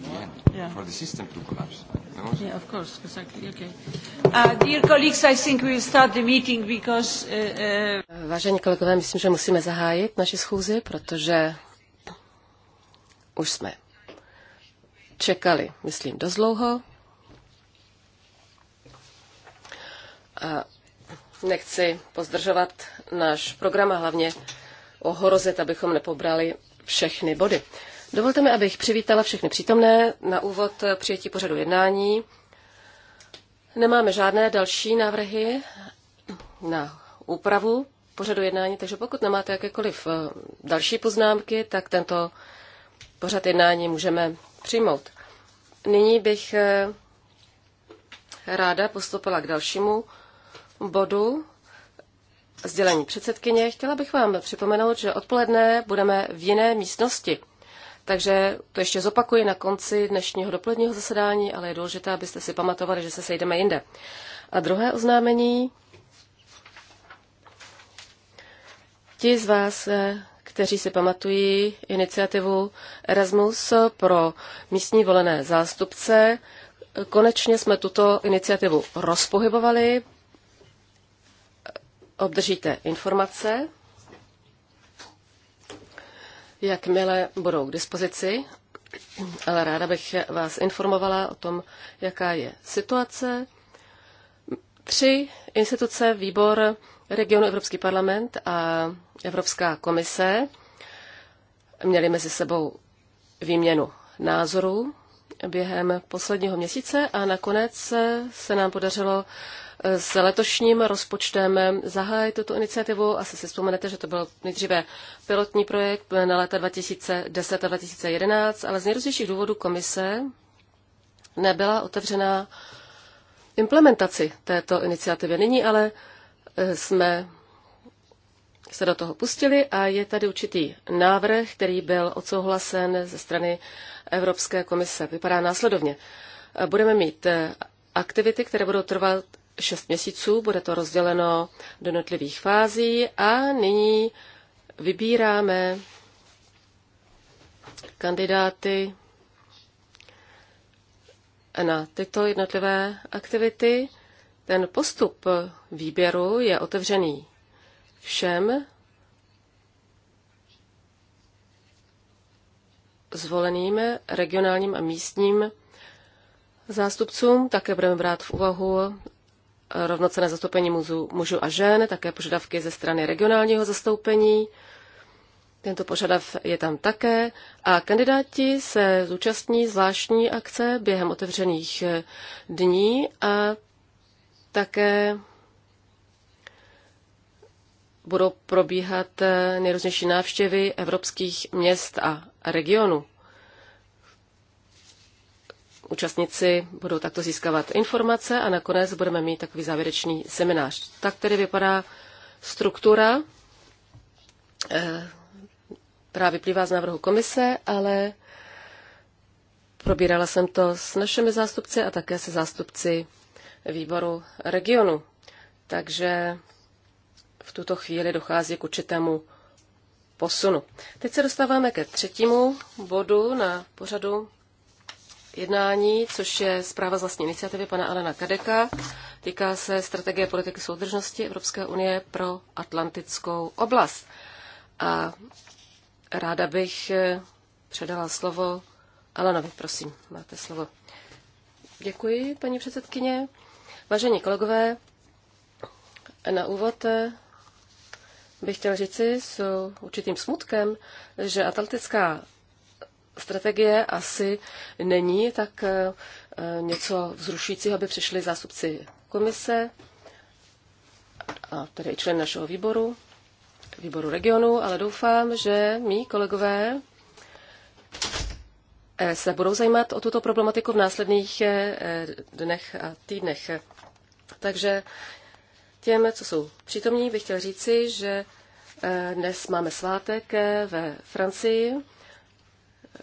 at the end yeah. for the system to collapse. Yeah, of course, exactly. Okay. Uh, dear colleagues, I think we'll start the meeting because. Uh, uh... Vážení kolegové, myslím, že musíme zahájit naši schůzi, protože už jsme čekali, myslím, dost dlouho. A nechci pozdržovat náš program a hlavně ohrozit, abychom nepobrali všechny body. Uh, Dovolte mi, abych přivítala všechny přítomné na úvod přijetí pořadu jednání. Nemáme žádné další návrhy na úpravu pořadu jednání, takže pokud nemáte jakékoliv eh, další poznámky, tak tento pořad jednání můžeme přijmout. Nyní bych eh, ráda postoupila k dalšímu bodu sdělení předsedkyně. Chtěla bych vám připomenout, že odpoledne budeme v jiné místnosti. Takže to ještě zopakuji na konci dnešního dopoledního zasedání, ale je důležité, abyste si pamatovali, že se sejdeme jinde. A druhé oznámení. Ti z vás, eh, kteří si pamatují iniciativu Erasmus pro místní volené zástupce, konečně jsme tuto iniciativu rozpohybovali. Obdržíte informace jakmile budou k dispozici, ale ráda bych vás informovala o tom, jaká je situace. Tři instituce, výbor regionu Evropský parlament a Evropská komise, měli mezi sebou výměnu názorů během posledního měsíce a nakonec se nám podařilo s letošním rozpočtem zahájit tuto iniciativu. Asi si vzpomenete, že to byl nejdříve pilotní projekt na léta 2010 a 2011, ale z nejrůznějších důvodů komise nebyla otevřená implementaci této iniciativy. Nyní ale eh, jsme se do toho pustili a je tady určitý návrh, který byl odsouhlasen ze strany Evropské komise. Vypadá následovně. Eh, budeme mít eh, aktivity, které budou trvat šest měsíců, bude to rozděleno do jednotlivých fází a nyní vybíráme kandidáty na tyto jednotlivé aktivity. Ten postup výběru je otevřený všem zvoleným regionálním a místním zástupcům. Také budeme brát v úvahu rovnocené zastoupení mužů, mužů a žen, také požadavky ze strany regionálního zastoupení. Tento požadav je tam také a kandidáti se zúčastní zvláštní akce během otevřených eh, dní a také budou probíhat eh, nejrůznější návštěvy evropských měst a regionů účastníci budou takto získávat informace a nakonec budeme mít takový závěrečný seminář. Tak tedy vypadá struktura, která eh, vyplývá z návrhu komise, ale probírala jsem to s našimi zástupci a také se zástupci výboru regionu. Takže v tuto chvíli dochází k určitému posunu. Teď se dostáváme ke třetímu bodu na pořadu jednání, což je zpráva z vlastní iniciativy pana Alena Kadeka. Týká se strategie politiky soudržnosti Evropské unie pro atlantickou oblast. A ráda bych eh, předala slovo Alenovi, prosím, máte slovo. Děkuji, paní předsedkyně. Vážení kolegové, na úvod eh, bych chtěl říci s určitým smutkem, že atlantická strategie asi není tak eh, eh, něco vzrušujícího, aby přišli zástupci komise, a tedy i člen našeho výboru, výboru regionu, ale doufám, že mý kolegové eh, se budou zajímat o tuto problematiku v následných dnech a týdnech. Takže těm, co jsou přítomní, bych chtěl říci, že dnes máme svátek ve Francii.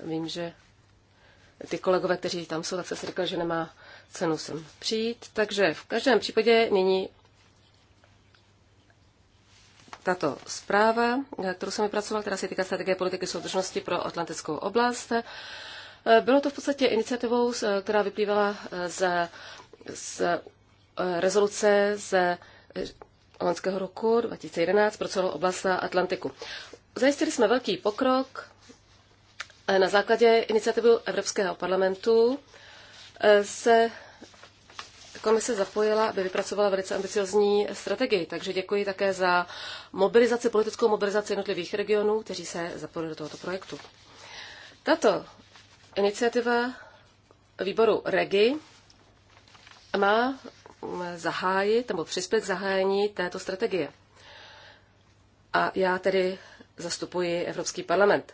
Vím, že ty kolegové, kteří tam jsou, tak se si říkal, že nemá cenu sem přijít. Takže v každém případě nyní tato zpráva, kterou jsem vypracoval, která se týká strategie politiky soudržnosti pro Atlantickou oblast. Bylo to v podstatě iniciativou, která vyplývala z, z eh, rezoluce z eh, loňského roku 2011 pro celou oblast Atlantiku. Zajistili jsme velký pokrok E, na základě iniciativy Evropského parlamentu e, se komise zapojila, aby vypracovala velice ambiciozní strategii. Takže děkuji také za mobilizaci, politickou mobilizaci jednotlivých regionů, kteří se zapojili do tohoto projektu. Tato iniciativa výboru REGI má zahájit nebo přispět k zahájení této strategie. A já tedy zastupuji Evropský parlament.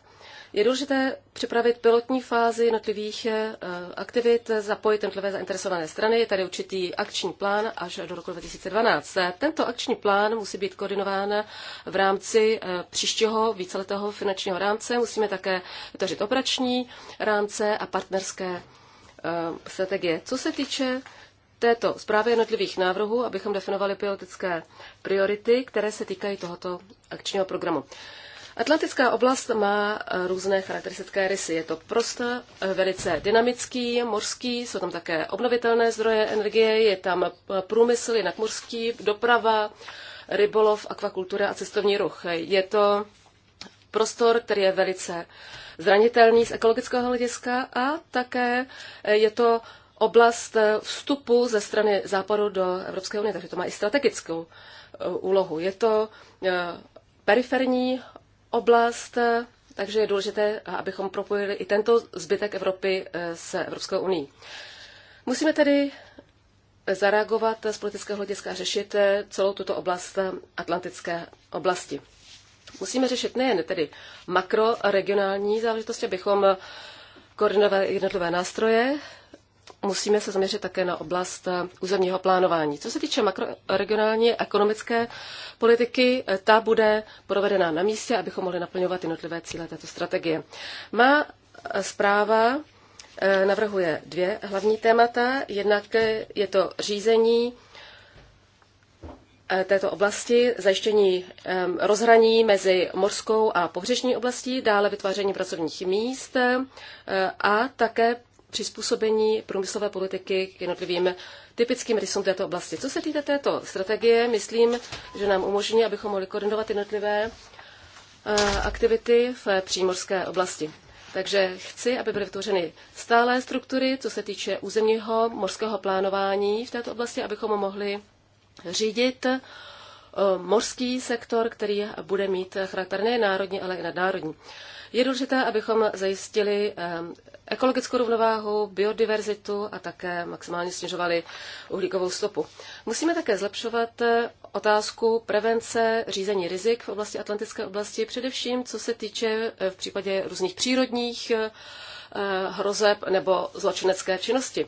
Je důležité připravit pilotní fázi jednotlivých eh, aktivit, zapojit jednotlivé zainteresované strany. Je tady určitý akční plán až do roku 2012. Tento akční plán musí být koordinován v rámci eh, příštího víceletého finančního rámce. Musíme také vytvořit operační rámce a partnerské eh, strategie. Co se týče této zprávy jednotlivých návrhů, abychom definovali politické priority, které se týkají tohoto akčního programu. Atlantická oblast má eh, různé charakteristické rysy. Je to prostě velice dynamický, mořský, jsou tam také obnovitelné zdroje energie, je tam eh, průmysl, jinak mořský, doprava, rybolov, akvakultura a cestovní ruch. Je to prostor, který je velice zranitelný z ekologického hlediska a také je to oblast vstupu ze strany západu do Evropské unie, takže to má i strategickou úlohu. Je to periferní oblast, takže je důležité, abychom propojili i tento zbytek Evropy eh, se Evropskou unii. Musíme tedy zareagovat z politického hlediska a řešit eh, celou tuto oblast eh, atlantické oblasti. Musíme řešit nejen tedy makroregionální záležitosti, abychom koordinovali jednotlivé nástroje, musíme se zaměřit také na oblast eh, územního plánování. Co se týče makroregionální ekonomické politiky, eh, ta bude provedena na místě, abychom mohli naplňovat jednotlivé cíle této strategie. Má eh, zpráva navrhuje dvě hlavní témata. Jednak je to řízení této oblasti, zajištění rozhraní mezi morskou a pobřežní oblastí, dále vytváření pracovních míst a také přizpůsobení průmyslové politiky k jednotlivým typickým rysům této oblasti. Co se týká této strategie, myslím, že nám umožní, abychom mohli koordinovat jednotlivé eh, aktivity v přímořské oblasti. Takže chci, aby byly vytvořeny stálé struktury, co se týče územního mořského plánování v této oblasti, abychom mohli řídit eh, mořský sektor, který bude mít charakter nejen národní, ale i nadnárodní. Je důležité, abychom zajistili ehm, ekologickou rovnováhu, biodiverzitu a také maximálně snižovali uhlíkovou stopu. Musíme také zlepšovat eh, otázku prevence řízení rizik v oblasti Atlantické oblasti, především co se týče eh, v případě různých přírodních eh, hrozeb nebo zločinecké činnosti.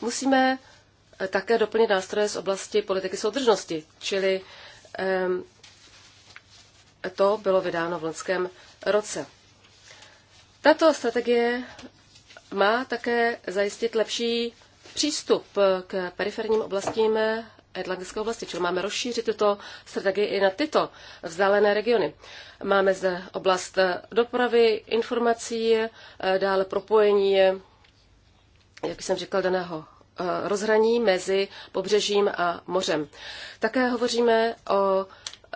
Musíme také doplnit nástroje z oblasti politiky soudržnosti, čili ehm, to bylo vydáno v loňském roce. Tato strategie má také zajistit lepší přístup k periferním oblastím Atlantické oblasti, čili máme rozšířit tuto strategii i na tyto vzdálené regiony. Máme zde oblast dopravy, informací, dále propojení, jak jsem říkal, daného eh, rozhraní mezi pobřežím a mořem. Také hovoříme o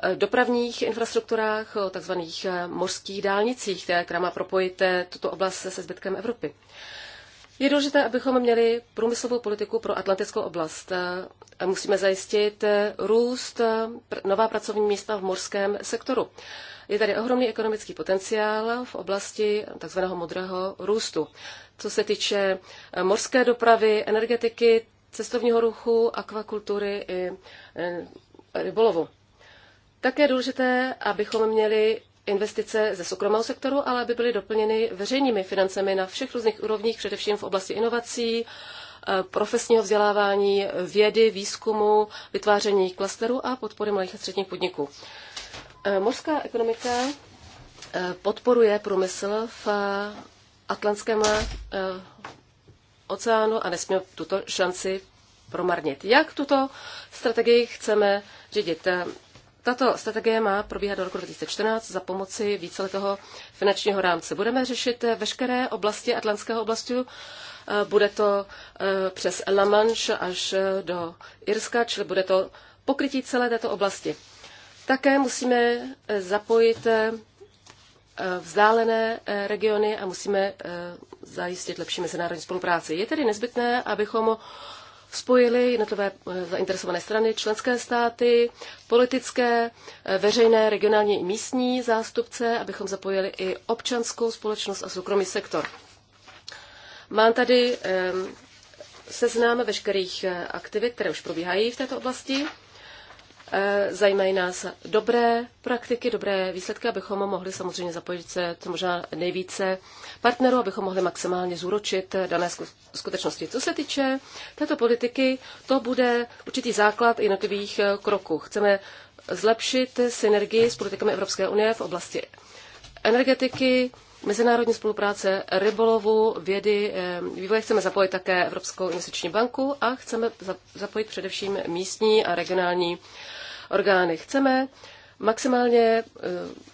Eh, dopravních infrastrukturách, o eh, takzvaných eh, mořských dálnicích, která má propojit tuto oblast se zbytkem Evropy. Je důležité, abychom měli průmyslovou politiku pro atlantickou oblast. Musíme zajistit růst, nová pracovní místa v mořském sektoru. Je tady ohromný ekonomický potenciál v oblasti tzv. modrého růstu. Co se týče mořské dopravy, energetiky, cestovního ruchu, akvakultury i rybolovu. Také je důležité, abychom měli investice ze soukromého sektoru, ale aby byly doplněny veřejnými financemi na všech různých úrovních, především v oblasti inovací, eh, profesního vzdělávání, vědy, výzkumu, vytváření klasteru a podpory malých a středních podniků. Eh, mořská ekonomika eh, podporuje průmysl v Atlantském oceánu a nesmíme tuto šanci promarnit. Jak tuto strategii chceme řídit? Tato strategie má probíhat do roku 2014 za pomoci víceletého finančního rámce. Budeme řešit veškeré oblasti Atlantského oblasti. Bude to eh, přes La Manche až eh, do Irska, čili bude to pokrytí celé této oblasti. Také musíme eh, zapojit vzdálené regiony a musíme zajistit lepší mezinárodní spolupráci. Je tedy nezbytné, abychom spojili jednotlivé eh, zainteresované strany, členské státy, politické, eh, veřejné, regionální i místní zástupce, abychom zapojili i občanskou společnost a soukromý sektor. Mám tady eh, seznám veškerých aktivit, které už probíhají v této oblasti. Eh, zajímají nás dobré praktiky, dobré výsledky, abychom mohli samozřejmě zapojit se co možná nejvíce partnerů, abychom mohli maximálně zúročit dané skutečnosti. Co se týče této politiky, to bude určitý základ jednotlivých eh, kroků. Chceme zlepšit synergii s politikami Evropské unie v oblasti energetiky, mezinárodní spolupráce, rybolovu, vědy, eh, vývoje. Chceme zapojit také Evropskou investiční banku a chceme zapojit především místní a regionální orgány. Chceme maximálně eh,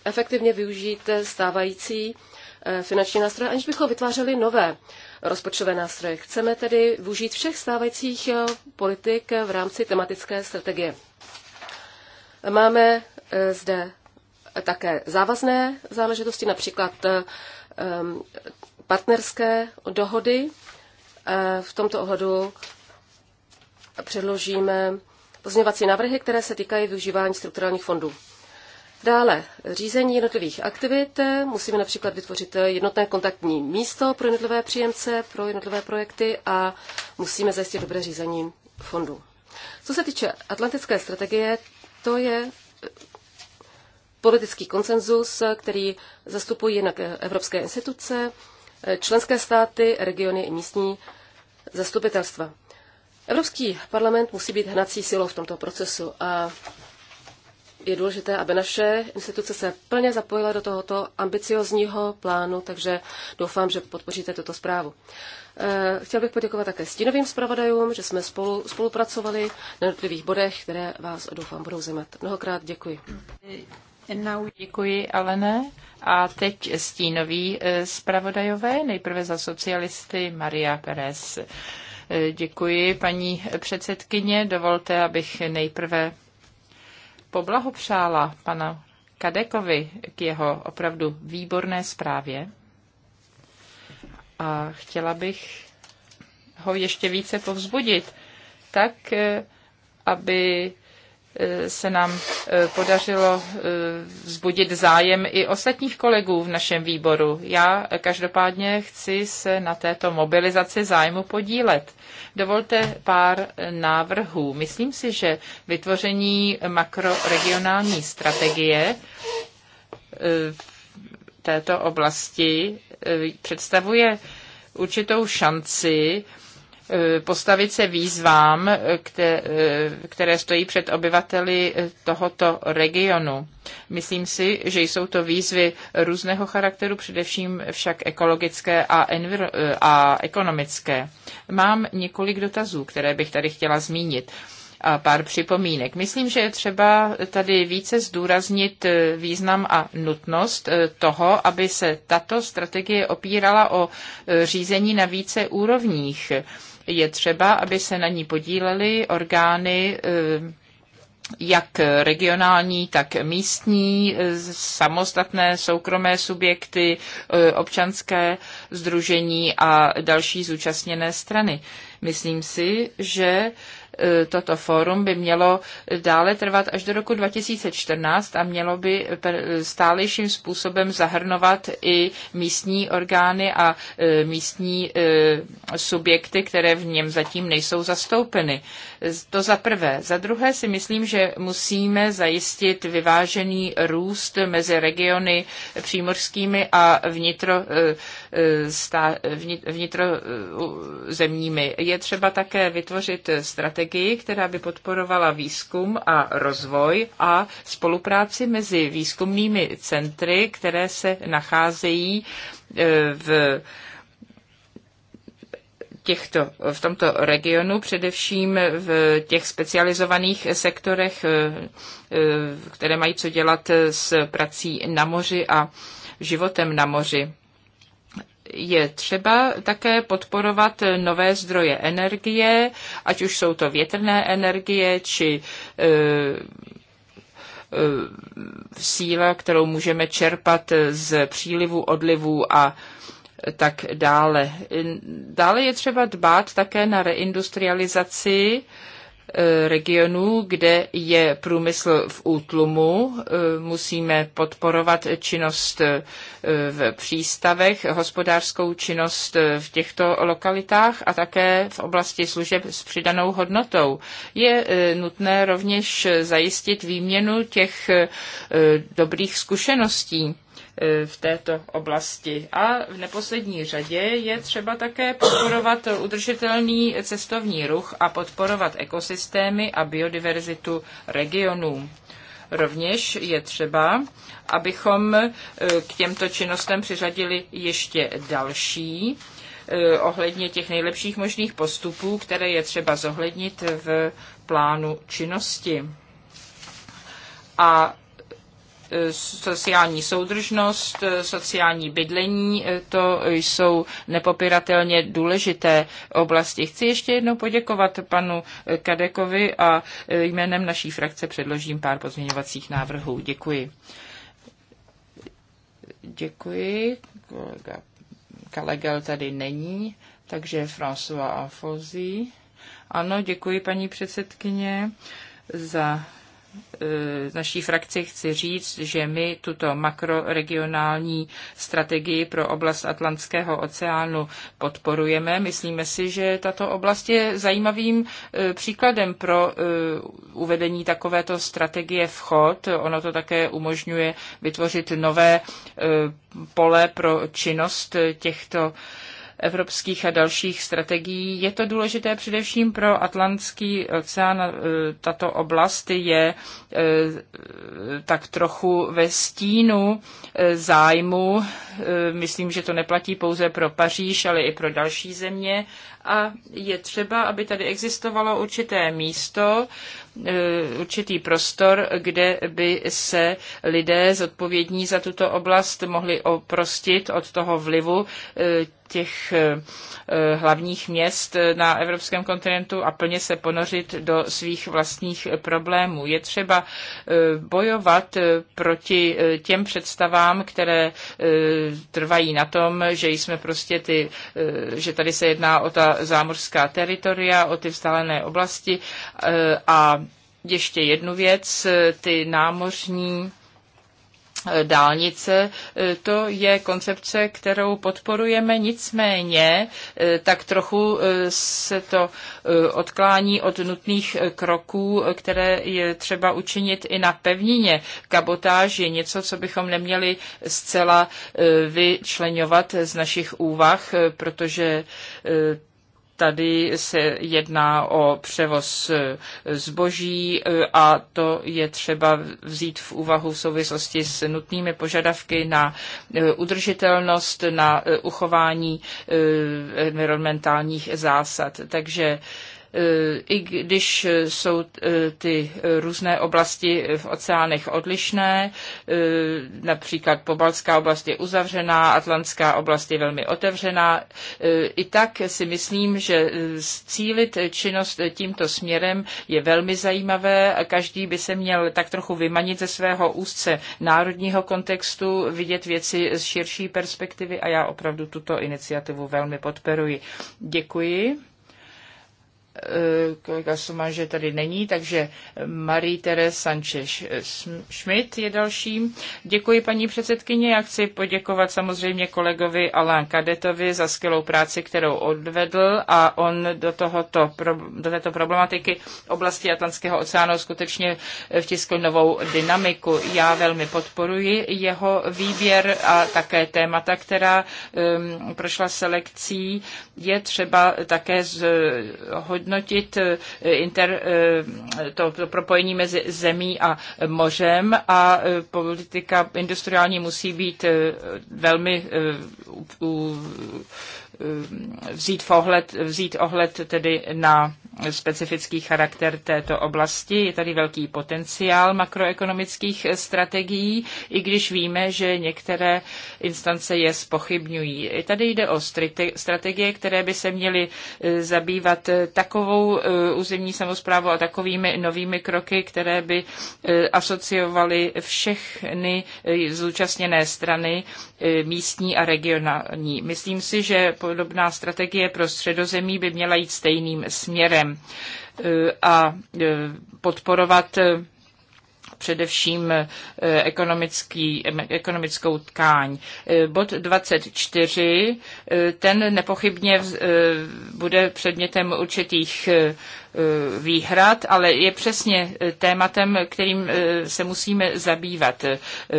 efektivně využít stávající eh, finanční nástroje, aniž bychom vytvářeli nové rozpočtové nástroje. Chceme tedy využít všech stávajících eh, politik v rámci tematické strategie. Máme zde také závazné záležitosti, například partnerské dohody. V tomto ohledu předložíme pozměňovací návrhy, které se týkají využívání strukturálních fondů. Dále řízení jednotlivých aktivit. Musíme například vytvořit jednotné kontaktní místo pro jednotlivé příjemce, pro jednotlivé projekty a musíme zajistit dobré řízení fondů. Co se týče atlantické strategie, to je politický konsenzus, který zastupují jednak evropské instituce, členské státy, regiony i místní zastupitelstva. Evropský parlament musí být hnací silou v tomto procesu a je důležité, aby naše instituce se plně zapojila do tohoto ambiciozního plánu, takže doufám, že podpoříte tuto zprávu. Eh, chtěl bych poděkovat také stínovým zpravodajům, že jsme spolu, spolupracovali na jednotlivých bodech, které vás doufám budou zajímat. Mnohokrát děkuji. Děkuji, Alene. A teď stínový eh, zpravodajové, nejprve za socialisty Maria Perez. Děkuji, paní předsedkyně. Dovolte, abych nejprve poblahopřála pana Kadekovi k jeho opravdu výborné zprávě. A chtěla bych ho ještě více povzbudit, tak aby Eh, se nám eh, podařilo eh, vzbudit zájem i ostatních kolegů v našem výboru. Já každopádně chci se na této mobilizaci zájmu podílet. Dovolte pár návrhů. Myslím si, že vytvoření makroregionální strategie v této oblasti představuje určitou šanci E, postavit se výzvám, e, které stojí před obyvateli e, tohoto regionu. Myslím si, že jsou to výzvy různého charakteru, především však ekologické a, enviro- a ekonomické. Mám několik dotazů, které bych tady chtěla zmínit a pár připomínek. Myslím, že je třeba tady více zdůraznit význam a nutnost toho, aby se tato strategie opírala o řízení na více úrovních je třeba, aby se na ní podílely orgány eh, jak regionální, tak místní, eh, samostatné soukromé subjekty, eh, občanské združení a další zúčastněné strany. Myslím si, že E, toto fórum by mělo dále trvat až do roku 2014 a mělo by stálejším způsobem zahrnovat i místní orgány a e, místní e, subjekty, které v něm zatím nejsou zastoupeny. To za prvé. Za druhé si myslím, že musíme zajistit vyvážený růst mezi regiony přímořskými a vnitro vnitrozemními. Je třeba také vytvořit strategii, která by podporovala výzkum a rozvoj a spolupráci mezi výzkumnými centry, které se nacházejí e, v těchto, v tomto regionu, především v těch specializovaných sektorech, e, e, které mají co dělat s prací na moři a životem na moři je třeba také podporovat nové zdroje energie, ať už jsou to větrné energie či e, e, síla, kterou můžeme čerpat z přílivu, odlivu a tak dále. Dále je třeba dbát také na reindustrializaci Eh, regionů, kde je průmysl v útlumu. Eh, musíme podporovat činnost eh, v přístavech, hospodářskou činnost v těchto lokalitách a také v oblasti služeb s přidanou hodnotou. Je nutné rovněž zajistit výměnu těch dobrých zkušeností E, v této oblasti. A v neposlední řadě je třeba také podporovat udržitelný cestovní ruch a podporovat ekosystémy a biodiverzitu regionů. Rovněž je třeba, abychom e, k těmto činnostem přiřadili ještě další e, ohledně těch nejlepších možných postupů, které je třeba zohlednit v plánu činnosti. A sociální soudržnost, sociální bydlení, eh, to jsou nepopiratelně důležité oblasti. Chci ještě jednou poděkovat panu eh, Kadekovi a eh, jménem naší frakce předložím pár pozměňovacích návrhů. Děkuji. Děkuji. Kolega Kalegel tady není, takže François Afozi. Ano, děkuji paní předsedkyně za E, naší frakci chci říct, že my tuto makroregionální strategii pro oblast Atlantského oceánu podporujeme. Myslíme si, že tato oblast je zajímavým e, příkladem pro e, uvedení takovéto strategie v chod. Ono to také umožňuje vytvořit nové pole pro činnost těchto evropských a dalších strategií. Je to důležité především pro Atlantský oceán. E, tato oblast je e, tak trochu ve stínu e, zájmu. Myslím, že to neplatí pouze pro Paříž, ale i pro další země. A je třeba, aby tady existovalo určité místo, určitý prostor, kde by se lidé zodpovědní za tuto oblast mohli oprostit od toho vlivu těch eh, eh, hlavních měst eh, na evropském kontinentu a plně se ponořit do svých vlastních problémů. Je třeba bojovat proti těm představám, které trvají na tom, že jsme prostě ty, že tady se jedná o ta zámořská teritoria, o ty vzdálené oblasti a ještě jednu věc, ty námořní dálnice, e, to je koncepce, kterou podporujeme, nicméně e, tak trochu e, se to odklání od nutných kroků, které je třeba učinit i na pevnině. Kabotáž je něco, co bychom neměli zcela vyčlenovat z našich úvah, protože Tady se jedná o převoz e, zboží e, a to je třeba vzít v úvahu v souvislosti s nutnými požadavky na e, udržitelnost, na uchování environmentálních zásad. Takže i když jsou e, ty různé oblasti v oceánech odlišné, e, například pobalská oblast je uzavřená, atlantská oblast je velmi otevřená, e, i tak si myslím, že cílit činnost tímto směrem je velmi zajímavé a každý by se měl tak trochu vymanit ze svého úzce národního kontextu, vidět věci z širší perspektivy a já opravdu tuto iniciativu velmi podporuji. Děkuji. Eh, kolega Suma, že tady není, takže Marie Teres Sanchez Schmidt je dalším. Děkuji paní předsedkyně, já chci poděkovat samozřejmě kolegovi Alain Kadetovi za skvělou práci, kterou odvedl a on do, tohoto, do této problematiky oblasti Atlantského oceánu skutečně vtiskl novou dynamiku. Já velmi podporuji jeho výběr a také témata, která um, prošla selekcí. Je třeba také z, hodně zjednotit eh, inter, eh, to, to propojení mezi zemí a mořem a eh, politika industriální musí být velmi u, u, Eh, vzít, v ohled, vzít ohled tedy na specifický charakter této oblasti. Je tady velký potenciál makroekonomických strategií, i když víme, že některé instance je spochybňují. Tady jde o strategie, které by se měly eh, zabývat eh, takovou územní samozprávou a takovými novými kroky, které by asociovaly všechny zúčastněné strany místní a regionální. Myslím si, že po podobná strategie pro středozemí by měla jít stejným směrem eh, a eh, podporovat eh, především ekonomický, ekonomickou tkáň. Bod 24, ten nepochybně bude předmětem určitých výhrad, ale je přesně tématem, kterým se musíme zabývat.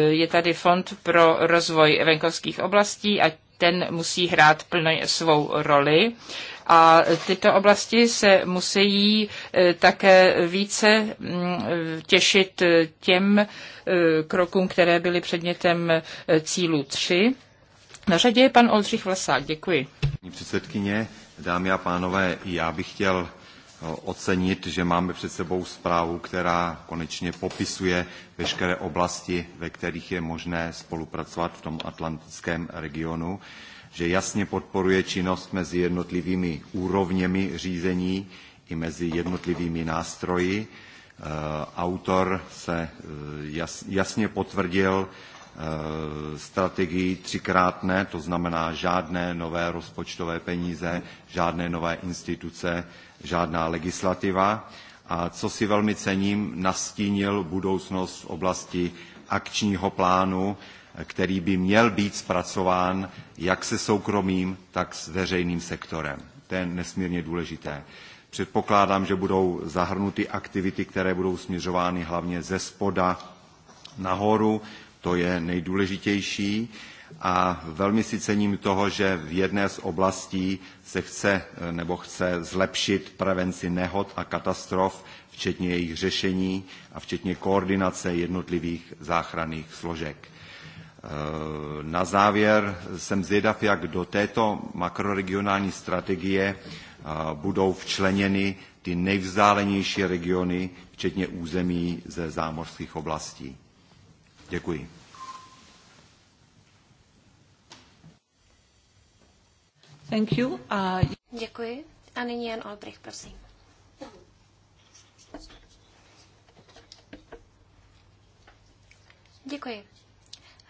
Je tady Fond pro rozvoj venkovských oblastí a ten musí hrát plně svou roli. A tyto oblasti se musí eh, také více mm, těšit eh, těm eh, krokům, které byly předmětem cílu 3. Na řadě je pan Oldřich Vlasák. Děkuji. Předsedkyně, dámy a pánové, já bych chtěl Eh, ocenit, že máme před sebou zprávu, která konečně popisuje veškeré oblasti, ve kterých je možné spolupracovat v tom atlantickém regionu, že jasně podporuje činnost mezi jednotlivými úrovněmi řízení i mezi jednotlivými nástroji. Eh, autor se eh, jasně potvrdil strategii třikrát ne, to znamená žádné nové rozpočtové peníze, žádné nové instituce, žádná legislativa a co si velmi cením, nastínil budoucnost v oblasti akčního plánu, který by měl být zpracován jak se soukromým, tak s veřejným sektorem. To je nesmírně důležité. Předpokládám, že budou zahrnuty aktivity, které budou směřovány hlavně ze spoda nahoru, to je nejdůležitější a velmi si cením toho, že v jedné z oblastí se chce eh, nebo chce zlepšit prevenci nehod a katastrof, včetně jejich řešení a včetně koordinace jednotlivých záchranných složek. Eh, na závěr jsem zvědav, jak do této makroregionální strategie eh, budou včleněny ty nejvzdálenější regiony, včetně území ze zámořských oblastí. Děkuji. Thank you. Děkuji. A nyní Jan Olbrich, prosím. Děkuji.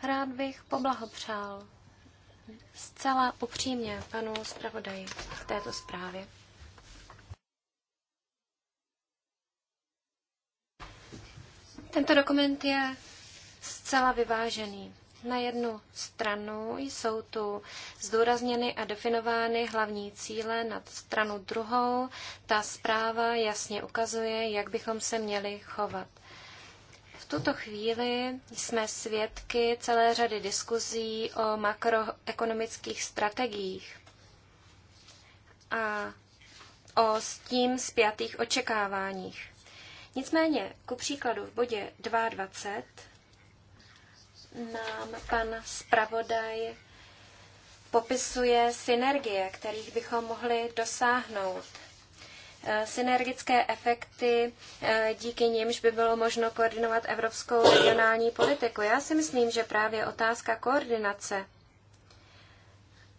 Rád bych poblahopřál zcela upřímně panu zpravodaji k této zprávě. Tento dokument je zcela vyvážený. Na jednu stranu jsou tu zdůrazněny a definovány hlavní cíle, na stranu druhou ta zpráva jasně ukazuje, jak bychom se měli chovat. V tuto chvíli jsme svědky celé řady diskuzí o makroekonomických strategiích a o s tím spjatých očekáváních. Nicméně, ku příkladu v bodě 22 nám pan zpravodaj popisuje synergie, kterých bychom mohli dosáhnout. Eh, synergické efekty, eh, díky nimž by bylo možno koordinovat evropskou regionální politiku. Já si myslím, že právě otázka koordinace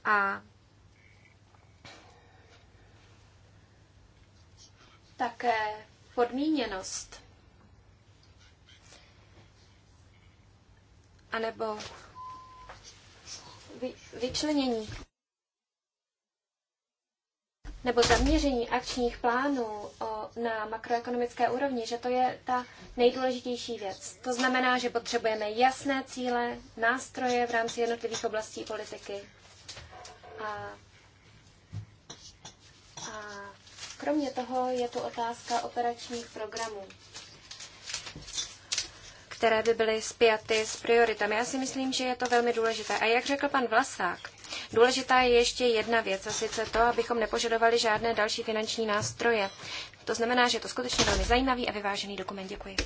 a také podmíněnost anebo vy, vyčlenění nebo zaměření akčních plánů na makroekonomické úrovni, že to je ta nejdůležitější věc. To znamená, že potřebujeme jasné cíle, nástroje v rámci jednotlivých oblastí politiky. A, a kromě toho je tu otázka operačních programů které by byly spjaty s prioritami. Já si myslím, že je to velmi důležité. A jak řekl pan Vlasák, důležitá je ještě jedna věc, a sice to, abychom nepožadovali žádné další finanční nástroje. To znamená, že je to skutečně velmi zajímavý a vyvážený dokument. Děkuji.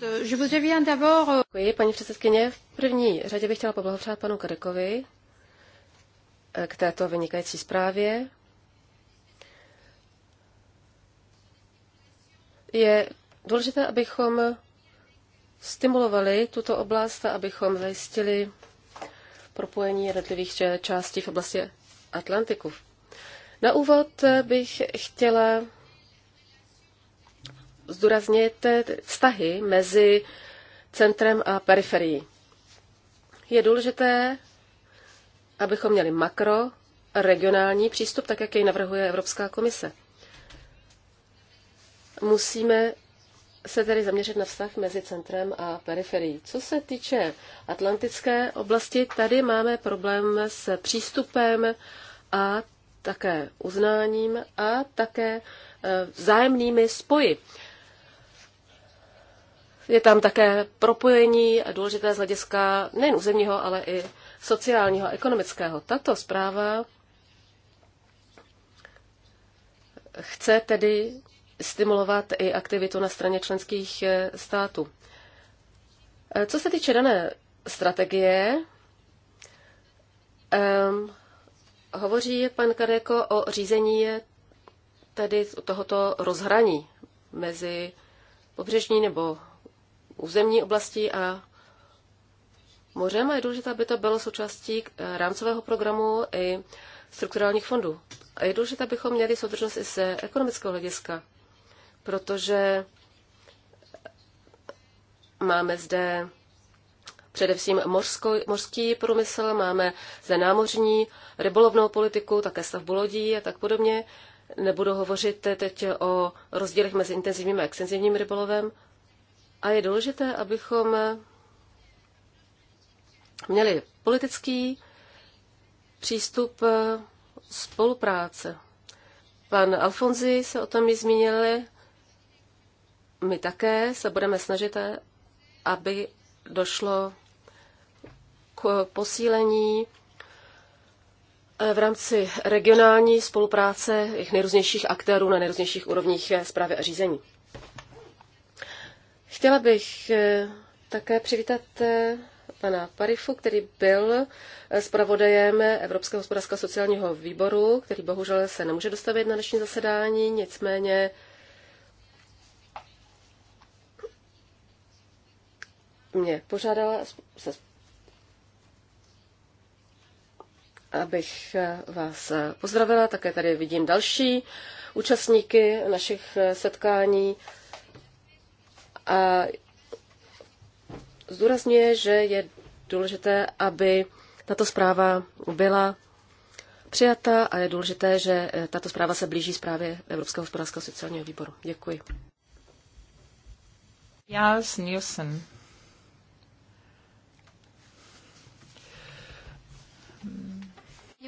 Je euh, Děkuji, paní předsedkyně. V první řadě bych chtěla poblahopřát panu Kadekovi eh, k této vynikající zprávě. Je důležité, abychom stimulovali tuto oblast a abychom zajistili propojení jednotlivých částí v oblasti Atlantiku. Na úvod bych chtěla zdůraznit vztahy mezi centrem a periferií. Je důležité, abychom měli makro regionální přístup, tak jak jej navrhuje Evropská komise. Musíme se tedy zaměřit na vztah mezi centrem a periferií. Co se týče atlantické oblasti, tady máme problém s přístupem a také uznáním a také e, vzájemnými spoji. Je tam také propojení a důležité z hlediska nejen územního, ale i sociálního a ekonomického. Tato zpráva chce tedy stimulovat i aktivitu na straně členských eh, států. Eh, co se týče dané strategie, um, hovoří pan Kadeko o řízení eh, tedy tohoto rozhraní mezi pobřežní nebo územní oblastí a mořem a je důležité, aby to bylo součástí rámcového programu i strukturálních fondů. A je důležité, abychom měli soudržnost i se ekonomického hlediska protože máme zde především mořskou, mořský průmysl, máme zde námořní, rybolovnou politiku, také stavbu lodí a tak podobně. Nebudu hovořit teď o rozdílech mezi intenzivním a extenzivním rybolovem. A je důležité, abychom měli politický přístup spolupráce. Pan Alfonzi se o tom i zmínil, my také se budeme snažit, aby došlo k posílení eh, v rámci regionální spolupráce jejich nejrůznějších aktérů na nejrůznějších úrovních eh, zprávy a řízení. Chtěla bych eh, také přivítat pana Parifu, který byl zpravodajem Evropského hospodářského sociálního výboru, který bohužel se nemůže dostavit na dnešní zasedání, nicméně mě požádala, abych eh, vás eh, pozdravila. Také tady vidím další účastníky našich eh, setkání. A zdůrazňuje, že je důležité, aby tato zpráva byla přijata a je důležité, že tato zpráva se blíží zprávě Evropského hospodářského sociálního výboru. Děkuji. Jans Nielsen.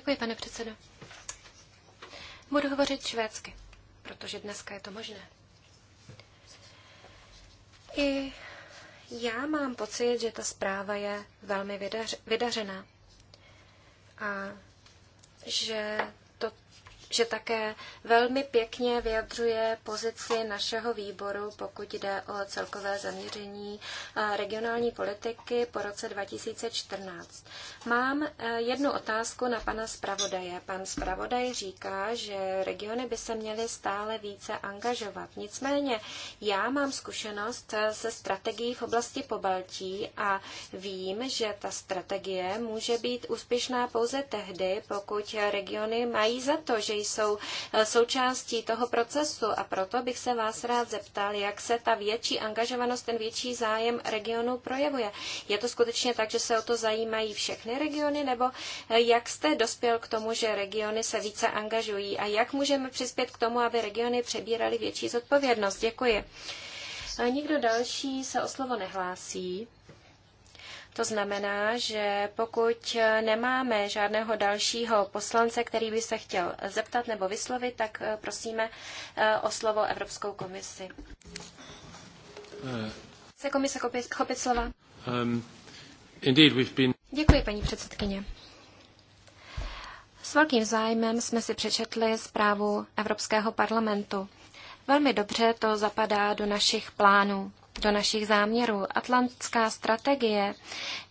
Děkuji, pane předsedo. Budu hovořit švédsky, protože dneska je to možné. I já mám pocit, že ta zpráva je velmi vydař, vydařená a že že také velmi pěkně vyjadřuje pozici našeho výboru, pokud jde o celkové zaměření regionální politiky po roce 2014. Mám e, jednu otázku na pana zpravodaje. Pan zpravodaj říká, že regiony by se měly stále více angažovat. Nicméně já mám zkušenost e, se strategií v oblasti Pobaltí a vím, že ta strategie může být úspěšná pouze tehdy, pokud regiony mají za to, že jsou eh, součástí toho procesu a proto bych se vás rád zeptal, jak se ta větší angažovanost, ten větší zájem regionu projevuje. Je to skutečně tak, že se o to zajímají všechny regiony, nebo eh, jak jste dospěl k tomu, že regiony se více angažují a jak můžeme přispět k tomu, aby regiony přebíraly větší zodpovědnost? Děkuji. Nikdo další se o slovo nehlásí. To znamená, že pokud nemáme žádného dalšího poslance, který by se chtěl zeptat nebo vyslovit, tak eh, prosíme eh, o slovo Evropskou komisi. Eh. Chce komise chopit, slova? Um, Děkuji, paní předsedkyně. S velkým zájmem jsme si přečetli zprávu Evropského parlamentu. Velmi dobře to zapadá do našich plánů do našich záměrů. Atlantská strategie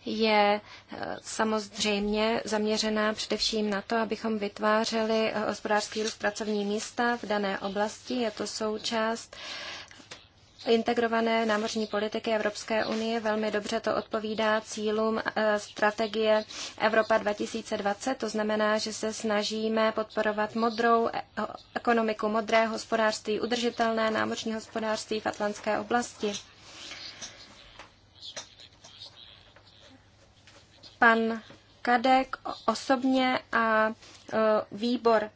je eh, samozřejmě zaměřená především na to, abychom vytvářeli eh, hospodářský růst pracovní místa v dané oblasti. Je to součást integrované námořní politiky Evropské unie. Velmi dobře to odpovídá cílům eh, strategie Evropa 2020. To znamená, že se snažíme podporovat modrou ekonomiku, modré hospodářství, udržitelné námořní hospodářství v Atlantské oblasti. pan Kadek osobně a e, výbor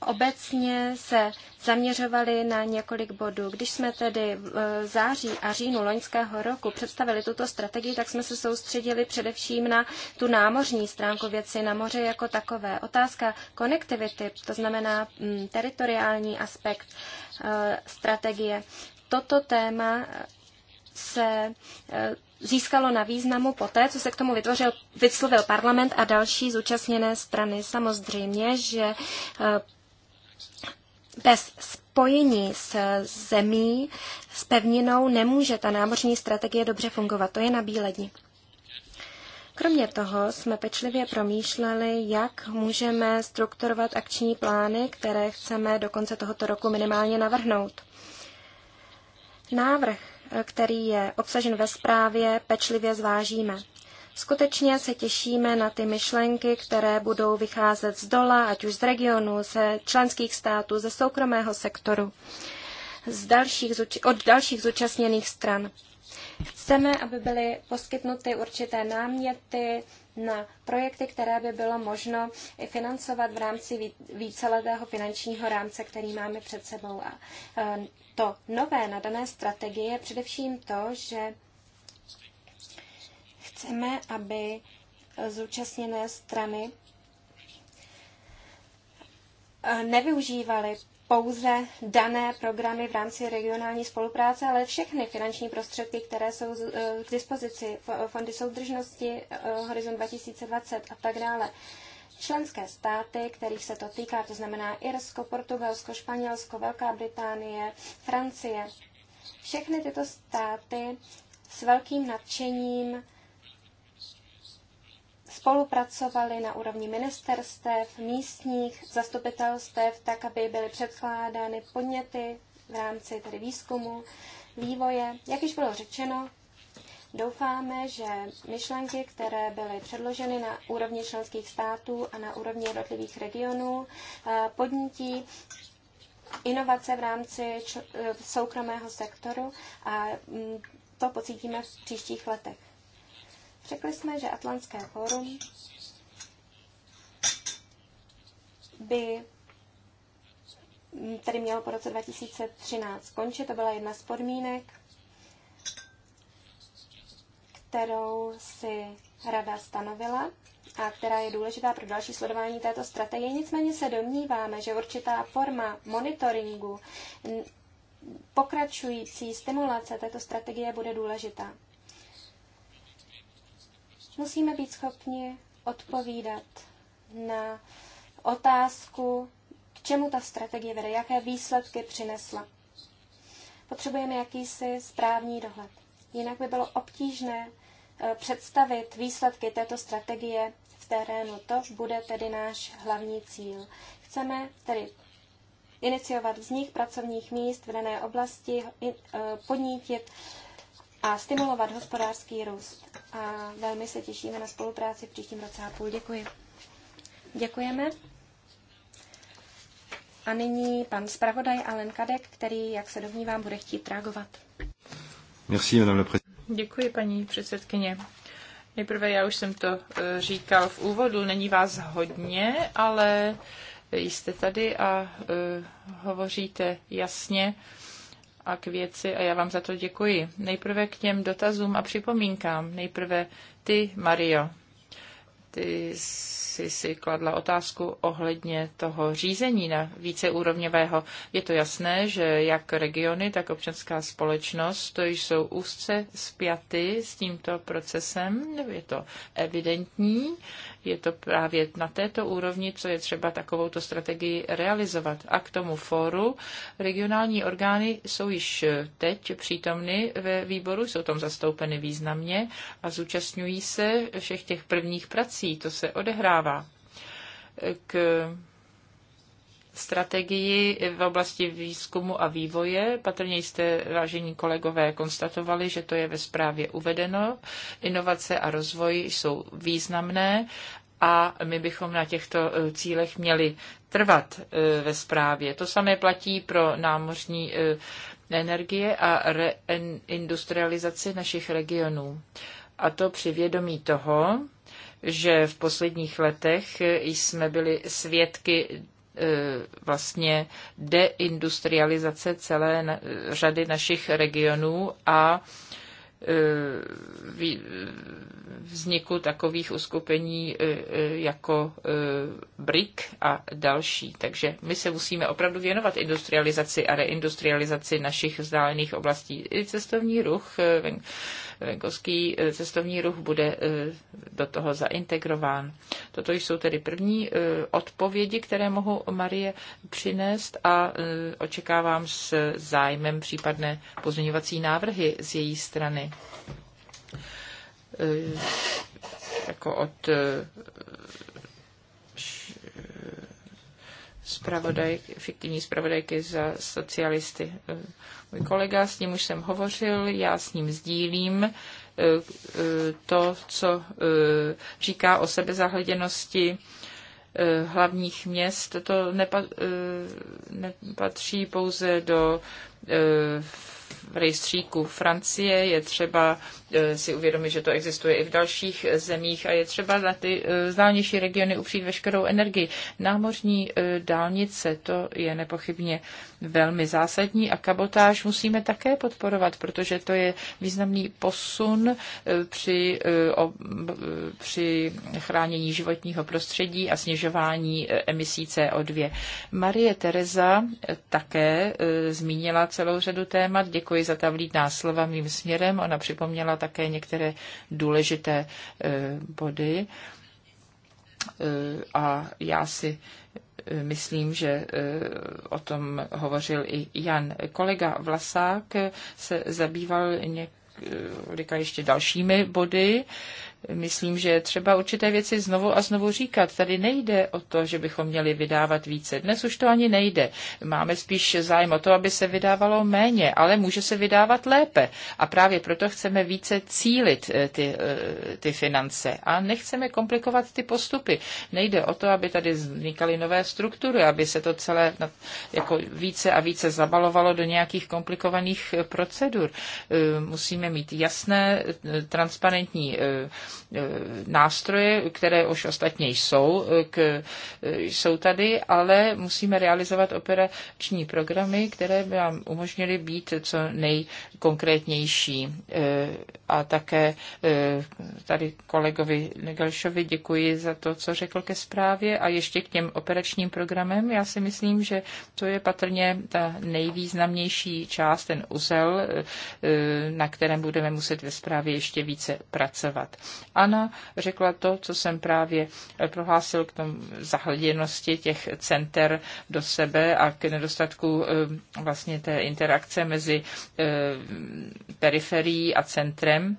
obecně se zaměřovali na několik bodů. Když jsme tedy v e, září a říjnu loňského roku představili tuto strategii, tak jsme se soustředili především na tu námořní stránku věci na moře jako takové. Otázka konektivity, to znamená mm, teritoriální aspekt e, strategie. Toto téma se eh, získalo na významu poté, co se k tomu vytvořil, vyslovil parlament a další zúčastněné strany. Samozřejmě, že eh, bez spojení s eh, zemí, s pevninou, nemůže ta námořní strategie dobře fungovat. To je na bíledni. Kromě toho jsme pečlivě promýšleli, jak můžeme strukturovat akční plány, které chceme do konce tohoto roku minimálně navrhnout. Návrh který je obsažen ve zprávě, pečlivě zvážíme. Skutečně se těšíme na ty myšlenky, které budou vycházet z dola, ať už z regionu, ze členských států, ze soukromého sektoru, z dalších, od dalších zúčastněných stran. Chceme, aby byly poskytnuty určité náměty na projekty, které by bylo možno i financovat v rámci víceletého finančního rámce, který máme před sebou. A e, to nové na dané strategii je především to, že chceme, aby zúčastněné strany e, nevyužívaly pouze dané programy v rámci regionální spolupráce, ale všechny finanční prostředky, které jsou e, k dispozici, fondy soudržnosti, e, horizont 2020 a tak dále. Členské státy, kterých se to týká, to znamená Irsko, Portugalsko, Španělsko, Velká Británie, Francie, všechny tyto státy s velkým nadšením spolupracovali na úrovni ministerstev, místních zastupitelstev, tak, aby byly předkládány podněty v rámci tedy výzkumu, vývoje. Jak již bylo řečeno, Doufáme, že myšlenky, které byly předloženy na úrovni členských států a na úrovni jednotlivých regionů, eh, podnítí inovace v rámci eh, soukromého sektoru a mm, to pocítíme v příštích letech. Řekli jsme, že Atlantské fórum by mm, tedy mělo po roce 2013 skončit. To byla jedna z podmínek, kterou si rada stanovila a která je důležitá pro další sledování této strategie. Nicméně se domníváme, že určitá forma monitoringu pokračující stimulace této strategie bude důležitá. Musíme být schopni odpovídat na otázku, k čemu ta strategie vede, jaké výsledky přinesla. Potřebujeme jakýsi správní dohled. Jinak by bylo obtížné eh, představit výsledky této strategie v terénu. To bude tedy náš hlavní cíl. Chceme tedy iniciovat vznik pracovních míst v dané oblasti, eh, podnítit a stimulovat hospodářský růst. A velmi se těšíme na spolupráci v příštím roce a půl. Děkuji. Děkujeme. A nyní pan zpravodaj Alen Kadek, který, jak se domnívám, bude chtít reagovat. Merci, madame Děkuji, paní předsedkyně. Nejprve já už jsem to eh, říkal v úvodu, není vás hodně, ale jste tady a eh, hovoříte jasně a k věci a já vám za to děkuji. Nejprve k těm dotazům a připomínkám. Nejprve ty, Mario. Ty jsi si kladla otázku ohledně toho řízení na víceúrovňového. Je to jasné, že jak regiony, tak občanská společnost to jsou úzce spjaty s tímto procesem. Je to evidentní je to právě na této úrovni, co je třeba takovouto strategii realizovat. A k tomu fóru regionální orgány jsou již teď přítomny ve výboru, jsou tam zastoupeny významně a zúčastňují se všech těch prvních prací. To se odehrává. K strategii v oblasti výzkumu a vývoje. Patrně jste, vážení kolegové, konstatovali, že to je ve zprávě uvedeno. Inovace a rozvoj jsou významné a my bychom na těchto eh, cílech měli trvat eh, ve zprávě. To samé platí pro námořní eh, energie a reindustrializaci našich regionů. A to při vědomí toho, že v posledních letech jsme byli svědky Eh, vlastně deindustrializace celé řady našich regionů a eh, vzniku takových uskupení eh, jako BRIC a další. Takže my se musíme opravdu věnovat industrializaci a reindustrializaci našich vzdálených oblastí. I cestovní ruch venkovský eh, cestovní ruch bude eh, do toho zaintegrován. Toto jsou tedy první eh, odpovědi, které mohu Marie přinést a očekávám s zájmem případné pozměňovací návrhy z její strany jako od zpravodaj, fiktivní zpravodajky za socialisty. Eh, můj kolega, s ním už jsem hovořil, já s ním sdílím eh, eh, to, co říká o sebezahleděnosti hlavních měst. To nepatří pouze do rejstříku Francie, je třeba eh, si uvědomit, že to existuje i v dalších eh, zemích a je třeba na ty eh, vzdálnější regiony upřít veškerou energii. Námořní dálnice, to je nepochybně velmi zásadní a kabotáž musíme také podporovat, protože to je významný posun e, při, e, e, při chránění životního prostředí a snižování emisí CO2. Marie Tereza také zmínila celou řadu témat. Děkuji za ta vlídná slova mým směrem. Ona připomněla také některé důležité body a já si myslím, že eh, o tom hovořil i Jan. Kolega Vlasák se zabýval několika eh, ještě dalšími body myslím, že je třeba určité věci znovu a znovu říkat. Tady nejde o to, že bychom měli vydávat více. Dnes už to ani nejde. Máme spíš zájem o to, aby se vydávalo méně, ale může se vydávat lépe. A právě proto chceme více cílit eh, ty, eh, ty finance a nechceme komplikovat ty postupy. Nejde o to, aby tady vznikaly nové struktury, aby se to celé jako více a více zabalovalo do nějakých komplikovaných procedur. Eh, musíme mít jasné, transparentní Eh, nástroje, které už ostatně jsou, eh, k, eh, jsou tady, ale musíme realizovat operační programy, které by nám umožnily být co nejkonkrétnější. A také tady kolegovi Negelšovi děkuji za to, co řekl ke zprávě a ještě k těm operačním programem. Já si myslím, že to je patrně ta nejvýznamnější část, ten uzel, na kterém budeme muset ve zprávě ještě více pracovat. Ana řekla to, co jsem právě eh, prohlásil k tomu zahleděnosti těch center do sebe a k nedostatku eh, vlastně té interakce mezi eh, periferií a centrem.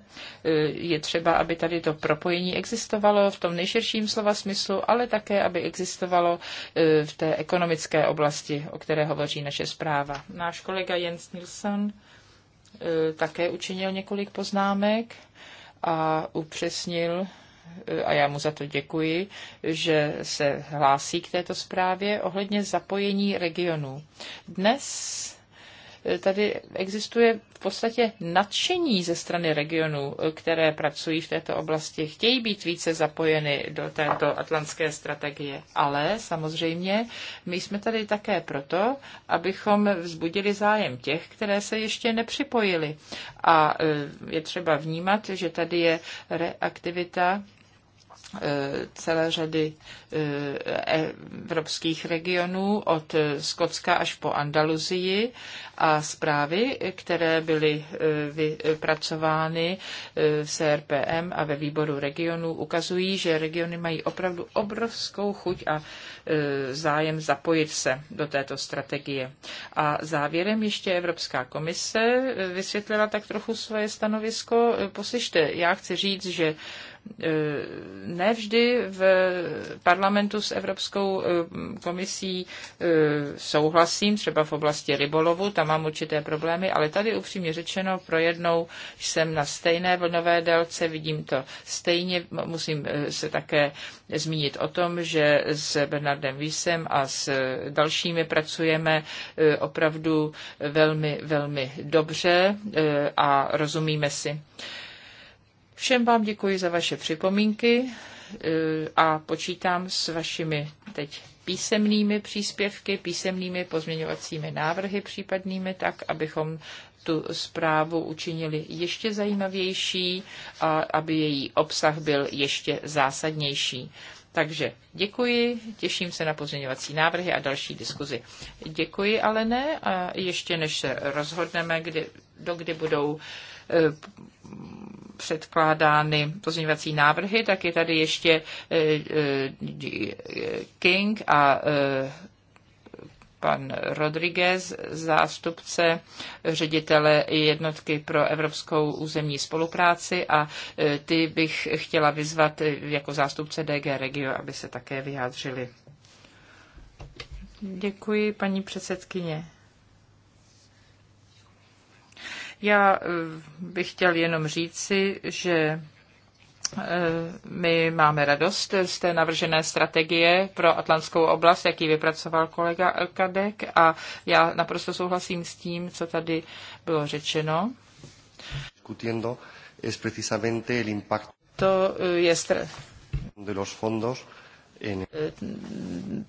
Je třeba, aby tady to propojení existovalo v tom nejširším slova smyslu, ale také, aby existovalo v té ekonomické oblasti, o které hovoří naše zpráva. Náš kolega Jens Nilsson také učinil několik poznámek a upřesnil, a já mu za to děkuji, že se hlásí k této zprávě ohledně zapojení regionů. Dnes tady existuje v podstatě nadšení ze strany regionů, které pracují v této oblasti, chtějí být více zapojeny do této atlantské strategie. Ale samozřejmě my jsme tady také proto, abychom vzbudili zájem těch, které se ještě nepřipojili. A e, je třeba vnímat, že tady je reaktivita Eh, celé řady eh, evropských regionů od Skotska až po Andaluzii a zprávy, které byly eh, vypracovány v CRPM a ve výboru regionů, ukazují, že regiony mají opravdu obrovskou chuť a zájem zapojit se do této strategie. A závěrem ještě Evropská komise vysvětlila tak trochu svoje stanovisko. Poslyšte, já chci říct, že E, nevždy v parlamentu s Evropskou e, komisí e, souhlasím, třeba v oblasti rybolovu, tam mám určité problémy, ale tady upřímně řečeno pro jednou jsem na stejné vlnové délce, vidím to stejně, musím se také zmínit o tom, že s Bernardem Vísem a s dalšími pracujeme opravdu velmi, velmi dobře a rozumíme si. Všem vám děkuji za vaše připomínky e, a počítám s vašimi teď písemnými příspěvky, písemnými pozměňovacími návrhy případnými, tak abychom tu zprávu učinili ještě zajímavější a aby její obsah byl ještě zásadnější. Takže děkuji, těším se na pozměňovací návrhy a další diskuzi. Děkuji, ne, a ještě než se rozhodneme, kdy, do kdy budou Eh, předkládány pozměňovací návrhy, tak je tady ještě eh, eh, King a pan Rodriguez, zástupce ředitele jednotky pro evropskou územní spolupráci a ty bych chtěla vyzvat jako zástupce DG Regio, aby se také vyjádřili. Děkuji, paní předsedkyně. Já eh, bych chtěl jenom říci, že eh, my máme radost z té navržené strategie pro Atlantskou oblast, jaký vypracoval kolega Elkadek, a já naprosto souhlasím s tím, co tady bylo řečeno. To eh, je str- de los fondos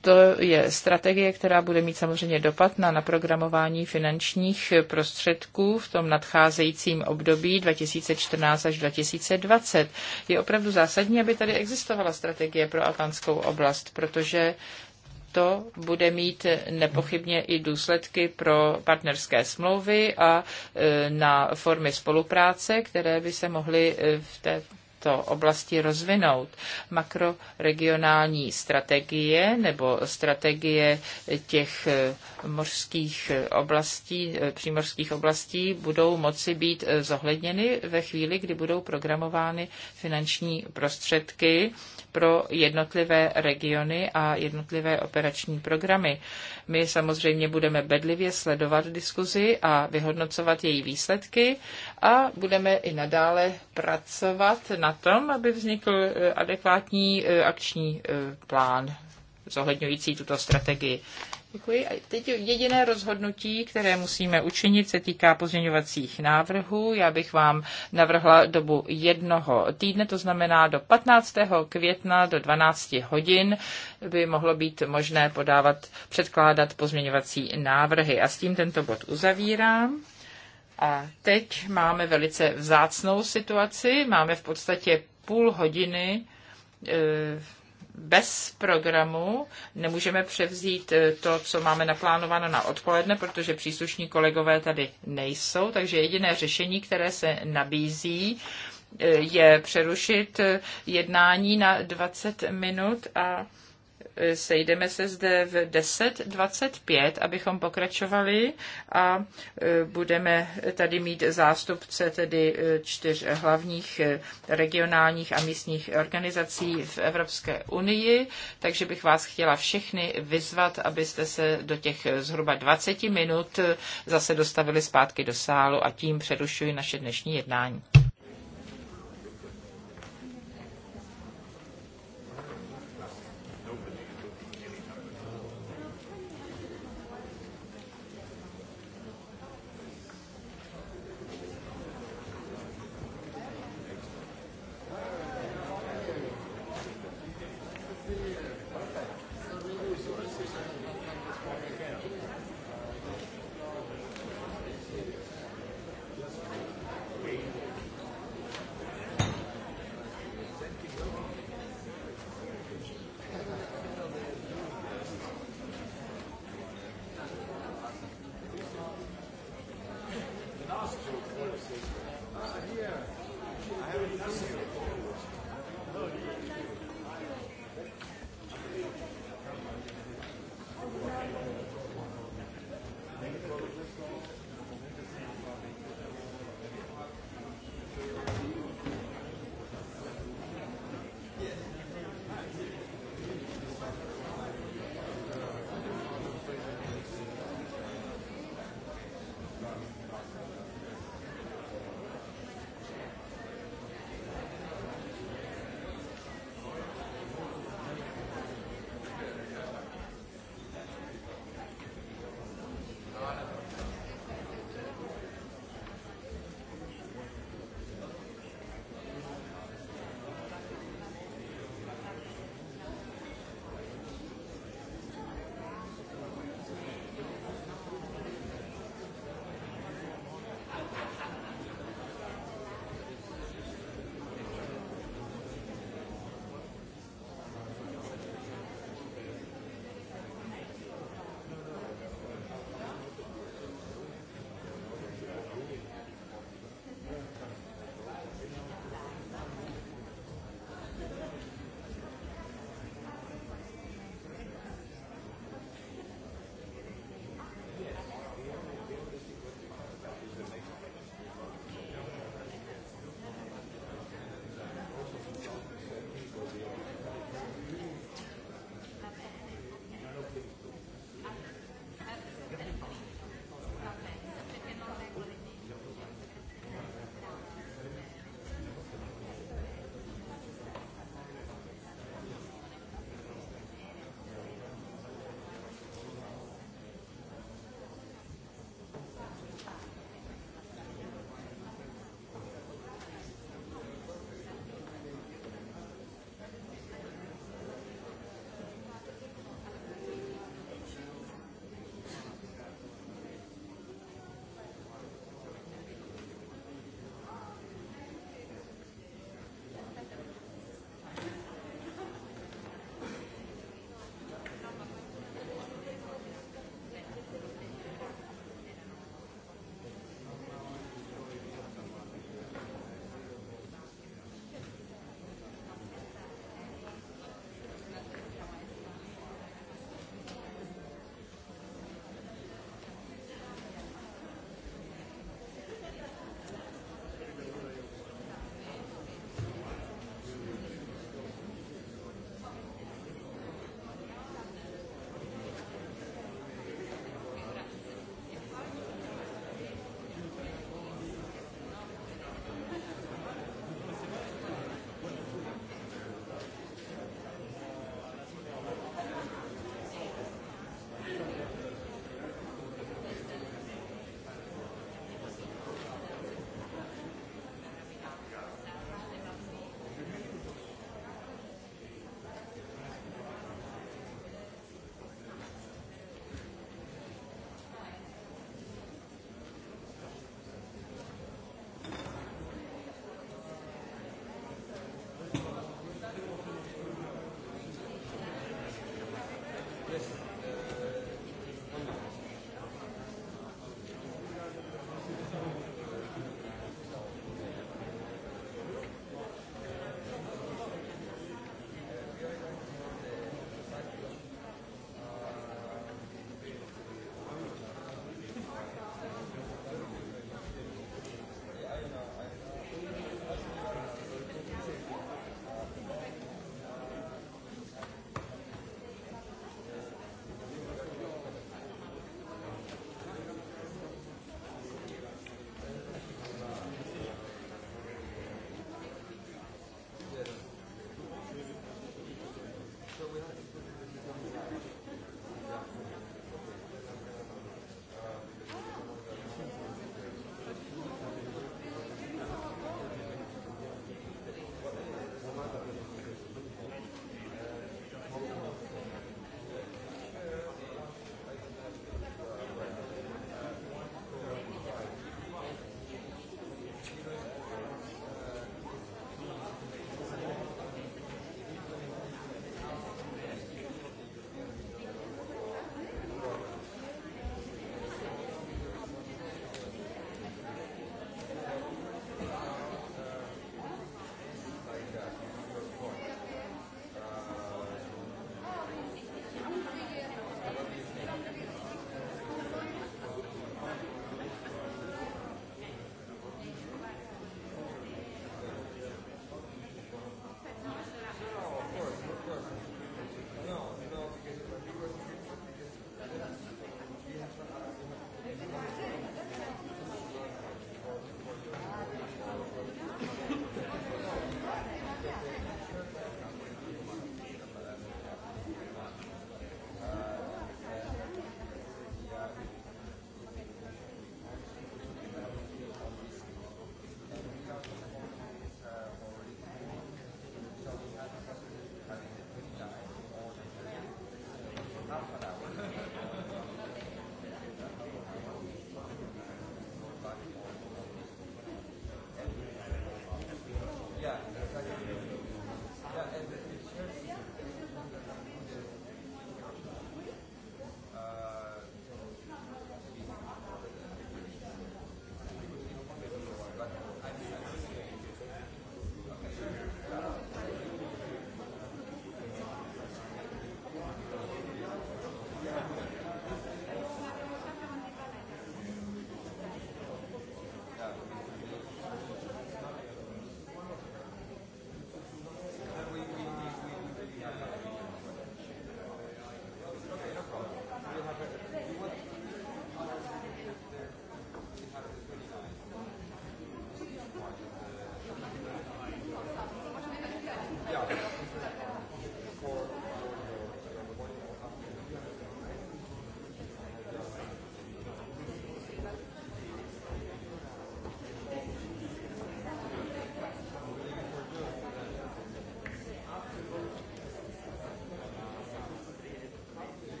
to je strategie, která bude mít samozřejmě dopad na naprogramování finančních prostředků v tom nadcházejícím období 2014 až 2020. Je opravdu zásadní, aby tady existovala strategie pro Atlantskou oblast, protože to bude mít nepochybně i důsledky pro partnerské smlouvy a e, na formy spolupráce, které by se mohly e, v té této oblasti rozvinout. Makroregionální strategie nebo strategie těch eh, mořských eh, oblastí, eh, přímořských oblastí budou moci být zohledněny ve chvíli, kdy budou programovány finanční prostředky pro jednotlivé regiony a jednotlivé operační programy. My samozřejmě budeme bedlivě sledovat diskuzi a vyhodnocovat její výsledky a budeme i nadále pracovat na tom, aby vznikl eh, adekvátní eh, akční eh, plán zohledňující tuto strategii. Děkuji. A teď jediné rozhodnutí, které musíme učinit, se týká pozměňovacích návrhů. Já bych vám navrhla dobu jednoho týdne, to znamená do 15. května do 12 hodin by mohlo být možné podávat, předkládat pozměňovací návrhy. A s tím tento bod uzavírám. A teď máme velice vzácnou situaci. Máme v podstatě půl hodiny e, bez programu. Nemůžeme převzít eh, to, co máme naplánováno na odpoledne, protože příslušní kolegové tady nejsou, takže jediné řešení, které se nabízí, eh, je přerušit eh, jednání na 20 minut a Sejdeme se zde v 10.25, abychom pokračovali a e, budeme tady mít zástupce tedy e, čtyř hlavních e, regionálních a místních organizací v Evropské unii, takže bych vás chtěla všechny vyzvat, abyste se do těch zhruba 20 minut zase dostavili zpátky do sálu a tím přerušuji naše dnešní jednání.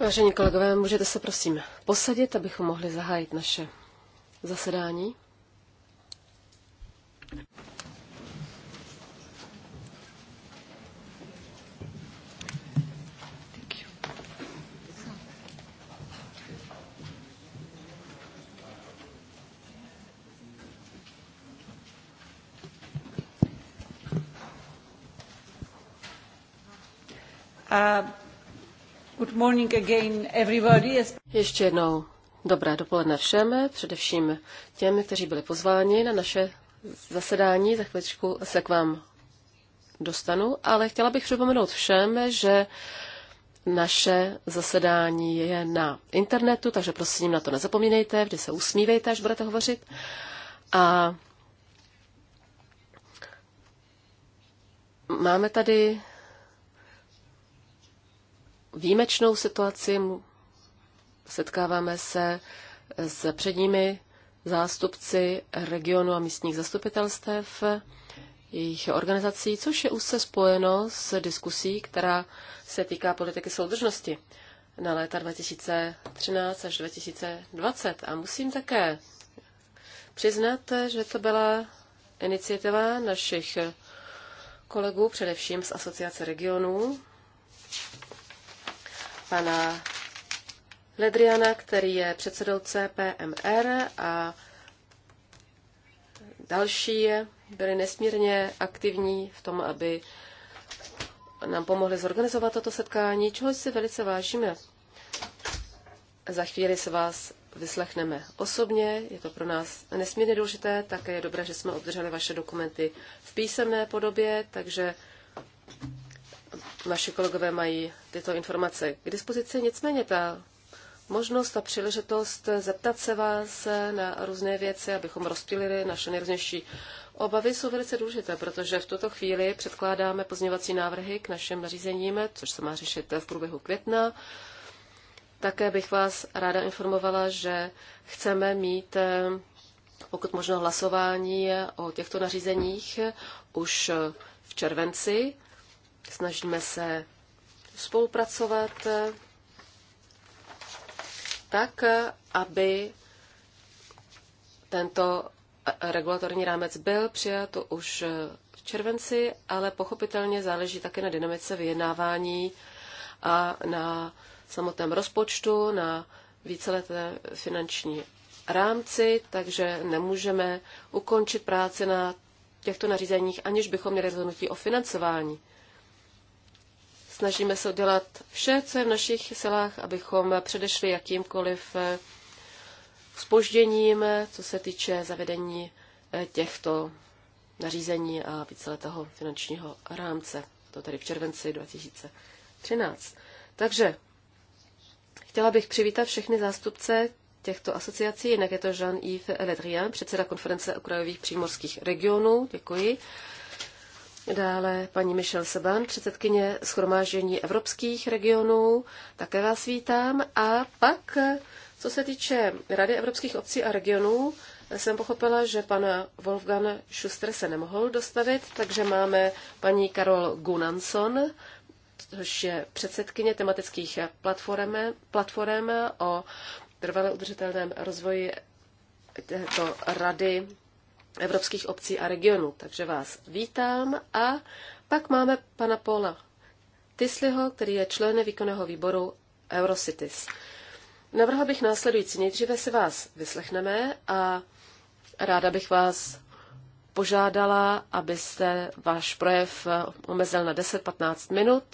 Vážení kolegové, můžete se prosím posadit, abychom mohli zahájit naše zasedání. Ještě jednou dobré dopoledne všem, především těm, kteří byli pozváni na naše zasedání. Za chviličku se k vám dostanu, ale chtěla bych připomenout všem, že naše zasedání je na internetu, takže prosím na to nezapomínejte, vždy se usmívejte, až budete hovořit. A máme tady výjimečnou situaci. Setkáváme se s předními zástupci regionu a místních zastupitelstev, jejich organizací, což je se spojeno s diskusí, která se týká politiky soudržnosti na léta 2013 až 2020. A musím také přiznat, že to byla iniciativa našich kolegů, především z Asociace regionů, pana Ledriana, který je předsedou CPMR a další byli nesmírně aktivní v tom, aby nám pomohli zorganizovat toto setkání, čeho si velice vážíme. Za chvíli se vás vyslechneme osobně, je to pro nás nesmírně důležité, také je dobré, že jsme obdrželi vaše dokumenty v písemné podobě, takže naši kolegové mají tyto informace k dispozici. Nicméně ta možnost a příležitost zeptat se vás na různé věci, abychom rozptýlili naše nejrůznější obavy, jsou velice důležité, protože v tuto chvíli předkládáme pozměňovací návrhy k našim nařízením, což se má řešit v průběhu května. Také bych vás ráda informovala, že chceme mít eh, pokud možno hlasování o těchto nařízeních už v červenci. Snažíme se spolupracovat tak, aby tento regulatorní rámec byl přijat už v červenci, ale pochopitelně záleží také na dynamice vyjednávání a na samotném rozpočtu, na víceleté finanční rámci, takže nemůžeme ukončit práci na těchto nařízeních, aniž bychom měli rozhodnutí o financování. Snažíme se udělat vše, co je v našich silách, abychom předešli jakýmkoliv spožděním, eh, co se týče zavedení eh, těchto nařízení a víceletého finančního rámce. To tady v červenci 2013. Takže chtěla bych přivítat všechny zástupce těchto asociací, jinak je to Jean-Yves Ledrian, předseda konference okrajových přímorských regionů. Děkuji. Dále paní Michelle Seban, předsedkyně Schromáždění evropských regionů. Také vás vítám. A pak, co se týče Rady evropských obcí a regionů, jsem pochopila, že pan Wolfgang Schuster se nemohl dostavit, takže máme paní Karol Gunanson, což je předsedkyně tematických platform, platform o trvale udržitelném rozvoji této rady evropských obcí a regionů. Takže vás vítám a pak máme pana Paula Tisliho, který je členem výkonného výboru Eurocities. Navrhl bych následující. Nejdříve si vás vyslechneme a ráda bych vás požádala, abyste váš projev omezil na 10-15 minut,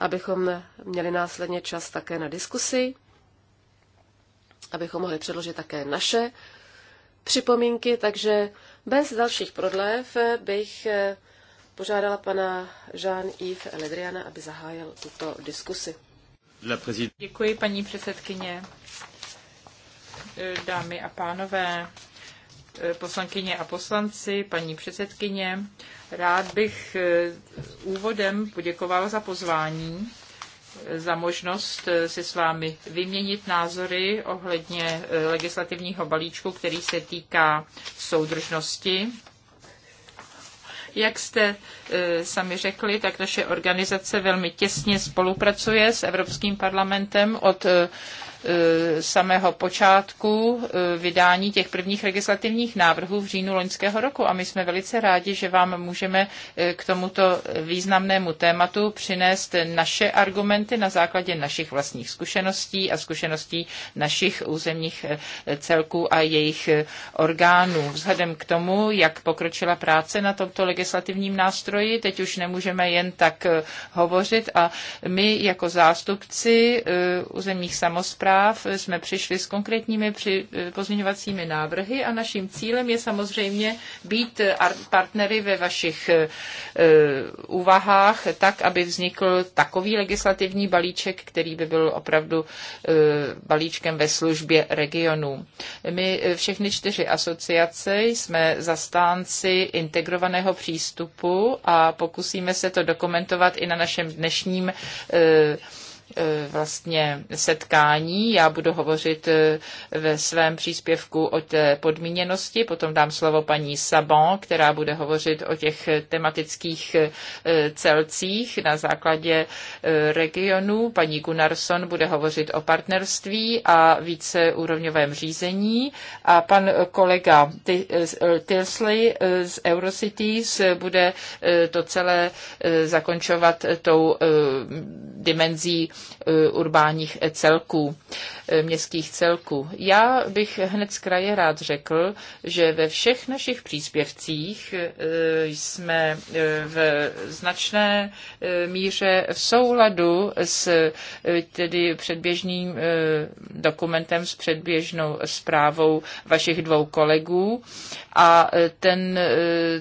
abychom měli následně čas také na diskusi, abychom mohli předložit také naše připomínky, takže bez dalších prodlev bych eh, požádala pana Jean-Yves Ledriana, aby zahájil tuto diskusi. Děkuji, paní předsedkyně, eh, dámy a pánové, eh, poslankyně a poslanci, paní předsedkyně. Rád bych úvodem poděkoval za pozvání za možnost eh, si s vámi vyměnit názory ohledně eh, legislativního balíčku, který se týká soudržnosti. Jak jste eh, sami řekli, tak naše organizace velmi těsně spolupracuje s Evropským parlamentem od E, samého počátku e, vydání těch prvních legislativních návrhů v říjnu loňského roku a my jsme velice rádi, že vám můžeme e, k tomuto významnému tématu přinést naše argumenty na základě našich vlastních zkušeností a zkušeností našich územních celků a jejich orgánů. Vzhledem k tomu, jak pokročila práce na tomto legislativním nástroji, teď už nemůžeme jen tak hovořit a my jako zástupci územních samozpráv zpráv jsme přišli s konkrétními eh, pozměňovacími návrhy a naším cílem je samozřejmě být eh, partnery ve vašich eh, úvahách tak, aby vznikl takový legislativní balíček, který by byl opravdu balíčkem ve službě regionů. My všechny čtyři asociace jsme zastánci integrovaného přístupu a pokusíme se to dokumentovat i na našem dnešním Eh, vlastně setkání. Já budu hovořit eh, ve svém příspěvku o té podmíněnosti, potom dám slovo paní Sabon, která bude hovořit o těch tematických eh, celcích na základě regionu. Paní Gunnarsson bude hovořit o partnerství a více úrovňovém řízení. A pan kolega Tilsley z Eurocities bude to celé zakončovat tou dimenzí Eh, urbánních celků, eh, městských celků. Já bych hned z kraje rád řekl, že ve všech našich příspěvcích eh, jsme v značné míře v souladu s tedy předběžným dokumentem, s předběžnou zprávou vašich dvou kolegů a ten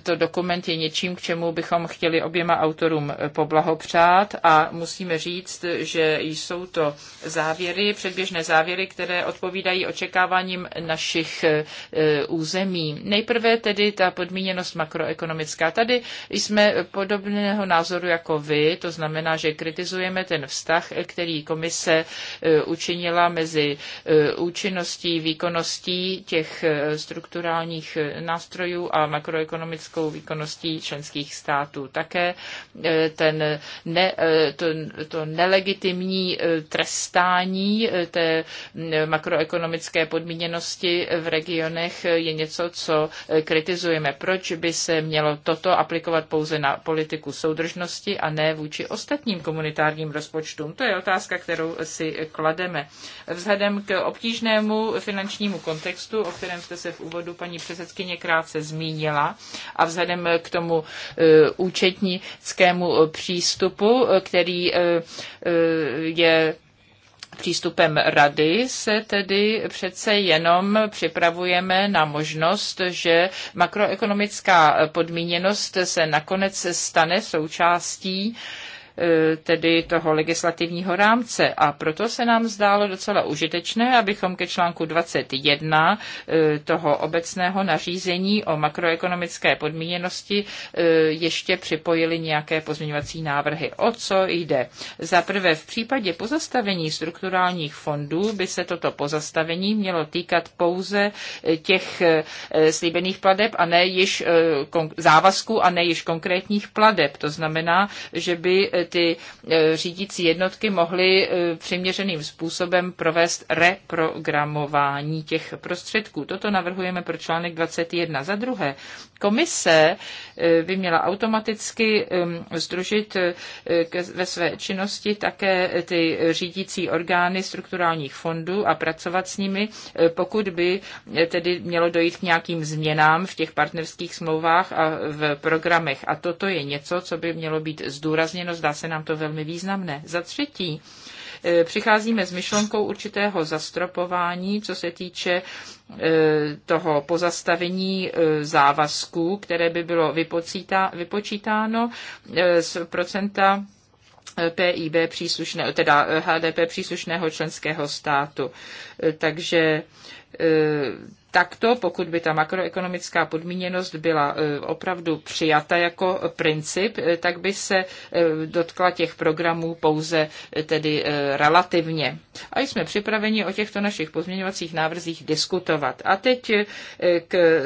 to dokument je něčím, k čemu bychom chtěli oběma autorům poblahopřát a musíme říct, že jsou to závěry, předběžné závěry, které odpovídají očekáváním našich eh, území. Nejprve tedy ta podmíněnost makroekonomická. Tady jsme podobného názoru jako vy, to znamená, že kritizujeme ten vztah, který komise eh, učinila mezi eh, účinností, výkonností těch strukturálních nástrojů a makroekonomickou výkonností členských států. Také ten ne, to, to nelegitimní zimní e, trestání e, té e, makroekonomické podmíněnosti v regionech je něco, co kritizujeme. Proč by se mělo toto aplikovat pouze na politiku soudržnosti a ne vůči ostatním komunitárním rozpočtům? To je otázka, kterou si klademe. Vzhledem k obtížnému finančnímu kontextu, o kterém jste se v úvodu paní předsedkyně krátce zmínila, a vzhledem k tomu účetnickému přístupu, který je přístupem rady se tedy přece jenom připravujeme na možnost, že makroekonomická podmíněnost se nakonec stane součástí uh, E, tedy toho legislativního rámce. A proto se nám zdálo docela užitečné, abychom ke článku 21 e, toho obecného nařízení o makroekonomické podmíněnosti e, ještě připojili nějaké pozměňovací návrhy. O co jde? Za prvé, v případě pozastavení strukturálních fondů by se toto pozastavení mělo týkat pouze těch slíbených pladeb a ne již závazků a ne již konkrétních pladeb. To znamená, že by ty e, řídící jednotky mohly e, přiměřeným způsobem provést reprogramování těch prostředků. Toto navrhujeme pro článek 21. Za druhé, komise e, by měla automaticky združit ve své činnosti také ty řídící orgány strukturálních fondů a pracovat s nimi, pokud by tedy mělo dojít k nějakým změnám v těch partnerských smlouvách a v programech. A toto je něco, co by mělo být zdůrazněno, zdá se nám to velmi významné. Za třetí, eh, přicházíme s myšlenkou určitého zastropování, co se týče eh, toho pozastavení eh, závazků, které by bylo vypočítáno z procenta PIB příslušného, teda HDP příslušného členského státu. Takže E, takto, pokud by ta makroekonomická podmíněnost byla e, opravdu přijata jako princip, e, tak by se dotkla těch programů pouze tedy relativně. A jsme připraveni o těchto našich pozměňovacích návrzích diskutovat. A teď k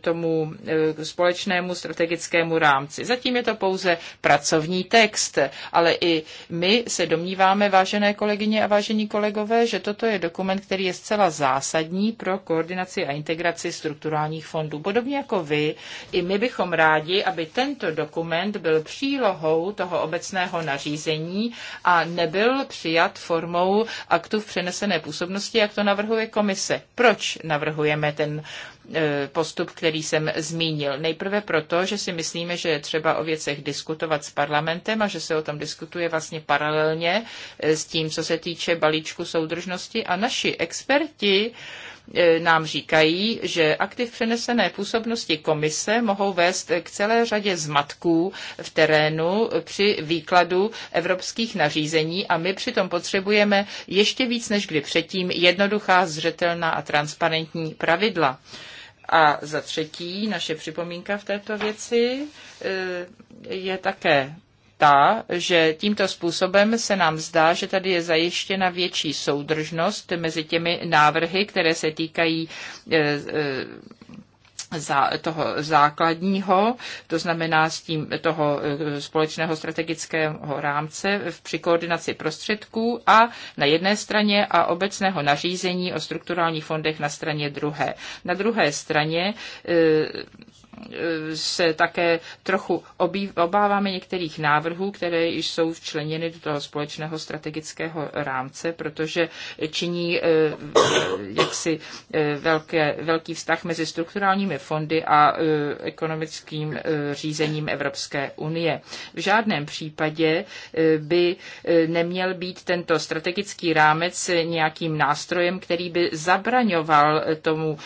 tomu eh, společnému strategickému rámci. Zatím je to pouze pracovní text, ale i my se domníváme, vážené kolegyně a vážení kolegové, že toto je dokument, který je zcela zásadní pro koordinaci a integraci strukturálních fondů. Podobně jako vy, i my bychom rádi, aby tento dokument byl přílohou toho obecného nařízení a nebyl přijat formou aktu v přenesené působnosti, jak to navrhuje komise. Proč navrhujeme ten E, postup, který jsem zmínil. Nejprve proto, že si myslíme, že je třeba o věcech diskutovat s parlamentem a že se o tom diskutuje vlastně paralelně e, s tím, co se týče balíčku soudržnosti a naši experti e, nám říkají, že aktiv přenesené působnosti komise mohou vést k celé řadě zmatků v terénu při výkladu evropských nařízení a my přitom potřebujeme ještě víc než kdy předtím jednoduchá, zřetelná a transparentní pravidla. A za třetí, naše připomínka v této věci eh, je také ta, že tímto způsobem se nám zdá, že tady je zajištěna větší soudržnost mezi těmi návrhy, které se týkají eh, eh, za toho základního, to znamená s tím toho eh, společného strategického rámce při koordinaci prostředků a na jedné straně a obecného nařízení o strukturálních fondech na straně druhé. Na druhé straně eh, se také trochu obáváme některých návrhů, které již jsou včleněny do toho společného strategického rámce, protože činí eh, jaksi eh, velké, velký vztah mezi strukturálními fondy a eh, ekonomickým řízením Evropské unie. V žádném případě by neměl být tento strategický rámec nějakým nástrojem, který by zabraňoval tomu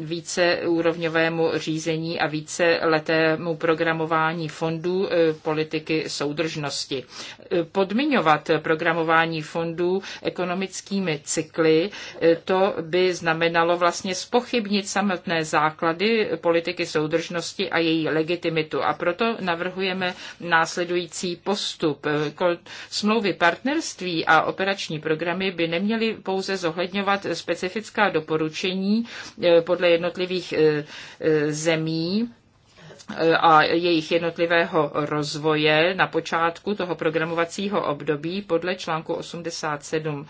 víceúrovňovému řízení a více letému programování fondů e, politiky soudržnosti. E, podmiňovat programování fondů ekonomickými cykly, e, to by znamenalo vlastně spochybnit samotné základy politiky soudržnosti a její legitimitu. A proto navrhujeme následující postup. Smlouvy partnerství a operační programy by neměly pouze zohledňovat specifická doporučení podle jednotlivých zemí, nyní a jejich jednotlivého rozvoje na počátku toho programovacího období podle článku 87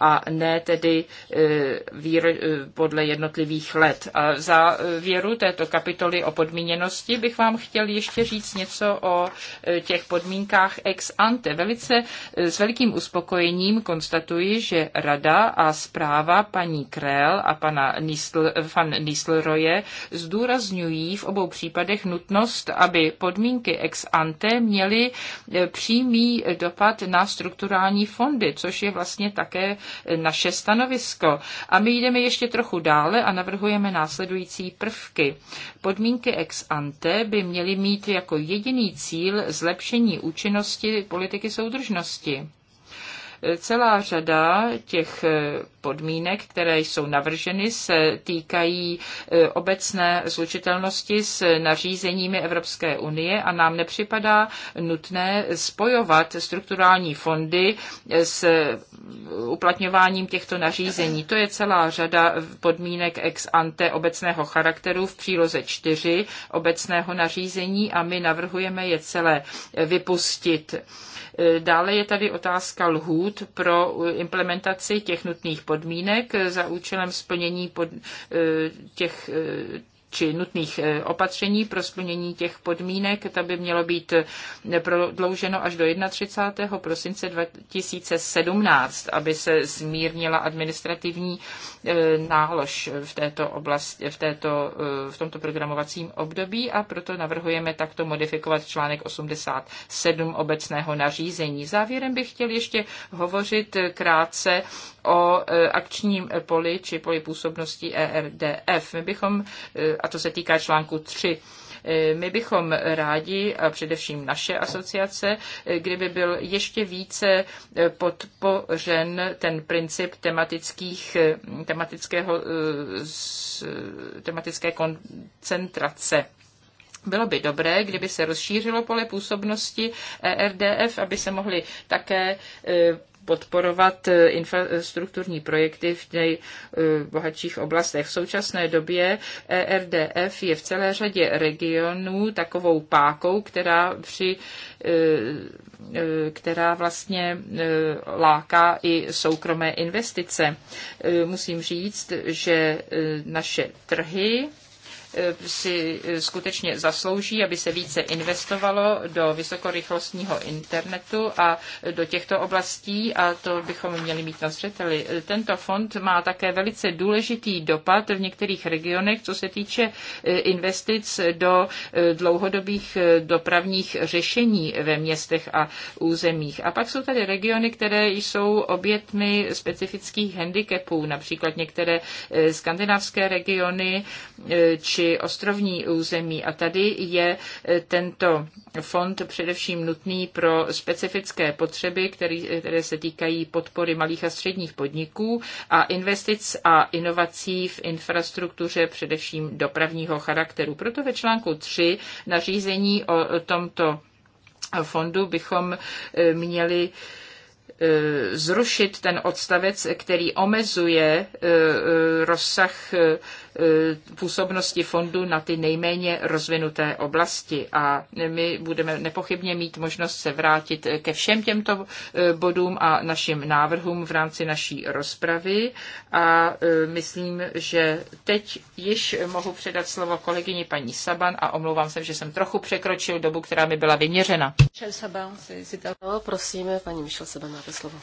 a ne tedy e, výro, e, podle jednotlivých let. A za věru této kapitoly o podmíněnosti bych vám chtěl ještě říct něco o e, těch podmínkách ex ante. Velice s velikým uspokojením konstatuji, že rada a zpráva paní Krell a pana Nistl, van Nistelroje zdůrazňují v obou případech nutnost nutnost, aby podmínky ex ante měly e, přímý dopad na strukturální fondy, což je vlastně také e, naše stanovisko. A my jdeme ještě trochu dále a navrhujeme následující prvky. Podmínky ex ante by měly mít jako jediný cíl zlepšení účinnosti politiky soudržnosti. Celá řada těch eh, podmínek, které jsou navrženy, se týkají eh, obecné zlučitelnosti s nařízeními Evropské unie a nám nepřipadá nutné spojovat strukturální fondy eh, s uplatňováním těchto nařízení. To je celá řada podmínek ex ante obecného charakteru v příloze 4 obecného nařízení a my navrhujeme je celé vypustit. Dále je tady otázka lhůt pro eh, implementaci těch nutných podmínek za účelem splnění pod eh, těch eh, či nutných eh, opatření pro splnění těch podmínek. To by mělo být eh, prodlouženo až do 31. prosince 2017, aby se zmírnila administrativní eh, nálož v této oblasti, v, této, v tomto programovacím období a proto navrhujeme takto modifikovat článek 87 obecného nařízení. Závěrem bych chtěl ještě hovořit krátce o akčním poli či poli působnosti ERDF. My bychom a to se týká článku 3 eh, my bychom rádi, a především naše asociace, eh, kdyby byl ještě více eh, podpořen ten princip tematických, tematického, tematické koncentrace. Bylo by dobré, kdyby se rozšířilo pole působnosti ERDF, aby se mohly také podporovat eh, infrastrukturní projekty v nejbohatších eh, oblastech. V současné době ERDF je v celé řadě regionů takovou pákou, která při eh, která vlastně láká i soukromé investice. Musím říct, že naše trhy Eh, si eh, skutečně zaslouží, aby se více investovalo do vysokorychlostního internetu a do těchto oblastí a to bychom měli mít na zřeteli. Tento fond má také velice důležitý dopad v některých regionech, co se týče eh, investic do dlouhodobých dopravních řešení ve městech a územích. A pak jsou tady regiony, které jsou obětmi specifických handicapů, například některé skandinávské regiony či či ostrovní území. A tady je eh, tento fond především nutný pro specifické potřeby, který, eh, které se týkají podpory malých a středních podniků a investic a inovací v infrastruktuře především dopravního charakteru. Proto ve článku 3 nařízení o tomto fondu bychom eh, měli zrušit ten odstavec, který omezuje rozsah E, působnosti fondu na ty nejméně rozvinuté oblasti. A my budeme nepochybně mít možnost se vrátit ke všem těmto e, bodům a našim návrhům v rámci naší rozpravy. A e, myslím, že teď již mohu předat slovo kolegyni paní Saban a omlouvám se, že jsem trochu překročil dobu, která mi byla vyměřena. No, Prosím, paní Michel Saban, máte slovo.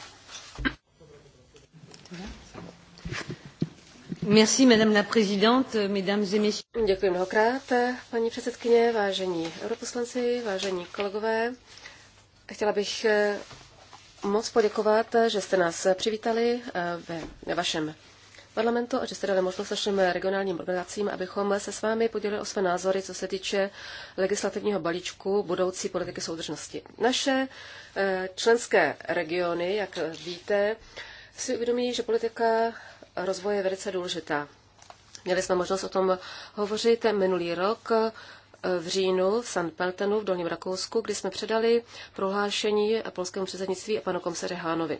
Děkuji mnohokrát, paní předsedkyně, vážení europoslanci, vážení kolegové. Chtěla bych eh, moc poděkovat, eh, že jste nás eh, přivítali ve vašem parlamentu a že jste dali možnost našim regionálním organizacím, abychom se s vámi podělili o své názory, co se týče legislativního balíčku budoucí politiky soudržnosti. Naše členské regiony, jak víte, si uvědomí, že politika rozvoje je velice důležitá. Měli jsme možnost o tom hovořit minulý rok eh, v říjnu v San Peltenu v Dolním Rakousku, kdy jsme předali prohlášení polskému předsednictví a panu komisaři Hánovi.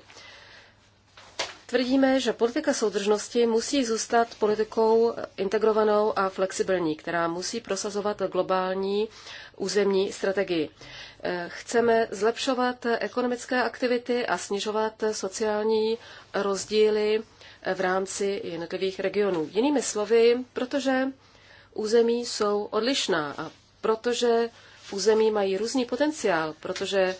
Tvrdíme, že politika soudržnosti musí zůstat politikou integrovanou a flexibilní, která musí prosazovat globální územní strategii. Eh, chceme zlepšovat ekonomické aktivity a snižovat sociální rozdíly v rámci jednotlivých regionů. Jinými slovy, protože území jsou odlišná a protože území mají různý potenciál, protože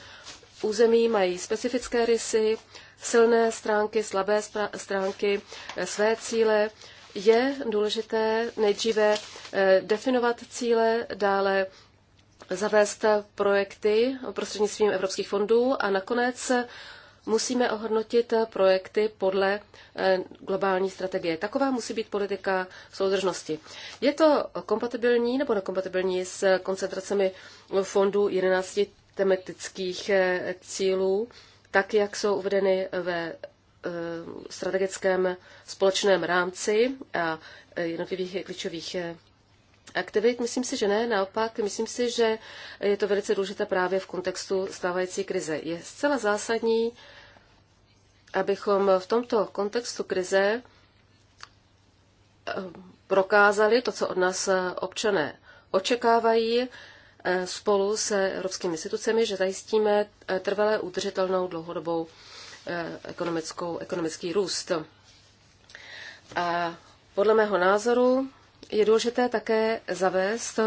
území mají specifické rysy, silné stránky, slabé stránky, eh, své cíle, je důležité nejdříve eh, definovat cíle, dále zavést projekty prostřednictvím evropských fondů a nakonec musíme ohodnotit eh, projekty podle eh, globální strategie. Taková musí být politika soudržnosti. Je to kompatibilní nebo nekompatibilní s koncentracemi fondů 11 tematických eh, cílů, tak jak jsou uvedeny ve strategickém společném rámci a jednotlivých klíčových aktivit? Myslím si, že ne, naopak, myslím si, že je to velice důležité právě v kontextu stávající krize. Je zcela zásadní abychom v tomto kontextu krize eh, prokázali to, co od nás eh, občané očekávají eh, spolu se evropskými institucemi, že zajistíme trvalé udržitelnou dlouhodobou ekonomickou, ekonomický růst. A podle mého názoru je důležité také zavést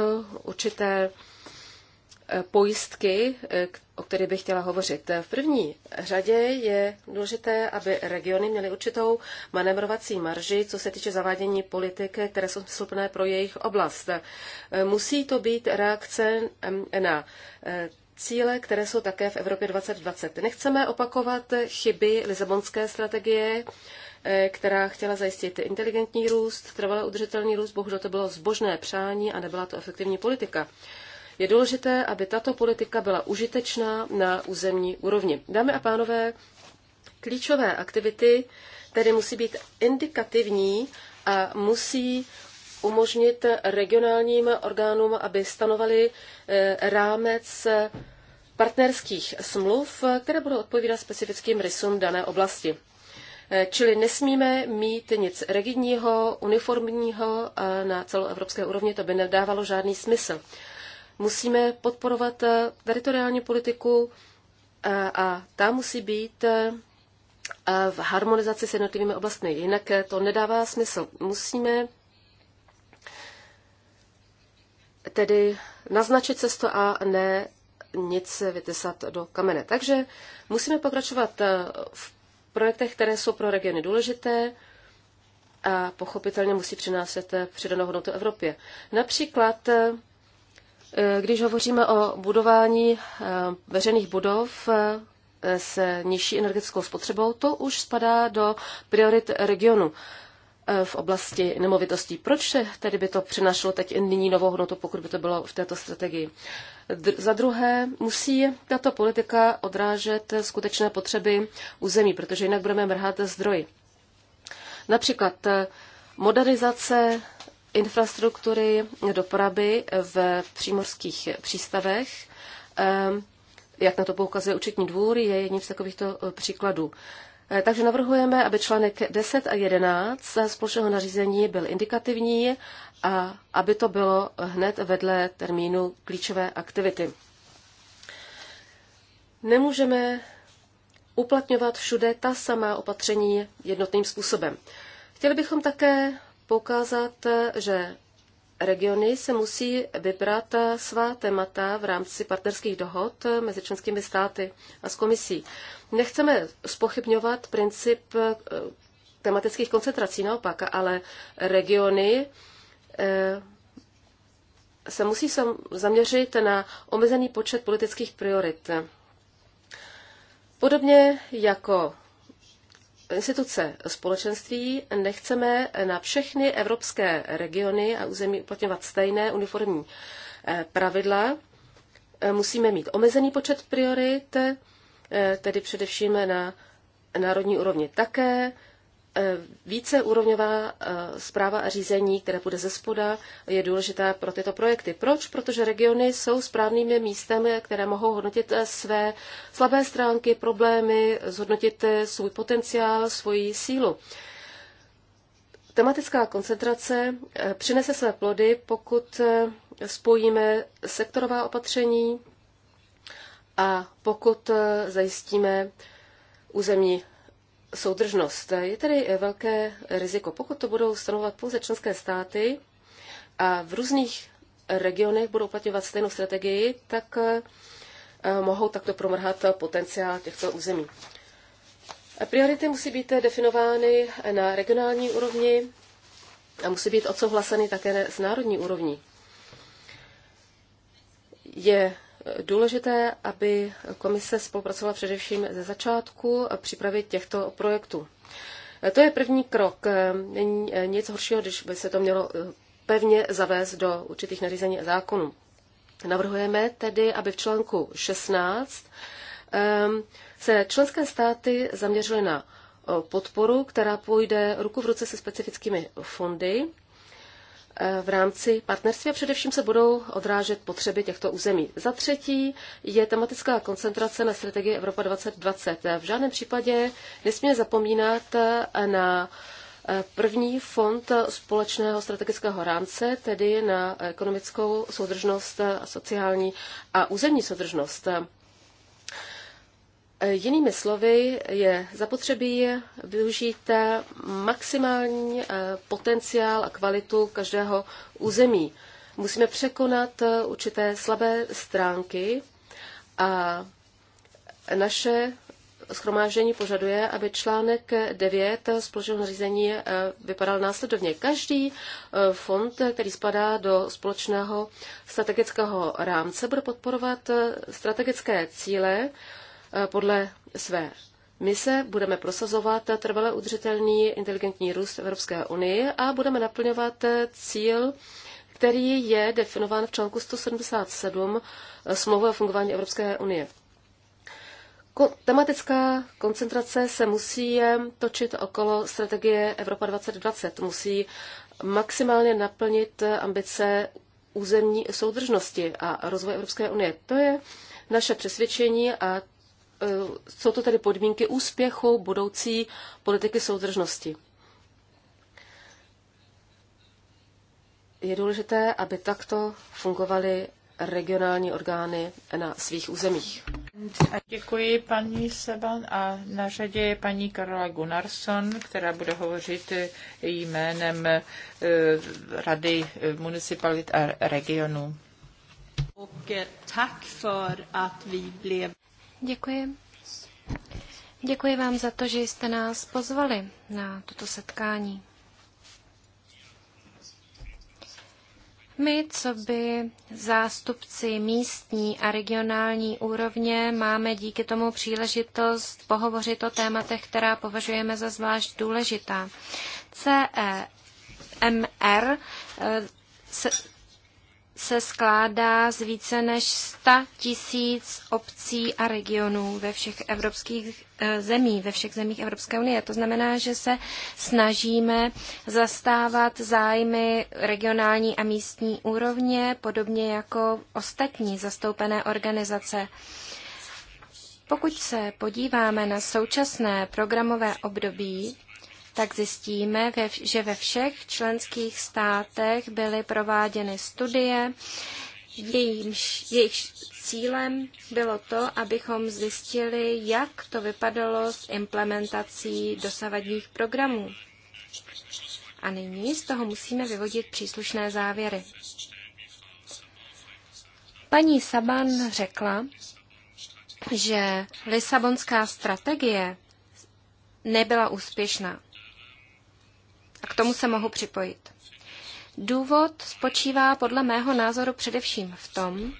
určité Eh, pojistky, eh, o kterých bych chtěla hovořit. V první řadě je důležité, aby regiony měly určitou manevrovací marži, co se týče zavádění politik, které jsou schopné pro jejich oblast. Eh, musí to být reakce na cíle, které jsou také v Evropě 2020. Nechceme opakovat chyby Lisabonské strategie, která chtěla zajistit inteligentní růst, trvalé udržitelný růst. Bohužel to bylo zbožné přání a nebyla to efektivní politika. Je důležité, aby tato politika byla užitečná na územní úrovni. Dámy a pánové, klíčové aktivity tedy musí být indikativní a musí umožnit regionálním orgánům, aby stanovali eh, rámec partnerských smluv, které budou odpovídat specifickým rysům dané oblasti. Eh, čili nesmíme mít nic rigidního, uniformního na celoevropské úrovni, to by nedávalo žádný smysl. Musíme podporovat eh, teritoriální politiku eh, a ta musí být eh, v harmonizaci s jednotlivými oblastmi. Jinak to nedává smysl. Musíme tedy naznačit cestu a ne nic vytesat do kamene. Takže musíme pokračovat v projektech, které jsou pro regiony důležité a pochopitelně musí přinášet přidanou hodnotu Evropě. Například Eh, když hovoříme o budování eh, veřejných budov eh, s nižší energetickou spotřebou, to už spadá do priorit regionu v oblasti nemovitostí. Proč tedy by to přinašlo teď nyní novou hodnotu, pokud by to bylo v této strategii? Dr- za druhé, musí tato politika odrážet skutečné potřeby území, protože jinak budeme mrhat zdroji. Například modernizace infrastruktury dopravy v přímořských přístavech. Ehm, jak na to poukazuje účetní dvůr, je jedním z takovýchto eh, příkladů. Eh, takže navrhujeme, aby článek 10 a 11 společného nařízení byl indikativní a aby to bylo hned vedle termínu klíčové aktivity. Nemůžeme uplatňovat všude ta samá opatření jednotným způsobem. Chtěli bychom také poukázat, že regiony se musí vybrat svá témata v rámci partnerských dohod mezi členskými státy a s komisí. Nechceme spochybňovat princip eh, tematických koncentrací, naopak, ale regiony eh, se musí zaměřit na omezený počet politických priorit. Podobně jako instituce společenství nechceme na všechny evropské regiony a území uplatňovat stejné uniformní eh, pravidla. Eh, musíme mít omezený počet priorit, eh, tedy především na národní úrovni také. Eh, víceúrovňová eh, zpráva a řízení, které bude ze spoda, je důležitá pro tyto projekty. Proč? Protože regiony jsou správnými místem, které mohou hodnotit eh, své slabé stránky, problémy, zhodnotit svůj potenciál, svoji sílu. Tematická koncentrace přinese své plody, pokud spojíme sektorová opatření a pokud zajistíme územní soudržnost. Je tedy velké riziko, pokud to budou stanovat pouze členské státy a v různých regionech budou uplatňovat stejnou strategii, tak eh, mohou takto promrhat potenciál těchto území. Priority musí být definovány na regionální úrovni a musí být odsouhlaseny také z národní úrovni. Je důležité, aby komise spolupracovala především ze začátku přípravy těchto projektů. To je první krok. Není nic horšího, když by se to mělo eh, pevně zavést do určitých nařízení a zákonů. Navrhujeme tedy, aby v článku 16 ehm, se členské státy zaměřily na eh, podporu, která půjde ruku v ruce se specifickými fondy Eh, v rámci partnerství a především se budou odrážet potřeby těchto území. Za třetí je tematická koncentrace na strategii Evropa 2020. V žádném případě nesmíme zapomínat eh, na eh, první fond společného strategického rámce, tedy na ekonomickou soudržnost, sociální a územní soudržnost. Jinými slovy, je zapotřebí využít maximální eh, potenciál a kvalitu každého území. Musíme překonat eh, určité slabé stránky a naše schromáždění požaduje, aby článek 9 společného nařízení eh, vypadal následovně. Každý fond, který spadá do společného strategického rámce, bude podporovat strategické cíle, Eh, podle své mise budeme prosazovat trvale udržitelný inteligentní růst v Evropské unii a budeme naplňovat cíl, který je definován v článku 177 eh, smlouvy o fungování Evropské unie. Tematická koncentrace se musí eh, točit okolo strategie Evropa 2020. Musí maximálně naplnit ambice územní soudržnosti a rozvoje Evropské unie. To je naše přesvědčení a E, jsou to tedy podmínky úspěchu budoucí politiky soudržnosti. Je důležité, aby takto fungovaly regionální orgány na svých územích. Děkuji paní Seban a na řadě je paní Karola Gunnarsson, která bude hovořit jménem e, Rady municipalit a regionu. Eh, tak for at vi blev Děkuji. Děkuji vám za to, že jste nás pozvali na toto setkání. My, co by zástupci místní a regionální úrovně, máme díky tomu příležitost pohovořit o tématech, která považujeme za zvlášť důležitá. CEMR eh, se se skládá z více než 100 tisíc obcí a regionů ve všech evropských eh, zemí, ve všech zemích Evropské unie. To znamená, že se snažíme zastávat zájmy regionální a místní úrovně, podobně jako ostatní zastoupené organizace. Pokud se podíváme na současné programové období, tak zjistíme, že ve všech členských státech byly prováděny studie, jejímž, jejich cílem bylo to, abychom zjistili, jak to vypadalo s implementací dosavadních programů. A nyní z toho musíme vyvodit příslušné závěry. Paní Saban řekla, že Lisabonská strategie nebyla úspěšná. A k tomu se mohu připojit. Důvod spočívá podle mého názoru především v tom,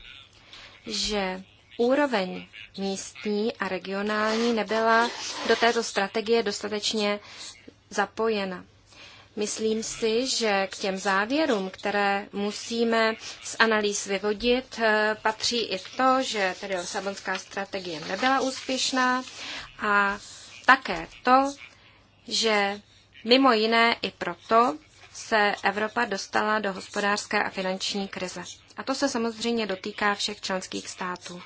že úroveň místní a regionální nebyla do této strategie dostatečně zapojena. Myslím si, že k těm závěrům, které musíme z analýz vyvodit, eh, patří i to, že tedy Lisabonská strategie nebyla úspěšná a také to, že Mimo jiné i proto se Evropa dostala do hospodářské a finanční krize. A to se samozřejmě dotýká všech členských států.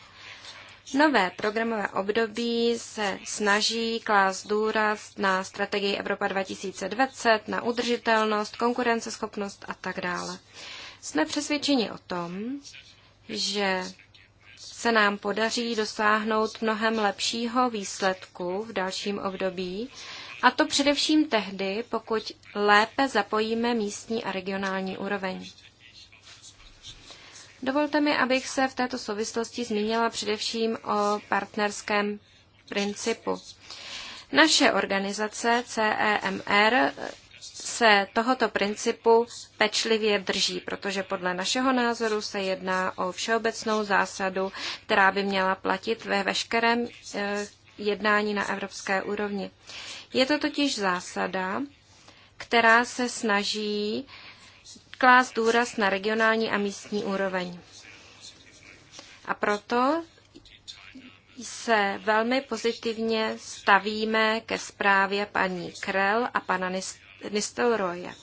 Nové programové období se snaží klást důraz na strategii Evropa 2020, na udržitelnost, konkurenceschopnost a tak dále. Jsme přesvědčeni o tom, že se nám podaří dosáhnout mnohem lepšího výsledku v dalším období, a to především tehdy, pokud lépe zapojíme místní a regionální úroveň. Dovolte mi, abych se v této souvislosti zmínila především o partnerském principu. Naše organizace CEMR se tohoto principu pečlivě drží, protože podle našeho názoru se jedná o všeobecnou zásadu, která by měla platit ve veškerém eh, jednání na evropské úrovni. Je to totiž zásada, která se snaží klást důraz na regionální a místní úroveň. A proto se velmi pozitivně stavíme ke zprávě paní Krell a pana Nistelroje.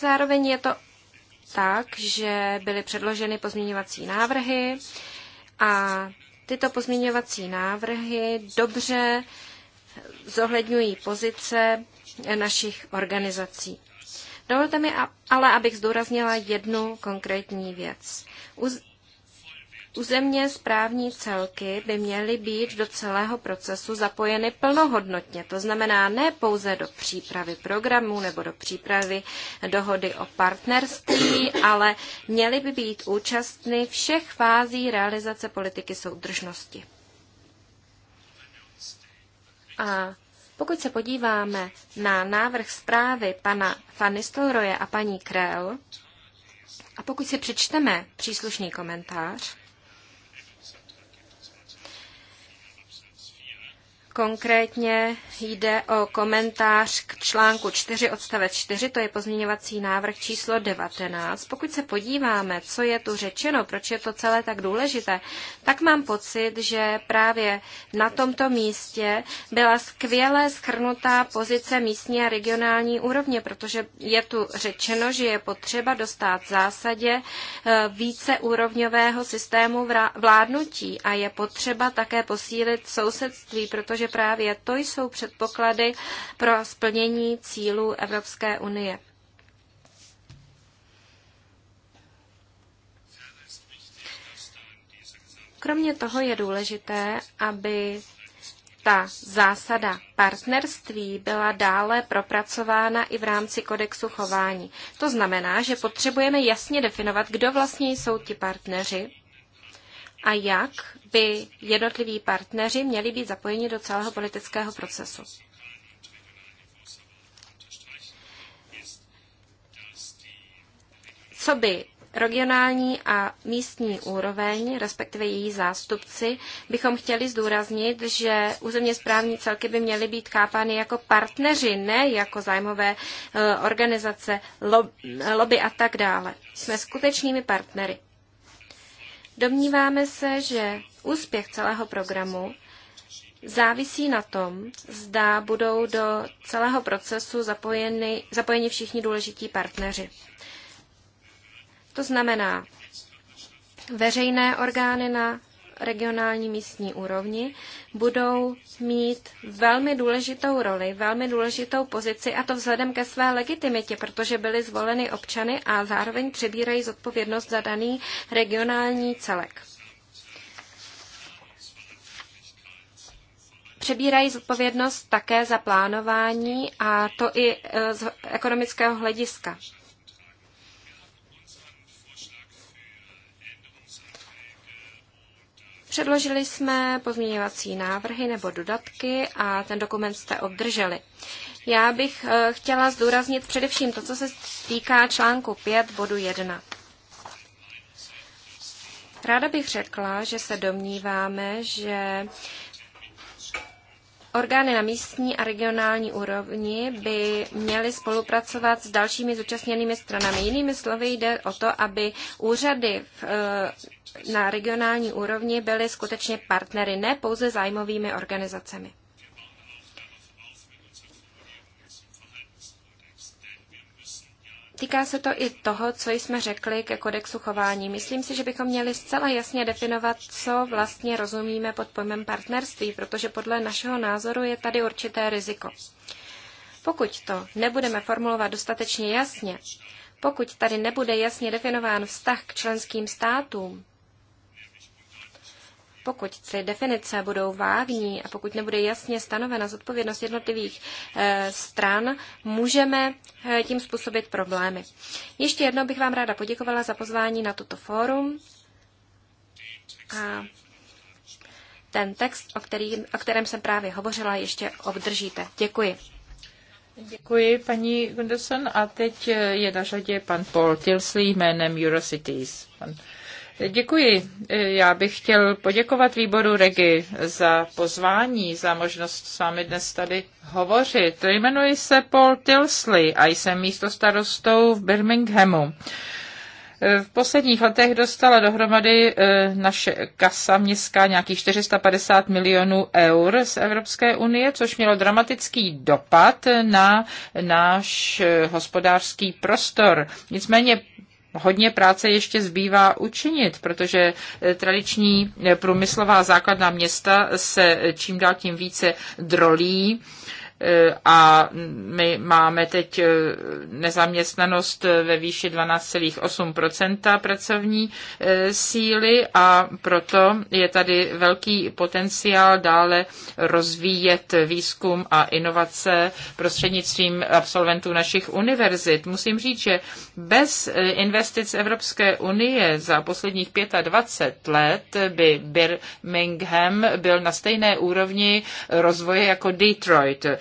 Zároveň je to tak, že byly předloženy pozměňovací návrhy a Tyto pozměňovací návrhy dobře zohledňují pozice našich organizací. Dovolte mi ale, abych zdůraznila jednu konkrétní věc. Územně správní celky by měly být do celého procesu zapojeny plnohodnotně, to znamená ne pouze do přípravy programů nebo do přípravy dohody o partnerství, ale měly by být účastny všech fází realizace politiky soudržnosti. A pokud se podíváme na návrh zprávy pana Van a paní Krell, a pokud si přečteme příslušný komentář, Konkrétně jde o komentář k článku 4 odstavec 4, to je pozměňovací návrh číslo 19. Pokud se podíváme, co je tu řečeno, proč je to celé tak důležité, tak mám pocit, že právě na tomto místě byla skvěle schrnutá pozice místní a regionální úrovně, protože je tu řečeno, že je potřeba dostat v zásadě e, více úrovňového systému vládnutí a je potřeba také posílit sousedství, protože protože právě to jsou předpoklady pro splnění cílů Evropské unie. Kromě toho je důležité, aby ta zásada partnerství byla dále propracována i v rámci kodexu chování. To znamená, že potřebujeme jasně definovat, kdo vlastně jsou ti partneři a jak by jednotliví partneři měli být zapojeni do celého politického procesu. Co by regionální a místní úroveň, respektive její zástupci, bychom chtěli zdůraznit, že územně správní celky by měly být chápány jako partneři, ne jako zájmové eh, organizace, lobby a tak dále. Jsme skutečnými partnery. Domníváme se, že Úspěch celého programu závisí na tom, zda budou do celého procesu zapojeni, zapojeni všichni důležití partneři. To znamená veřejné orgány na regionální místní úrovni budou mít velmi důležitou roli, velmi důležitou pozici a to vzhledem ke své legitimitě, protože byly zvoleny občany a zároveň přebírají zodpovědnost za daný regionální celek. přebírají zodpovědnost také za plánování a to i e, z ekonomického hlediska. Předložili jsme pozměňovací návrhy nebo dodatky a ten dokument jste obdrželi. Já bych e, chtěla zdůraznit především to, co se týká článku 5 bodu 1. Ráda bych řekla, že se domníváme, že Orgány na místní a regionální úrovni by měly spolupracovat s dalšími zúčastněnými stranami. Jinými slovy jde o to, aby úřady v, e, na regionální úrovni byly skutečně partnery, ne pouze zájmovými organizacemi. Týká se to i toho, co jsme řekli ke kodexu chování. Myslím si, že bychom měli zcela jasně definovat, co vlastně rozumíme pod pojmem partnerství, protože podle našeho názoru je tady určité riziko. Pokud to nebudeme formulovat dostatečně jasně, pokud tady nebude jasně definován vztah k členským státům, pokud ty definice budou vágní a pokud nebude jasně stanovena zodpovědnost jednotlivých eh, stran, můžeme eh, tím způsobit problémy. Ještě jednou bych vám ráda poděkovala za pozvání na toto fórum. A ten text, o, který, o kterém jsem právě hovořila, ještě obdržíte. Děkuji. Děkuji, paní Gunderson. A teď eh, je na řadě pan Paul Tilsley jménem Eurocities. Pan Děkuji. Já bych chtěl poděkovat výboru Regi za pozvání, za možnost s vámi dnes tady hovořit. Jmenuji se Paul Tilsley a jsem místo starostou v Birminghamu. V posledních letech dostala dohromady eh, naše kasa městská nějakých 450 milionů eur z Evropské unie, což mělo dramatický dopad na náš eh, hospodářský prostor. Nicméně hodně práce ještě zbývá učinit, protože eh, tradiční eh, průmyslová základna města se eh, čím dál tím více drolí E, a my máme teď e, nezaměstnanost ve výši 12,8 pracovní e, síly a proto je tady velký potenciál dále rozvíjet výzkum a inovace prostřednictvím absolventů našich univerzit. Musím říct, že bez investic Evropské unie za posledních 25 let by Birmingham byl na stejné úrovni rozvoje jako Detroit.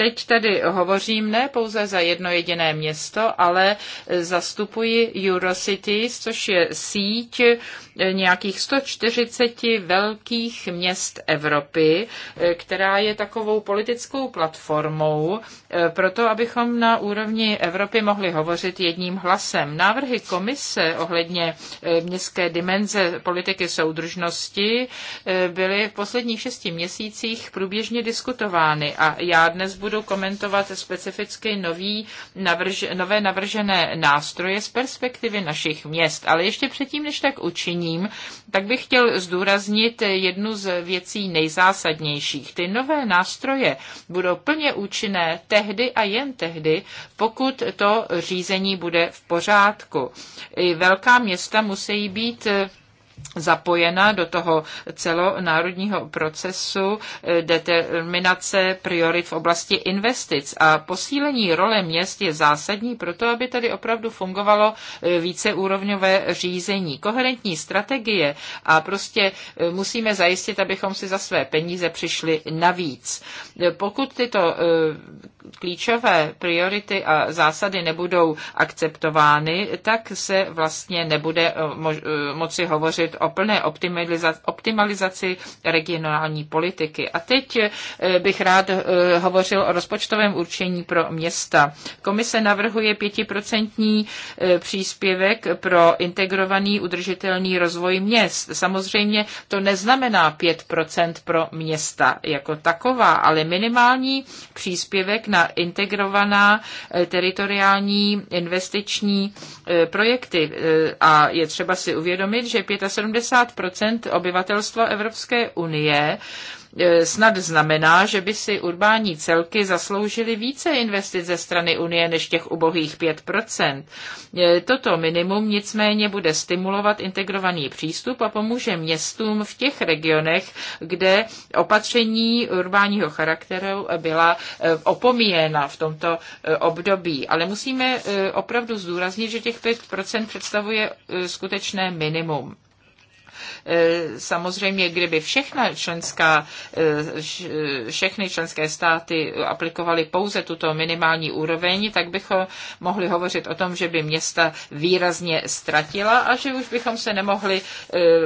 Teď tedy hovořím ne pouze za jedno jediné město, ale zastupuji Eurocities, což je síť nějakých 140 velkých měst Evropy, která je takovou politickou platformou eh, pro to, abychom na úrovni Evropy mohli hovořit jedním hlasem. Návrhy komise ohledně eh, městské dimenze politiky soudržnosti eh, byly v posledních šesti měsících průběžně diskutovány a já dnes budu budu komentovat specificky nový, navrž, nové navržené nástroje z perspektivy našich měst. Ale ještě předtím, než tak učiním, tak bych chtěl zdůraznit jednu z věcí nejzásadnějších. Ty nové nástroje budou plně účinné tehdy a jen tehdy, pokud to řízení bude v pořádku. I velká města musí být zapojena do toho celonárodního procesu eh, determinace priorit v oblasti investic. A posílení role měst je zásadní pro to, aby tady opravdu fungovalo eh, víceúrovňové řízení. Koherentní strategie a prostě eh, musíme zajistit, abychom si za své peníze přišli navíc. Pokud tyto klíčové priority a zásady nebudou akceptovány, tak se vlastně nebude moci hovořit mluvit o plné optimalizaci regionální politiky. A teď eh, bych rád eh, hovořil o rozpočtovém určení pro města. Komise navrhuje pětiprocentní eh, příspěvek pro integrovaný udržitelný rozvoj měst. Samozřejmě to neznamená 5% pro města jako taková, ale minimální příspěvek na integrovaná teritoriální investiční projekty. A je třeba si uvědomit, že 70 obyvatelstva Evropské unie e, snad znamená, že by si urbání celky zasloužily více investic ze strany Unie než těch ubohých 5%. E, toto minimum nicméně bude stimulovat integrovaný přístup a pomůže městům v těch regionech, kde opatření urbáního charakteru byla e, opomíjena v tomto období. Ale musíme opravdu zdůraznit, že těch 5% představuje skutečné minimum. Eh, samozřejmě, kdyby všechna členská, eh, eh, všechny členské státy aplikovaly pouze tuto minimální úroveň, tak bychom mohli hovořit o tom, že by města výrazně ztratila a že už bychom se nemohli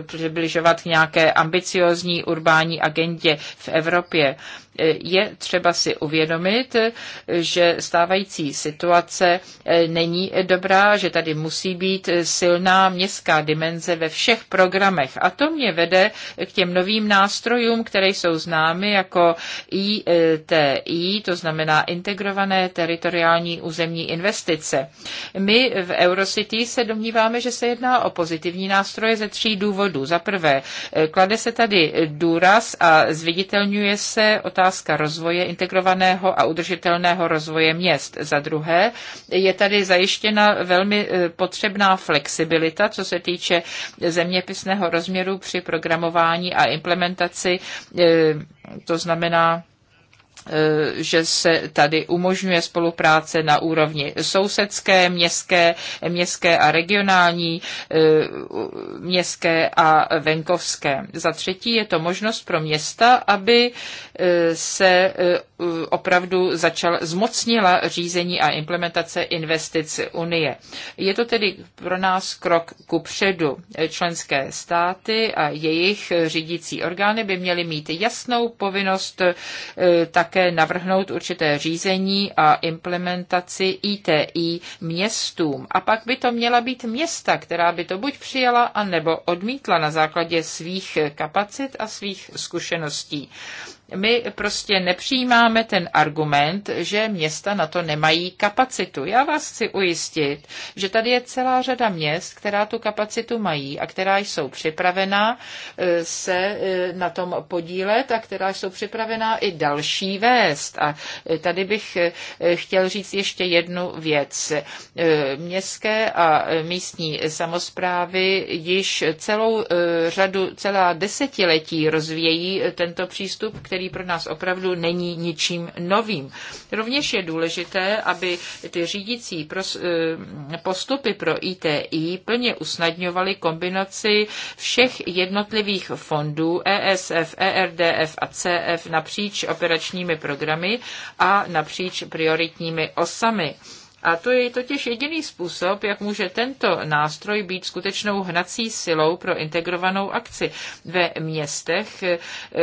přibližovat k nějaké ambiciozní urbání agendě v Evropě. Je třeba si uvědomit, že stávající situace eh, není dobrá, že tady musí být silná městská dimenze ve všech programech. A to mě vede k těm novým nástrojům, které jsou známy jako ITI, to znamená integrované teritoriální územní investice. My v Eurocity se domníváme, že se jedná o pozitivní nástroje ze tří důvodů. Za prvé, eh, klade se tady důraz a zviditelňuje se otázka otázka rozvoje integrovaného a udržitelného rozvoje měst. Za druhé je tady zajištěna velmi e, potřebná flexibilita, co se týče zeměpisného rozměru při programování a implementaci, e, to znamená Eh, že se tady umožňuje spolupráce na úrovni sousedské, městské, městské a regionální, eh, městské a venkovské. Za třetí je to možnost pro města, aby eh, se opravdu začal, zmocnila řízení a implementace investic Unie. Je to tedy pro nás krok ku předu. Členské státy a jejich řídící orgány by měly mít jasnou povinnost tak také navrhnout určité řízení a implementaci ITI městům. A pak by to měla být města, která by to buď přijala, anebo odmítla na základě svých kapacit a svých zkušeností my prostě nepřijímáme ten argument, že města na to nemají kapacitu. Já vás chci ujistit, že tady je celá řada měst, která tu kapacitu mají a která jsou připravená eh, se eh, na tom podílet a která jsou připravená i další vést. A eh, tady bych chtěl říct ještě jednu věc. Městské a místní samozprávy již celou řadu, celá desetiletí rozvíjejí tento přístup, který který pro nás opravdu není ničím novým. Rovněž je důležité, aby ty řídící eh, postupy pro ITI plně usnadňovaly kombinaci všech jednotlivých fondů ESF, ERDF a CF napříč operačními programy a napříč prioritními osami. A to je totiž jediný způsob, jak může tento nástroj být skutečnou hnací silou pro integrovanou akci ve městech, eh,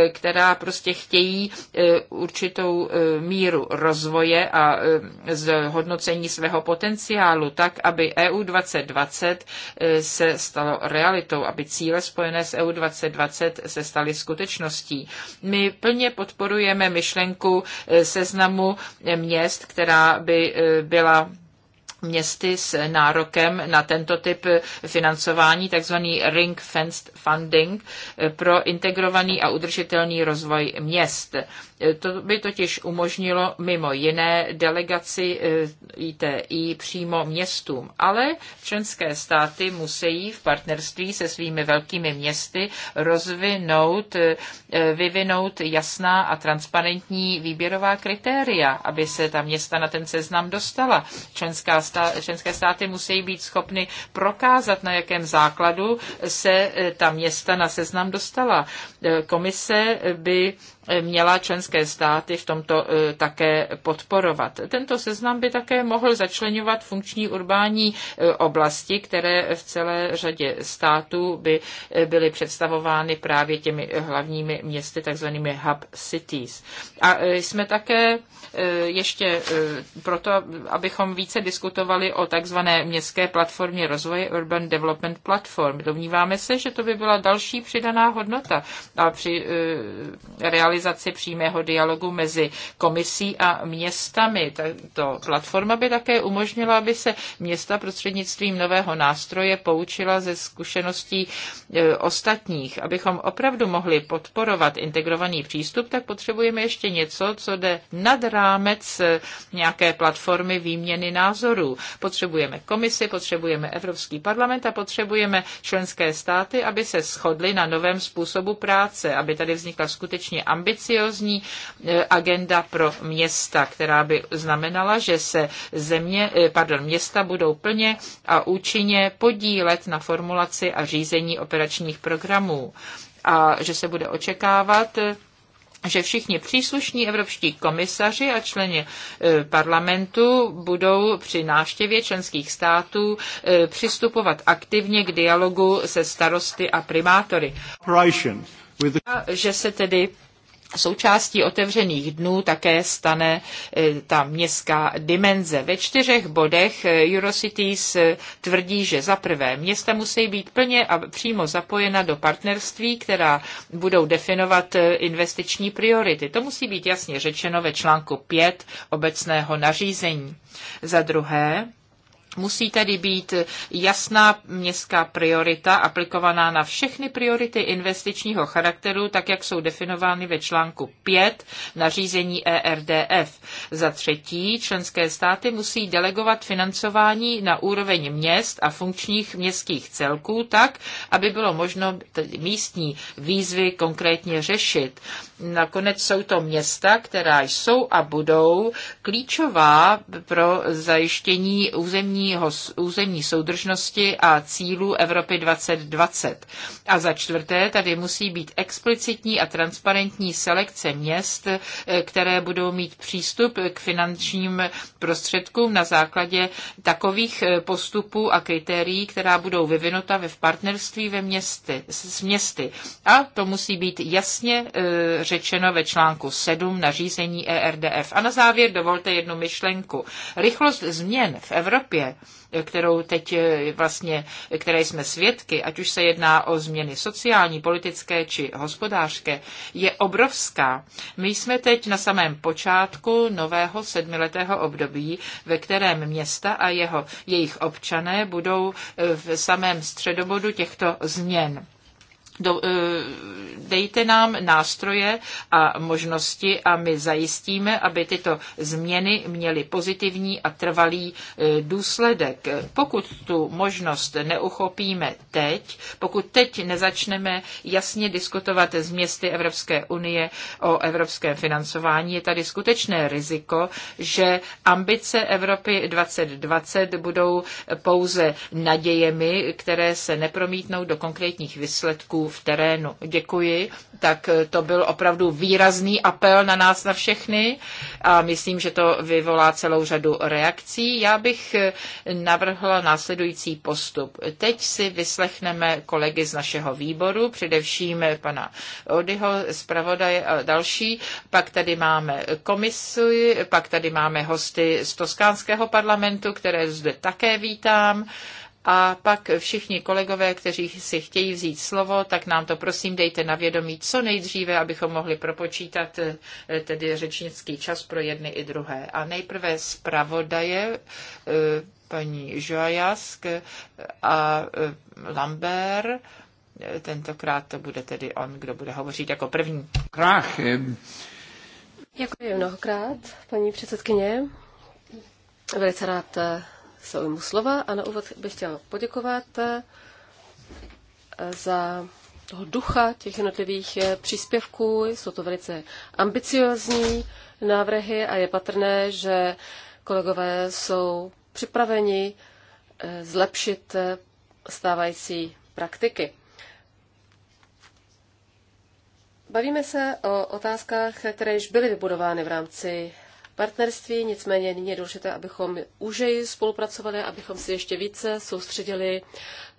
která prostě chtějí eh, určitou eh, míru rozvoje a zhodnocení svého potenciálu tak, aby EU 2020 se stalo realitou, aby cíle spojené s EU 2020 se staly skutečností. My plně podporujeme myšlenku seznamu měst, která by byla městy s nárokem na tento typ financování, takzvaný ring fenced funding pro integrovaný a udržitelný rozvoj měst. To by totiž umožnilo mimo jiné delegaci ITI eh, přímo městům, ale členské státy musí v partnerství se svými velkými městy rozvinout, eh, vyvinout jasná a transparentní výběrová kritéria, aby se ta města na ten seznam dostala. Členská stá, členské státy musí být schopny prokázat, na jakém základu se eh, ta města na seznam dostala. Komise by měla členské členské státy v tomto e, také podporovat. Tento seznam by také mohl začlenovat funkční urbání e, oblasti, které v celé řadě států by e, byly představovány právě těmi hlavními městy, takzvanými hub cities. A jsme také ještě proto, abychom více diskutovali o takzvané městské platformě rozvoje Urban Development Platform. Domníváme se, že to by byla další přidaná hodnota a při realizaci přímého dialogu mezi komisí a městami. Tato platforma by také umožnila, aby se města prostřednictvím nového nástroje poučila ze zkušeností e, ostatních. Abychom opravdu mohli podporovat integrovaný přístup, tak potřebujeme ještě něco, co jde nad rámec e, nějaké platformy výměny názorů. Potřebujeme komisi, potřebujeme Evropský parlament a potřebujeme členské státy, aby se shodly na novém způsobu práce, aby tady vznikla skutečně ambiciozní Eh, agenda pro města, která by znamenala, že se země, eh, pardon, města budou plně a účinně podílet na formulaci a řízení operačních programů a že se bude očekávat eh, že všichni příslušní evropští komisaři a členi parlamentu budou při návštěvě členských států přistupovat aktivně k dialogu se starosty a primátory. A že se tedy Součástí otevřených dnů také stane eh, ta městská dimenze. Ve čtyřech bodech eh, Eurocities eh, tvrdí, že za prvé města musí být plně a přímo zapojena do partnerství, která budou definovat investiční priority. To musí být jasně řečeno ve článku 5 obecného nařízení. Za druhé, Musí tedy být jasná městská priorita aplikovaná na všechny priority investičního charakteru, tak jak jsou definovány ve článku 5 nařízení ERDF. Za třetí, členské státy musí delegovat financování na úroveň měst a funkčních městských celků tak, aby bylo možno místní výzvy konkrétně řešit. Nakonec jsou to města, která jsou a budou klíčová pro zajištění územní územního, územní soudržnosti a cílů Evropy 2020. A za čtvrté, tady musí být explicitní a transparentní selekce měst, eh, které budou mít přístup k finančním prostředkům na základě takových eh, postupů a kritérií, která budou vyvinuta ve partnerství ve městy, s městy. A to musí být jasně eh, řečeno ve článku 7 řízení ERDF. A na závěr dovolte jednu myšlenku. Rychlost změn v Evropě kterou teď eh, vlastně, které jsme svědky, ať už se jedná o změny sociální, politické či hospodářské, je obrovská. My jsme teď na samém počátku nového sedmiletého období, ve kterém města a jeho, jejich občané budou eh, v samém středobodu těchto změn do, eh, dejte nám nástroje a možnosti a my zajistíme, aby tyto změny měly pozitivní a trvalý eh, důsledek. Pokud tu možnost neuchopíme teď, pokud teď nezačneme jasně diskutovat s městy Evropské unie o evropském financování, je tady skutečné riziko, že ambice Evropy 2020 budou pouze nadějemi, které se nepromítnou do konkrétních výsledků v terénu. Děkuji. Tak eh, to byl opravdu výrazný apel na nás, na všechny a myslím, že to vyvolá celou řadu reakcí. Já bych eh, navrhla následující postup. Teď si vyslechneme kolegy z našeho výboru, především eh, pana Odyho, zpravodaje a další. Pak tady máme komisi, pak tady máme hosty z Toskánského parlamentu, které zde také vítám a pak všichni kolegové, kteří si chtějí vzít slovo, tak nám to prosím dejte na vědomí co nejdříve, abychom mohli propočítat eh, tedy řečnický čas pro jedny i druhé. A nejprve zpravodaje eh, paní Joajask eh, a Lambert. Tentokrát to bude tedy on, kdo bude hovořit jako první. Krachem. Děkuji mnohokrát, paní předsedkyně. Velice rád se ujmu slova a na úvod bych chtěla poděkovat eh, za toho ducha těch jednotlivých eh, příspěvků. Jsou to velice ambiciozní návrhy a je patrné, že kolegové jsou připraveni eh, zlepšit stávající praktiky. Bavíme se o otázkách, které již byly vybudovány v rámci partnerství, nicméně nyní je důležité, abychom užeji spolupracovali, abychom si ještě více soustředili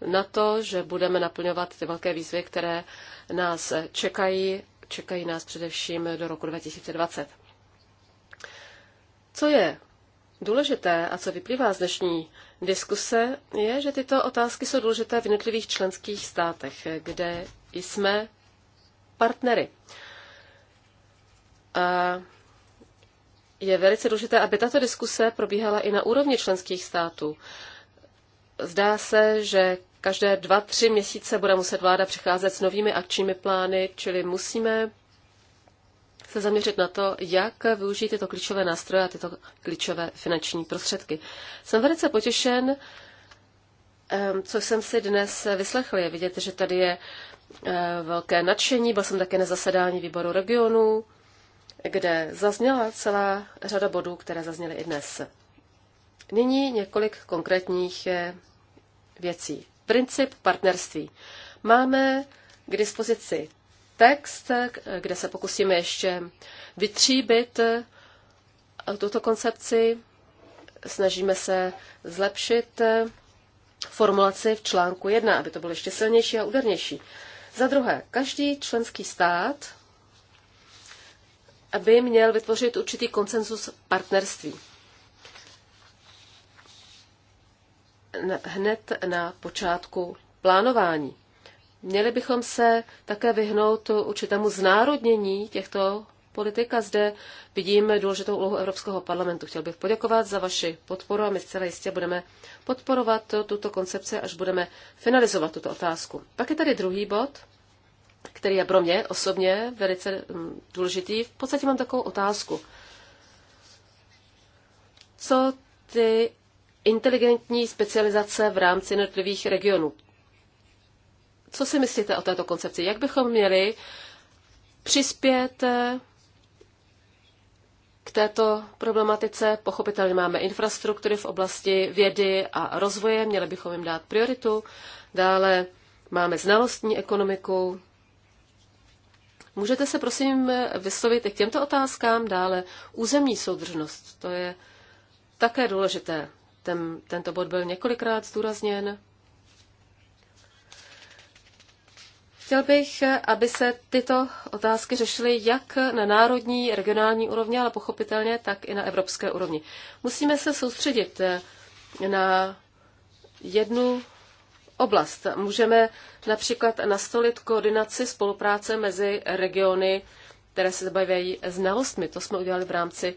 na to, že budeme naplňovat ty velké výzvy, které nás čekají, čekají nás především do roku 2020. Co je důležité a co vyplývá z dnešní diskuse, je, že tyto otázky jsou důležité v jednotlivých členských státech, kde jsme partnery. A je velice důležité, aby tato diskuse probíhala i na úrovni členských států. Zdá se, že každé dva, tři měsíce bude muset vláda přicházet s novými akčními plány, čili musíme se zaměřit na to, jak využít tyto klíčové nástroje a tyto klíčové finanční prostředky. Jsem velice potěšen, co jsem si dnes vyslechl. Je vidět, že tady je velké nadšení. Byl jsem také na zasedání výboru regionů kde zazněla celá řada bodů, které zazněly i dnes. Nyní několik konkrétních eh, věcí. Princip partnerství. Máme k dispozici text, kde se pokusíme ještě vytříbit eh, tuto koncepci. Snažíme se zlepšit eh, formulaci v článku 1, aby to bylo ještě silnější a údernější. Za druhé, každý členský stát by měl vytvořit určitý konsenzus partnerství. Hned na počátku plánování. Měli bychom se také vyhnout určitému znárodnění těchto politik a zde vidím důležitou úlohu Evropského parlamentu. Chtěl bych poděkovat za vaši podporu a my zcela jistě budeme podporovat tuto koncepci, až budeme finalizovat tuto otázku. Pak je tady druhý bod, který je pro mě osobně velice mm, důležitý. V podstatě mám takovou otázku. Co ty inteligentní specializace v rámci jednotlivých regionů? Co si myslíte o této koncepci? Jak bychom měli přispět eh, k této problematice? Pochopitelně máme infrastruktury v oblasti vědy a rozvoje, měli bychom jim dát prioritu. Dále máme znalostní ekonomiku, Můžete se prosím vyslovit i k těmto otázkám dále. Územní soudržnost, to je také důležité. Ten, tento bod byl několikrát zdůrazněn. Chtěl bych, aby se tyto otázky řešily jak na národní, regionální úrovni, ale pochopitelně tak i na evropské úrovni. Musíme se soustředit na jednu oblast. Můžeme například nastolit koordinaci spolupráce mezi regiony, které se zabývají znalostmi. To jsme udělali v rámci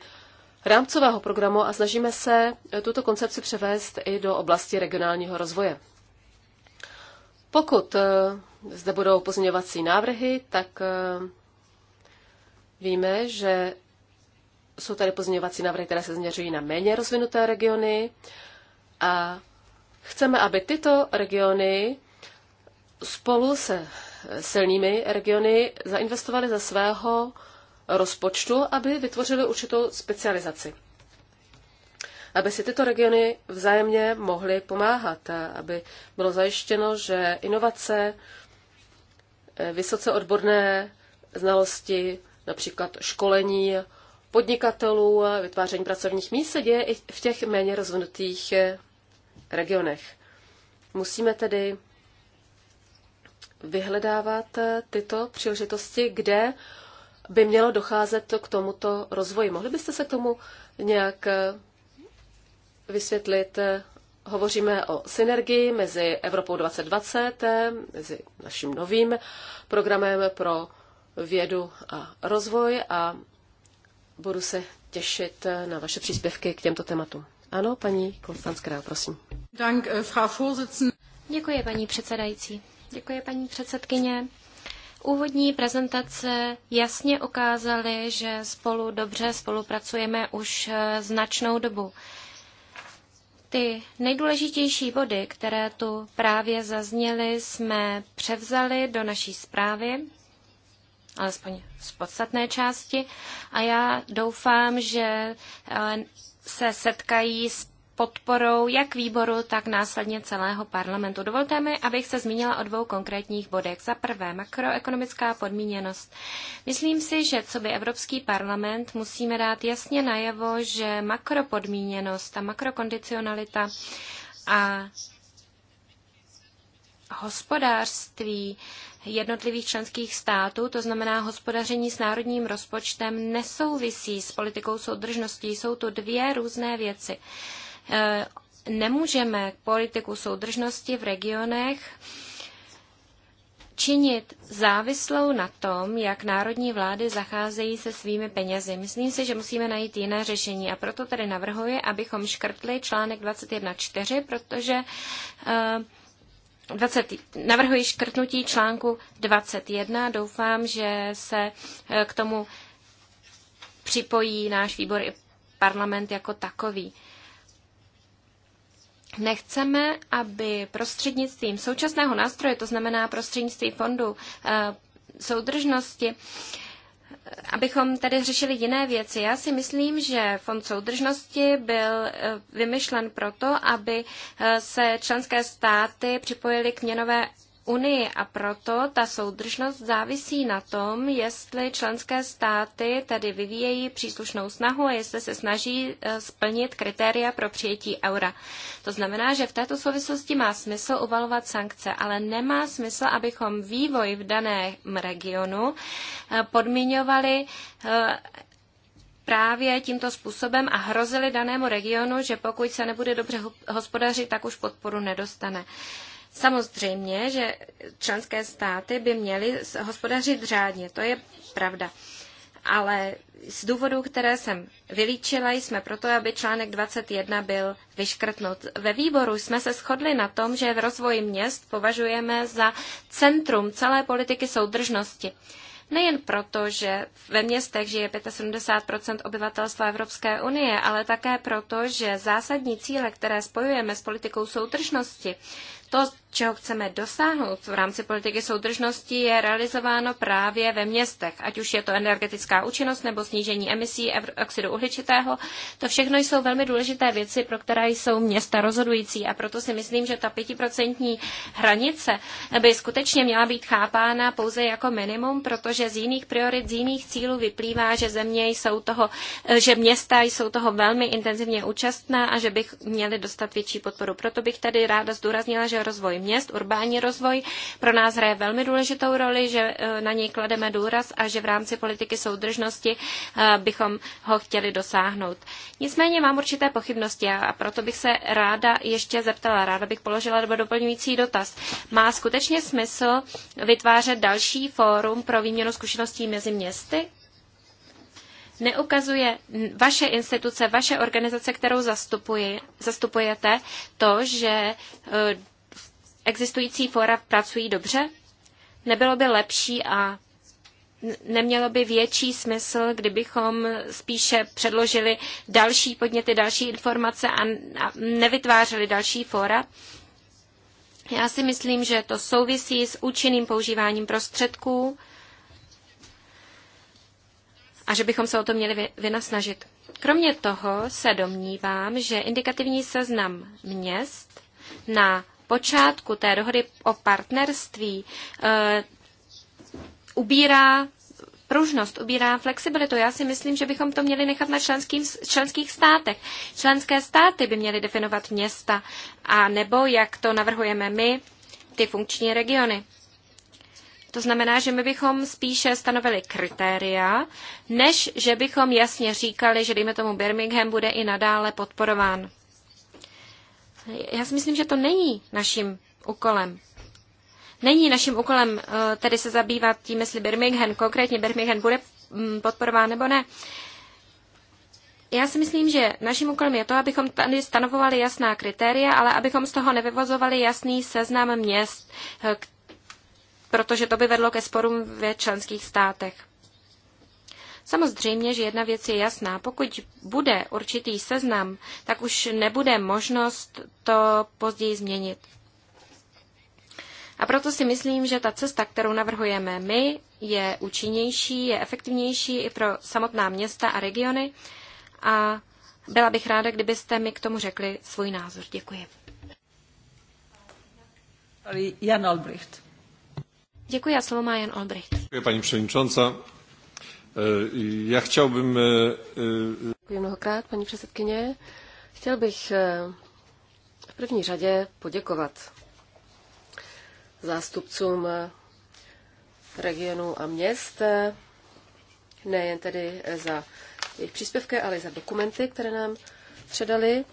rámcového programu a snažíme se tuto koncepci převést i do oblasti regionálního rozvoje. Pokud eh, zde budou pozměňovací návrhy, tak eh, víme, že jsou tady pozměňovací návrhy, které se změřují na méně rozvinuté regiony a Chceme, aby tyto regiony spolu se silnými regiony zainvestovaly ze svého rozpočtu, aby vytvořili určitou specializaci. Aby si tyto regiony vzájemně mohly pomáhat, aby bylo zajištěno, že inovace, vysoce odborné znalosti, například školení podnikatelů, vytváření pracovních míst se děje i v těch méně rozvinutých regionech. Musíme tedy vyhledávat tyto příležitosti, kde by mělo docházet k tomuto rozvoji. Mohli byste se tomu nějak vysvětlit? Hovoříme o synergii mezi Evropou 2020, mezi naším novým programem pro vědu a rozvoj a budu se těšit na vaše příspěvky k těmto tématům. Ano, paní Konstantská, prosím. Dank, eh, Frau Děkuji, paní předsedající. Děkuji, paní předsedkyně. Úvodní prezentace jasně ukázaly, že spolu dobře spolupracujeme už eh, značnou dobu. Ty nejdůležitější body, které tu právě zazněly, jsme převzali do naší zprávy, alespoň z podstatné části, a já doufám, že eh, se setkají s podporou jak výboru, tak následně celého parlamentu. Dovolte mi, abych se zmínila o dvou konkrétních bodech. Za prvé, makroekonomická podmíněnost. Myslím si, že co by Evropský parlament musíme dát jasně najevo, že makropodmíněnost a makrokondicionalita a hospodářství jednotlivých členských států, to znamená hospodaření s národním rozpočtem, nesouvisí s politikou soudržnosti. Jsou to dvě různé věci. E, nemůžeme politiku soudržnosti v regionech činit závislou na tom, jak národní vlády zacházejí se svými penězi. Myslím si, že musíme najít jiné řešení a proto tedy navrhuji, abychom škrtli článek 21.4, protože uh, 20, navrhuji škrtnutí článku 21. Doufám, že se eh, k tomu připojí náš výbor i parlament jako takový. Nechceme, aby prostřednictvím současného nástroje, to znamená prostřednictvím fondu eh, soudržnosti, abychom tady řešili jiné věci. Já si myslím, že fond soudržnosti byl eh, vymyšlen proto, aby eh, se členské státy připojily k měnové unii a proto ta soudržnost závisí na tom, jestli členské státy tedy vyvíjejí příslušnou snahu a jestli se snaží e, splnit kritéria pro přijetí eura. To znamená, že v této souvislosti má smysl uvalovat sankce, ale nemá smysl, abychom vývoj v daném regionu e, podmiňovali e, právě tímto způsobem a hrozili danému regionu, že pokud se nebude dobře hospodařit, tak už podporu nedostane. Uh, Samozřejmě, že členské státy by měly hospodařit řádně, to je pravda. Ale z důvodů, které jsem vylíčila, jsme proto, aby článek 21 byl vyškrtnut. Ve výboru jsme se shodli na tom, že v rozvoji měst považujeme za centrum celé politiky soudržnosti. Nejen proto, že ve městech žije 75 obyvatelstva Evropské unie, ale také proto, že zásadní cíle, které spojujeme s politikou soudržnosti, to, čeho chceme dosáhnout v rámci politiky soudržnosti, je realizováno právě ve městech, ať už je to energetická účinnost nebo snížení emisí oxidu uhličitého. To všechno jsou velmi důležité věci, pro které jsou města rozhodující a proto si myslím, že ta pětiprocentní hranice by skutečně měla být chápána pouze jako minimum, protože z jiných priorit, z jiných cílů vyplývá, že země jsou toho, že města jsou toho velmi intenzivně účastná a že bych měli dostat větší podporu. Proto bych tady ráda zdůraznila, že že rozvoj měst, urbání rozvoj pro nás hraje velmi důležitou roli, že eh, na něj klademe důraz a že v rámci politiky soudržnosti eh, bychom ho chtěli dosáhnout. Nicméně mám určité pochybnosti a proto bych se ráda ještě zeptala, ráda bych položila nebo doplňující dotaz. Má skutečně smysl vytvářet další fórum pro výměnu zkušeností mezi městy? neukazuje vaše instituce, vaše organizace, kterou zastupuji, zastupujete, to, že eh, existující fóra pracují dobře? Nebylo by lepší a nemělo by větší smysl, kdybychom spíše předložili další podněty, další informace a nevytvářeli další fóra? Já si myslím, že to souvisí s účinným používáním prostředků a že bychom se o to měli vynasnažit. Kromě toho se domnívám, že indikativní seznam měst na počátku té dohody o partnerství eh, ubírá pružnost, ubírá flexibilitu. Já si myslím, že bychom to měli nechat na členským, členských státech. Členské státy by měly definovat města a nebo, jak to navrhujeme my, ty funkční regiony. To znamená, že my bychom spíše stanovili kritéria, než že bychom jasně říkali, že dejme tomu Birmingham bude i nadále podporován. Já si myslím, že to není naším úkolem. Není naším úkolem eh, tedy se zabývat tím, jestli Birmingham, konkrétně Birmingham, bude mm, podporován nebo ne. Já si myslím, že naším úkolem je to, abychom tady stanovovali jasná kritéria, ale abychom z toho nevyvozovali jasný seznam měst, eh, protože to by vedlo ke sporům ve členských státech. Samozřejmě, že jedna věc je jasná. Pokud bude určitý seznam, tak už nebude možnost to později změnit. A proto si myslím, že ta cesta, kterou navrhujeme my, je účinnější, je efektivnější i pro samotná města a regiony. A byla bych ráda, kdybyste mi k tomu řekli svůj názor. Děkuji. Jan Olbricht. Děkuji a slovo má Jan Olbricht. Děkuji, paní předsedající. Eh, já chciałbym... Eh, eh, Děkuji mnohokrát, paní předsedkyně. Chtěl bych v první řadě poděkovat zástupcům regionu a měst, nejen tedy za jejich příspěvky, ale i za dokumenty, které nám předali.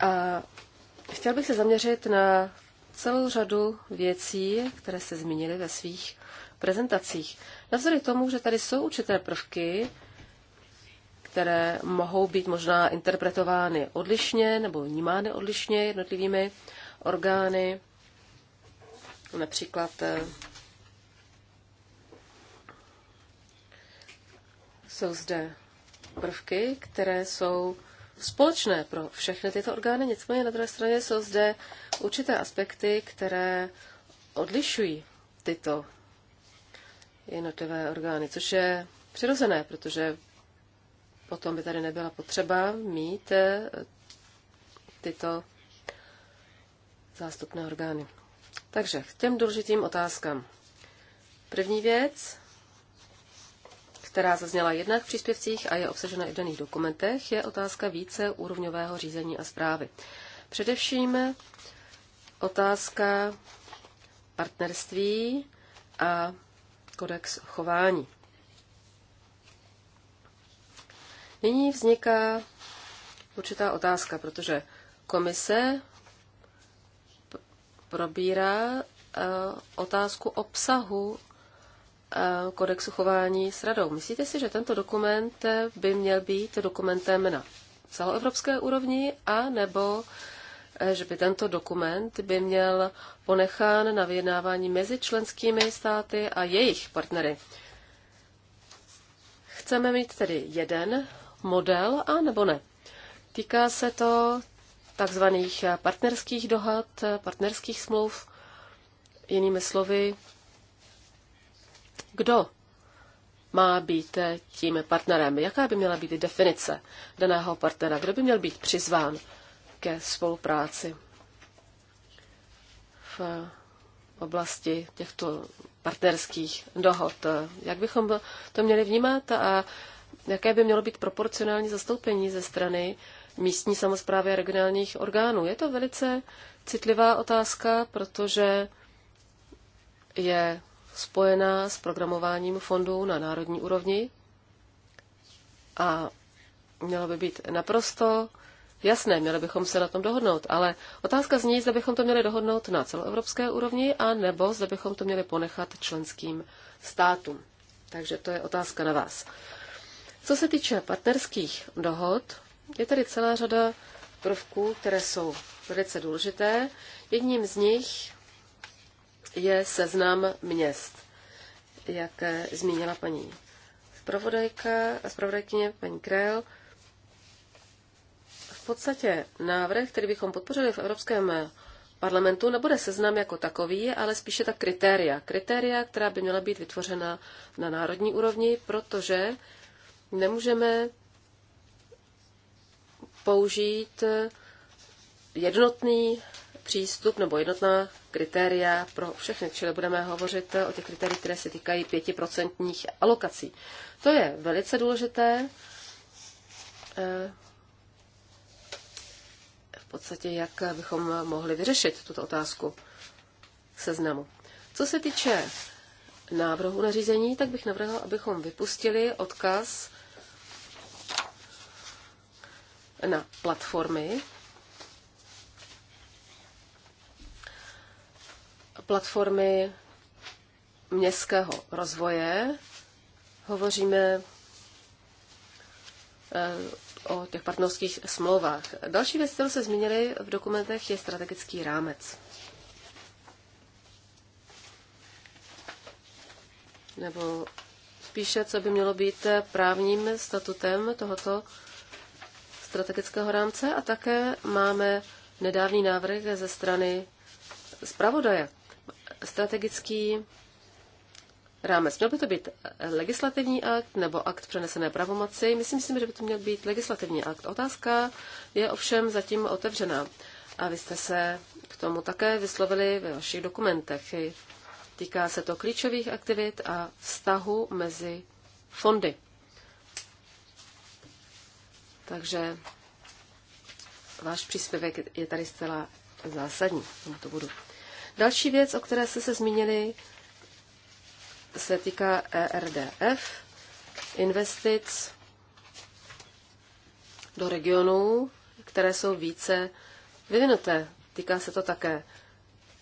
A chtěl bych se zaměřit na celou řadu věcí, které se zmínili ve svých prezentacích. Navzory tomu, že tady jsou určité prvky, které mohou být možná interpretovány odlišně nebo vnímány odlišně jednotlivými orgány, například eh, jsou zde prvky, které jsou společné pro všechny tyto orgány, nicméně na druhé straně jsou zde určité aspekty, které odlišují tyto jednotlivé orgány, což je přirozené, protože potom by tady nebyla potřeba mít eh, tyto zástupné orgány. Takže k těm důležitým otázkám. První věc, která zazněla jednak v příspěvcích a je obsažena i v daných dokumentech, je otázka více úrovňového řízení a zprávy. Především otázka partnerství a kodex chování. Nyní vzniká určitá otázka, protože komise probírá eh, otázku obsahu eh, kodexu chování s radou. Myslíte si, že tento dokument by měl být dokumentem na celoevropské úrovni a nebo Eh, že by tento dokument by měl ponechán na vyjednávání mezi členskými státy a jejich partnery. Chceme mít tedy jeden model a nebo ne. Týká se to takzvaných partnerských dohad, partnerských smluv, jinými slovy, kdo má být tím partnerem, jaká by měla být definice daného partnera, kdo by měl být přizván ke spolupráci v oblasti těchto partnerských dohod. Jak bychom to měli vnímat a jaké by mělo být proporcionální zastoupení ze strany místní samozprávy a regionálních orgánů? Je to velice citlivá otázka, protože je spojená s programováním fondů na národní úrovni a mělo by být naprosto Jasné, měli bychom se na tom dohodnout, ale otázka zní, zda bychom to měli dohodnout na celoevropské úrovni, a nebo zda bychom to měli ponechat členským státům. Takže to je otázka na vás. Co se týče partnerských dohod, je tady celá řada prvků, které jsou velice důležité. Jedním z nich je seznam měst, jak zmínila paní zpravodajka, zpravodajkyně paní Krell v podstatě návrh, který bychom podpořili v Evropském parlamentu, nebude seznam jako takový, ale spíše ta kritéria. Kritéria, která by měla být vytvořena na národní úrovni, protože nemůžeme použít jednotný přístup nebo jednotná kritéria pro všechny, čili budeme hovořit o těch kritériích, které se týkají pětiprocentních alokací. To je velice důležité eh, podstatě, jak bychom mohli vyřešit tuto otázku seznamu. Co se týče návrhu nařízení, tak bych navrhl, abychom vypustili odkaz na platformy. Platformy městského rozvoje. Hovoříme eh, o těch partnerských smlouvách. Další věc, kterou se zmínili v dokumentech, je strategický rámec. Nebo spíše, co by mělo být právním statutem tohoto strategického rámce a také máme nedávný návrh ze strany zpravodaje. Strategický rámec. Měl by to být legislativní akt nebo akt přenesené pravomoci. My si myslíme, že by to měl být legislativní akt. Otázka je ovšem zatím otevřená. A vy jste se k tomu také vyslovili ve vašich dokumentech. Týká se to klíčových aktivit a vztahu mezi fondy. Takže váš příspěvek je tady zcela zásadní k tomuto Další věc, o které jste se zmínili, se týká ERDF, investic do regionů, které jsou více vyvinuté. Týká se to také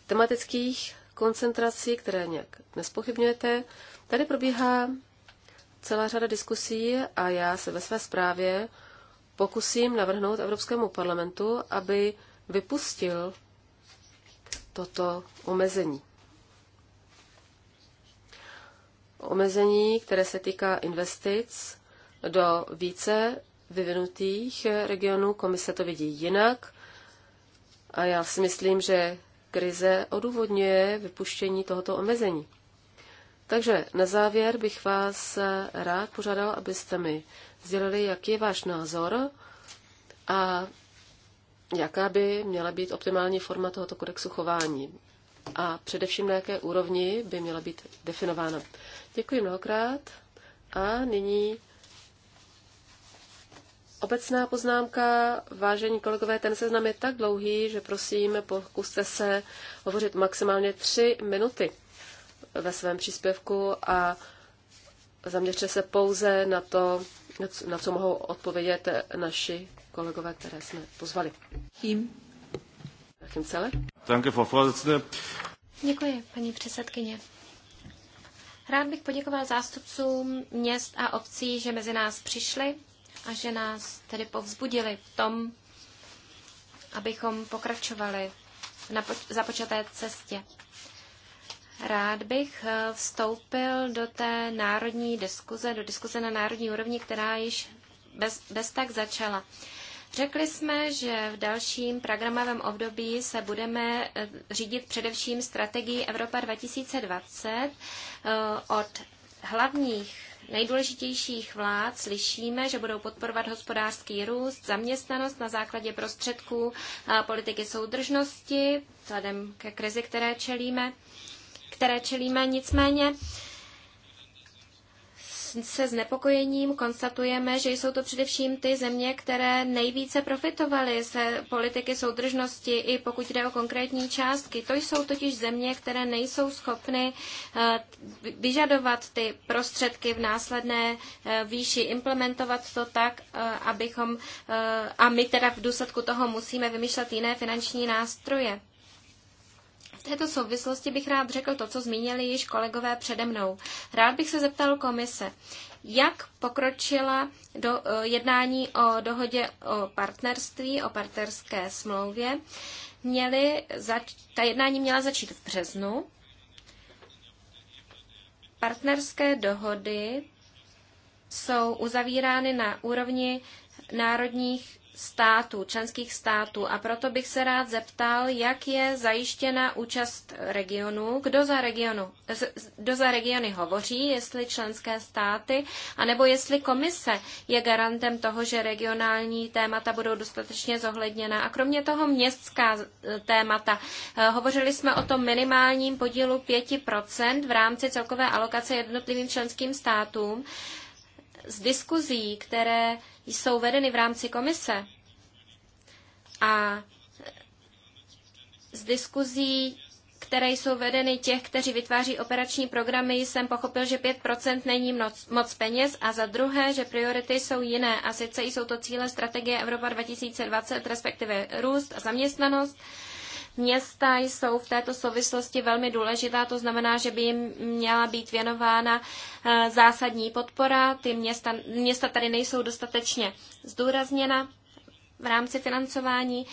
tematických koncentrací, které nějak nespochybňujete. Tady probíhá celá řada diskusí a já se ve své zprávě pokusím navrhnout Evropskému parlamentu, aby vypustil toto omezení. omezení, které se týká investic do více vyvinutých regionů. Komise to vidí jinak a já si myslím, že krize odůvodňuje vypuštění tohoto omezení. Takže na závěr bych vás rád požádal, abyste mi sdělili, jaký je váš názor a jaká by měla být optimální forma tohoto kodexu chování a především na jaké úrovni by měla být definována. Děkuji mnohokrát a nyní obecná poznámka. Vážení kolegové, ten seznam je tak dlouhý, že prosím, pokuste se hovořit maximálně tři minuty ve svém příspěvku a zaměřte se pouze na to, na co mohou odpovědět naši kolegové, které jsme pozvali. Tím Joachim Celer. Děkuji, paní předsedkyně. Rád bych poděkoval zástupcům měst a obcí, že mezi nás přišli a že nás tedy povzbudili v tom, abychom pokračovali na započaté cestě. Rád bych eh, vstoupil do té národní diskuze, do diskuze na národní úrovni, která již bez, bez tak začala. Řekli jsme, že v dalším programovém období se budeme eh, řídit především strategii Evropa 2020 eh, od hlavních nejdůležitějších vlád slyšíme, že budou podporovat hospodářský růst, zaměstnanost na základě prostředků politiky soudržnosti, vzhledem ke krizi, které čelíme, které čelíme. Nicméně se znepokojením konstatujeme, že jsou to především ty země, které nejvíce profitovaly z politiky soudržnosti, i pokud jde o konkrétní částky. To jsou totiž země, které nejsou schopny eh, vyžadovat ty prostředky v následné eh, výši, implementovat to tak, eh, abychom, a my teda v důsledku toho musíme vymýšlet jiné finanční nástroje. V této souvislosti bych rád řekl to, co zmínili již kolegové přede mnou. Rád bych se zeptal komise, jak pokročila do, e, jednání o dohodě o partnerství, o partnerské smlouvě. Měli zač- ta jednání měla začít v březnu. Partnerské dohody jsou uzavírány na úrovni národních států, členských států a proto bych se rád zeptal, jak je zajištěna účast regionů, kdo za, regionu, kdo za regiony hovoří, jestli členské státy, anebo jestli komise je garantem toho, že regionální témata budou dostatečně zohledněna. A kromě toho městská e, témata. E, hovořili jsme o tom minimálním podílu 5% v rámci celkové alokace jednotlivým členským státům z diskuzí, které jsou vedeny v rámci komise a z diskuzí, které jsou vedeny těch, kteří vytváří operační programy, jsem pochopil, že 5% není moc, moc peněz a za druhé, že priority jsou jiné a sice jsou to cíle strategie Evropa 2020, respektive růst a zaměstnanost Města jsou v této souvislosti velmi důležitá, to znamená, že by jim měla být věnována eh, zásadní podpora. Ty města, města tady nejsou dostatečně zdůrazněna v rámci financování.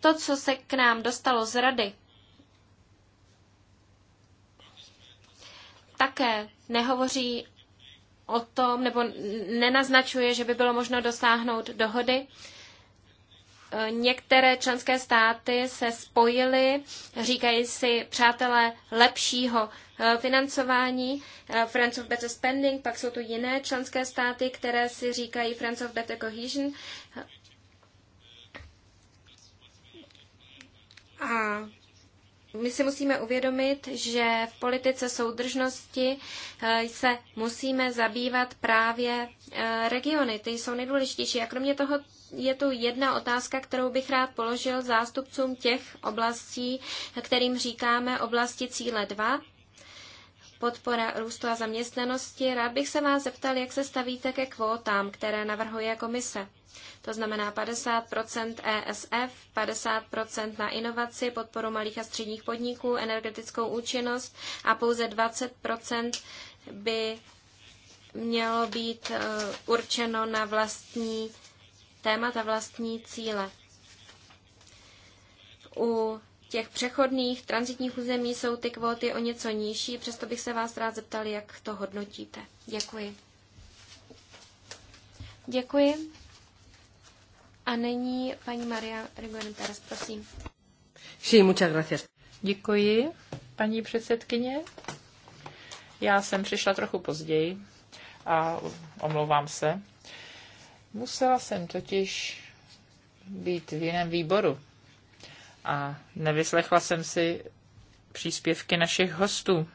To, co se k nám dostalo z rady, také nehovoří o tom, nebo nenaznačuje, že by bylo možno dosáhnout dohody některé členské státy se spojily, říkají si přátelé lepšího eh, financování, eh, Friends of Better Spending, pak jsou tu jiné členské státy, které si říkají Friends of Better Cohesion. A my si musíme uvědomit, že v politice soudržnosti eh, se musíme zabývat právě regiony. Ty jsou nejdůležitější. A kromě toho je tu jedna otázka, kterou bych rád položil zástupcům těch oblastí, kterým říkáme oblasti cíle 2, podpora růstu a zaměstnanosti. Rád bych se vás zeptal, jak se stavíte ke kvótám, které navrhuje komise. To znamená 50 ESF, 50 na inovaci, podporu malých a středních podniků, energetickou účinnost a pouze 20 by mělo být eh, určeno na vlastní témata a vlastní cíle. U těch přechodných transitních území jsou ty kvóty o něco nižší, přesto bych se vás rád zeptal, jak to hodnotíte. Děkuji. Děkuji. A nyní paní Maria Rigonitares, prosím. Sí, muchas gracias. Děkuji, paní předsedkyně. Já jsem přišla trochu později a omlouvám se. Musela jsem totiž být v jiném výboru a nevyslechla jsem si příspěvky našich hostů,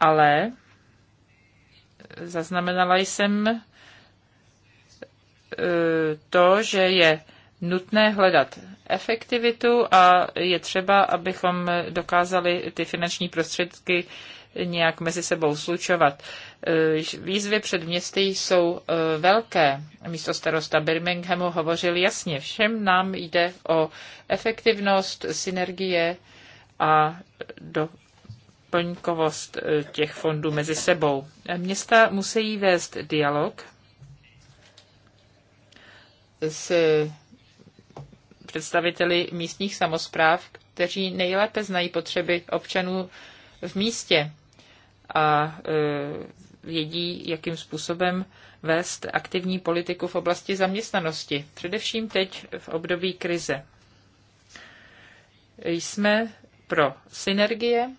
ale zaznamenala jsem e, to, že je nutné hledat efektivitu a je třeba, abychom dokázali ty finanční prostředky nějak mezi sebou slučovat. Eh, výzvy před městy jsou eh, velké. Místo starosta Birminghamu hovořil jasně, všem nám jde o efektivnost, synergie a do plňkovost eh, těch fondů mezi sebou. Města musí vést dialog s představiteli místních samozpráv, kteří nejlépe znají potřeby občanů v místě a e, vědí, jakým způsobem vést aktivní politiku v oblasti zaměstnanosti, především teď v období krize. Jsme pro synergie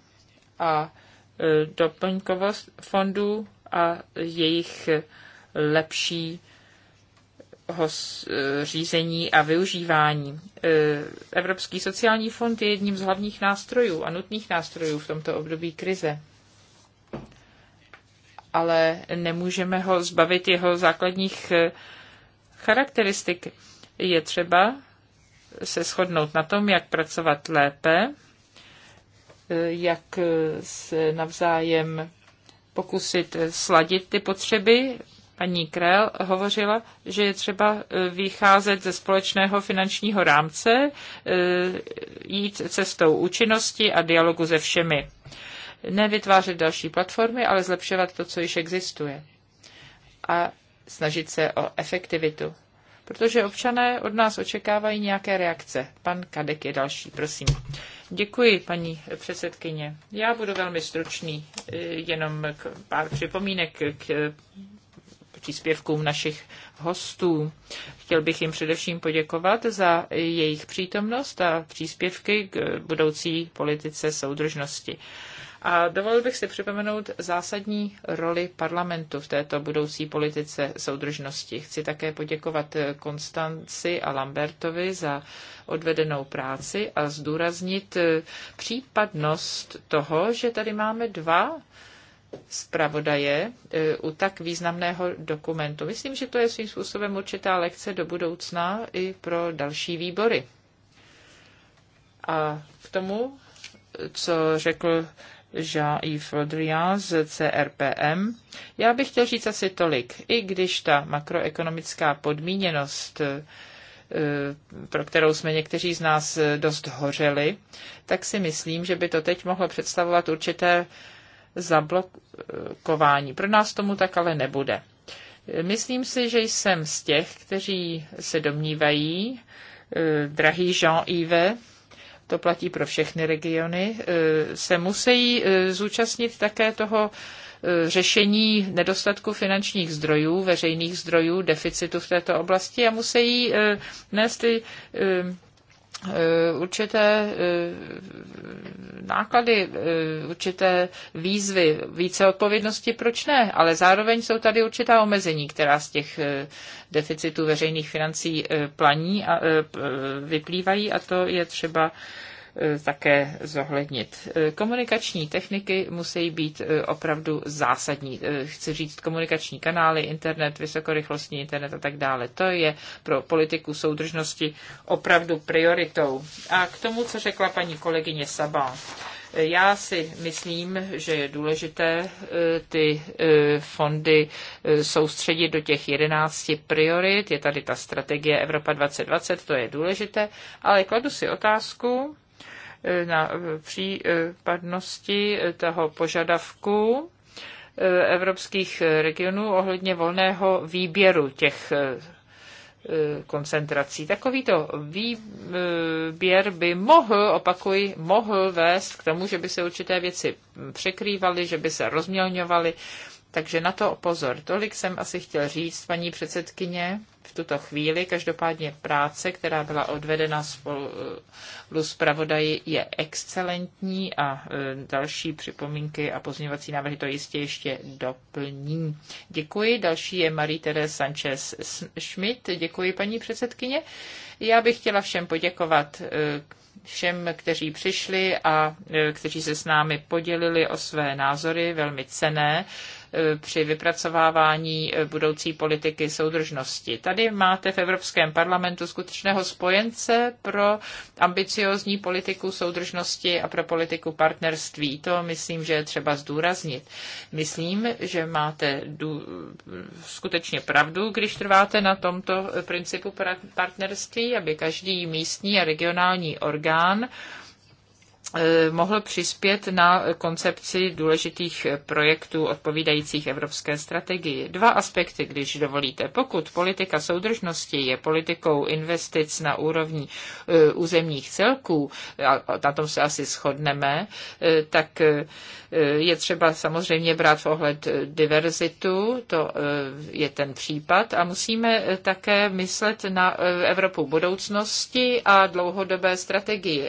a e, doplňkovost fondů a jejich lepší e, řízení a využívání. Evropský sociální fond je jedním z hlavních nástrojů a nutných nástrojů v tomto období krize ale nemůžeme ho zbavit jeho základních eh, charakteristik. Je třeba se shodnout na tom, jak pracovat lépe, eh, jak eh, se navzájem pokusit sladit ty potřeby. Paní Krell hovořila, že je třeba vycházet ze společného finančního rámce, jít cestou účinnosti a dialogu se všemi nevytvářet další platformy, ale zlepšovat to, co již existuje. A snažit se o efektivitu. Protože občané od nás očekávají nějaké reakce. Pan Kadek je další, prosím. Děkuji, paní předsedkyně. Já budu velmi stručný, e, jenom pár připomínek k příspěvkům našich hostů. Chtěl bych jim především poděkovat za jejich přítomnost a příspěvky k budoucí politice soudržnosti. A dovolil bych si připomenout zásadní roli parlamentu v této budoucí politice soudržnosti. Chci také poděkovat Konstanci a Lambertovi za odvedenou práci a zdůraznit případnost toho, že tady máme dva zpravodaje eh, u tak významného dokumentu. Myslím, že to je svým způsobem určitá lekce do budoucna i pro další výbory. A k tomu, co řekl Jean-Yves Rodrian z CRPM. Já bych chtěl říct asi tolik. I když ta makroekonomická podmíněnost eh, pro kterou jsme někteří z nás eh, dost hořeli, tak si myslím, že by to teď mohlo představovat určité zablokování. Pro nás tomu tak ale nebude. Myslím si, že jsem z těch, kteří se domnívají, eh, drahý Jean-Yves, to platí pro všechny regiony, e, se musí e, zúčastnit také toho e, řešení nedostatku finančních zdrojů, veřejných zdrojů, deficitu v této oblasti a musí nést ty Eh, určité eh, náklady, eh, určité výzvy, více odpovědnosti, proč ne? Ale zároveň jsou tady určitá omezení, která z těch deficitů veřejných financí planí a vyplývají a to je třeba E, také zohlednit. E, komunikační techniky musí být e, opravdu zásadní. Chci říct komunikační kanály, internet, vysokorychlostní internet a tak dále. To je pro politiku soudržnosti opravdu prioritou. A k tomu, co řekla paní kolegyně Sabá. Já si myslím, že je důležité ty fondy soustředit do těch 11 priorit. Je tady ta strategie Evropa 2020, to je důležité, ale kladu si otázku, na případnosti toho požadavku eh, evropských regionů ohledně volného výběru těch eh, koncentrací. Takovýto výběr by mohl, opakuj, mohl vést k tomu, že by se určité věci překrývaly, že by se rozmělňovaly takže na to pozor. Tolik jsem asi chtěl říct, paní předsedkyně, v tuto chvíli. Každopádně práce, která byla odvedena spolu eh, s pravodají, je excelentní a eh, další připomínky a pozměňovací návrhy to jistě ještě doplní. Děkuji. Další je marie Teresa Sanchez Schmidt. Děkuji, paní předsedkyně. Já bych chtěla všem poděkovat eh, všem, kteří přišli a kteří se s námi podělili o své názory, velmi cené při vypracovávání eh, budoucí politiky soudržnosti. Tady máte v Evropském parlamentu skutečného spojence pro ambiciozní politiku soudržnosti a pro politiku partnerství. To myslím, že je třeba zdůraznit. Myslím, že máte skutečně pravdu, když trváte na tomto eh, principu partnerství, aby každý místní a regionální orgán Eh, mohl přispět na koncepci důležitých projektů odpovídajících evropské strategii. Dva aspekty, když dovolíte. Pokud politika soudržnosti je politikou investic na úrovni eh, územních celků, a na tom se asi shodneme, eh, tak je třeba samozřejmě brát v ohled diverzitu, to je ten případ, a musíme také myslet na Evropu budoucnosti a dlouhodobé strategii.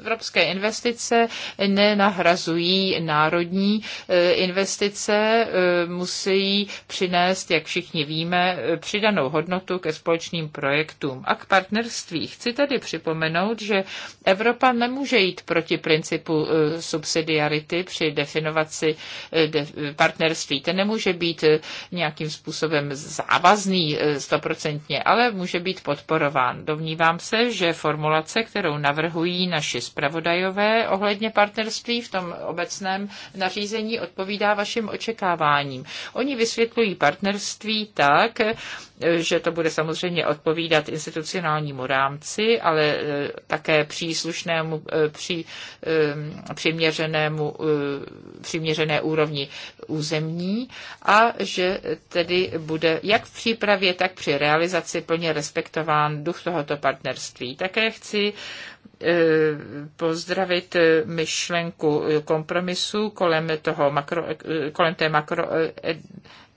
Evropské investice investice nenahrazují národní eh, investice, eh, musí přinést, jak všichni víme, eh, přidanou hodnotu ke společným projektům a k partnerství. Chci tady připomenout, že Evropa nemůže jít proti principu subsidiarity při definovaci partnerství. Ten nemůže být nějakým způsobem závazný stoprocentně, ale může být podporován. Domnívám se, že formulace, kterou navrhují naši zpravodajové, ohledně partnerství v tom obecném nařízení odpovídá vašim očekáváním. Oni vysvětlují partnerství tak, že to bude samozřejmě odpovídat institucionálnímu rámci, ale e, také příslušnému, e, při, e, přiměřenému, přiměřené úrovni územní a že tedy bude jak v přípravě, tak při realizaci plně respektován duch tohoto partnerství. Také chci pozdravit myšlenku kompromisu kolem, toho makro, kolem té makro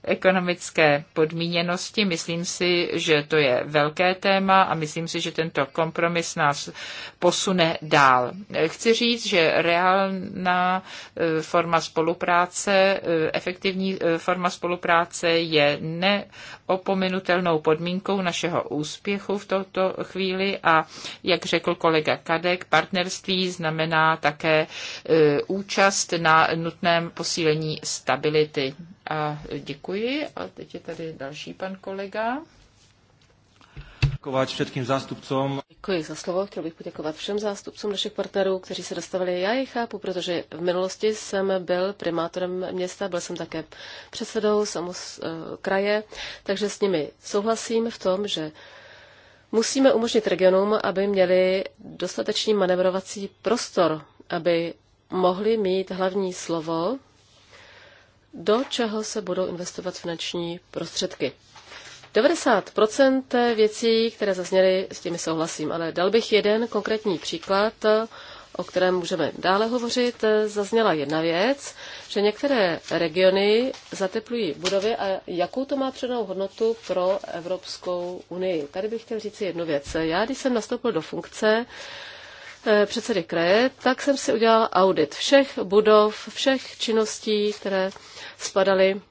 ekonomické podmíněnosti. Myslím si, že to je velké téma a myslím si, že tento kompromis nás posune dál. Chci říct, že reálná e, forma spolupráce, e, efektivní e, forma spolupráce je neopominutelnou podmínkou našeho úspěchu v této chvíli a, jak řekl kolega Kadek, partnerství znamená také účast na nutném posílení stability. A děkuji. A teď je tady další pan kolega. Poděkovat všetkým zástupcům. Děkuji za slovo. Chtěl bych poděkovat všem zástupcům našich partnerů, kteří se dostavili. Já je chápu, protože v minulosti jsem byl primátorem města, byl jsem také předsedou samoz, eh, kraje, takže s nimi souhlasím v tom, že musíme umožnit regionům, aby měli dostatečný manevrovací prostor, aby mohli mít hlavní slovo do čeho se budou investovat finanční prostředky. 90% věcí, které zazněly, s těmi souhlasím, ale dal bych jeden konkrétní příklad, o kterém můžeme dále hovořit. Zazněla jedna věc, že některé regiony zateplují budovy a jakou to má přednou hodnotu pro Evropskou unii. Tady bych chtěl říct jednu věc. Já, když jsem nastoupil do funkce, Eh, předsedy kraje, tak jsem si udělal audit všech budov, všech činností, které spadaly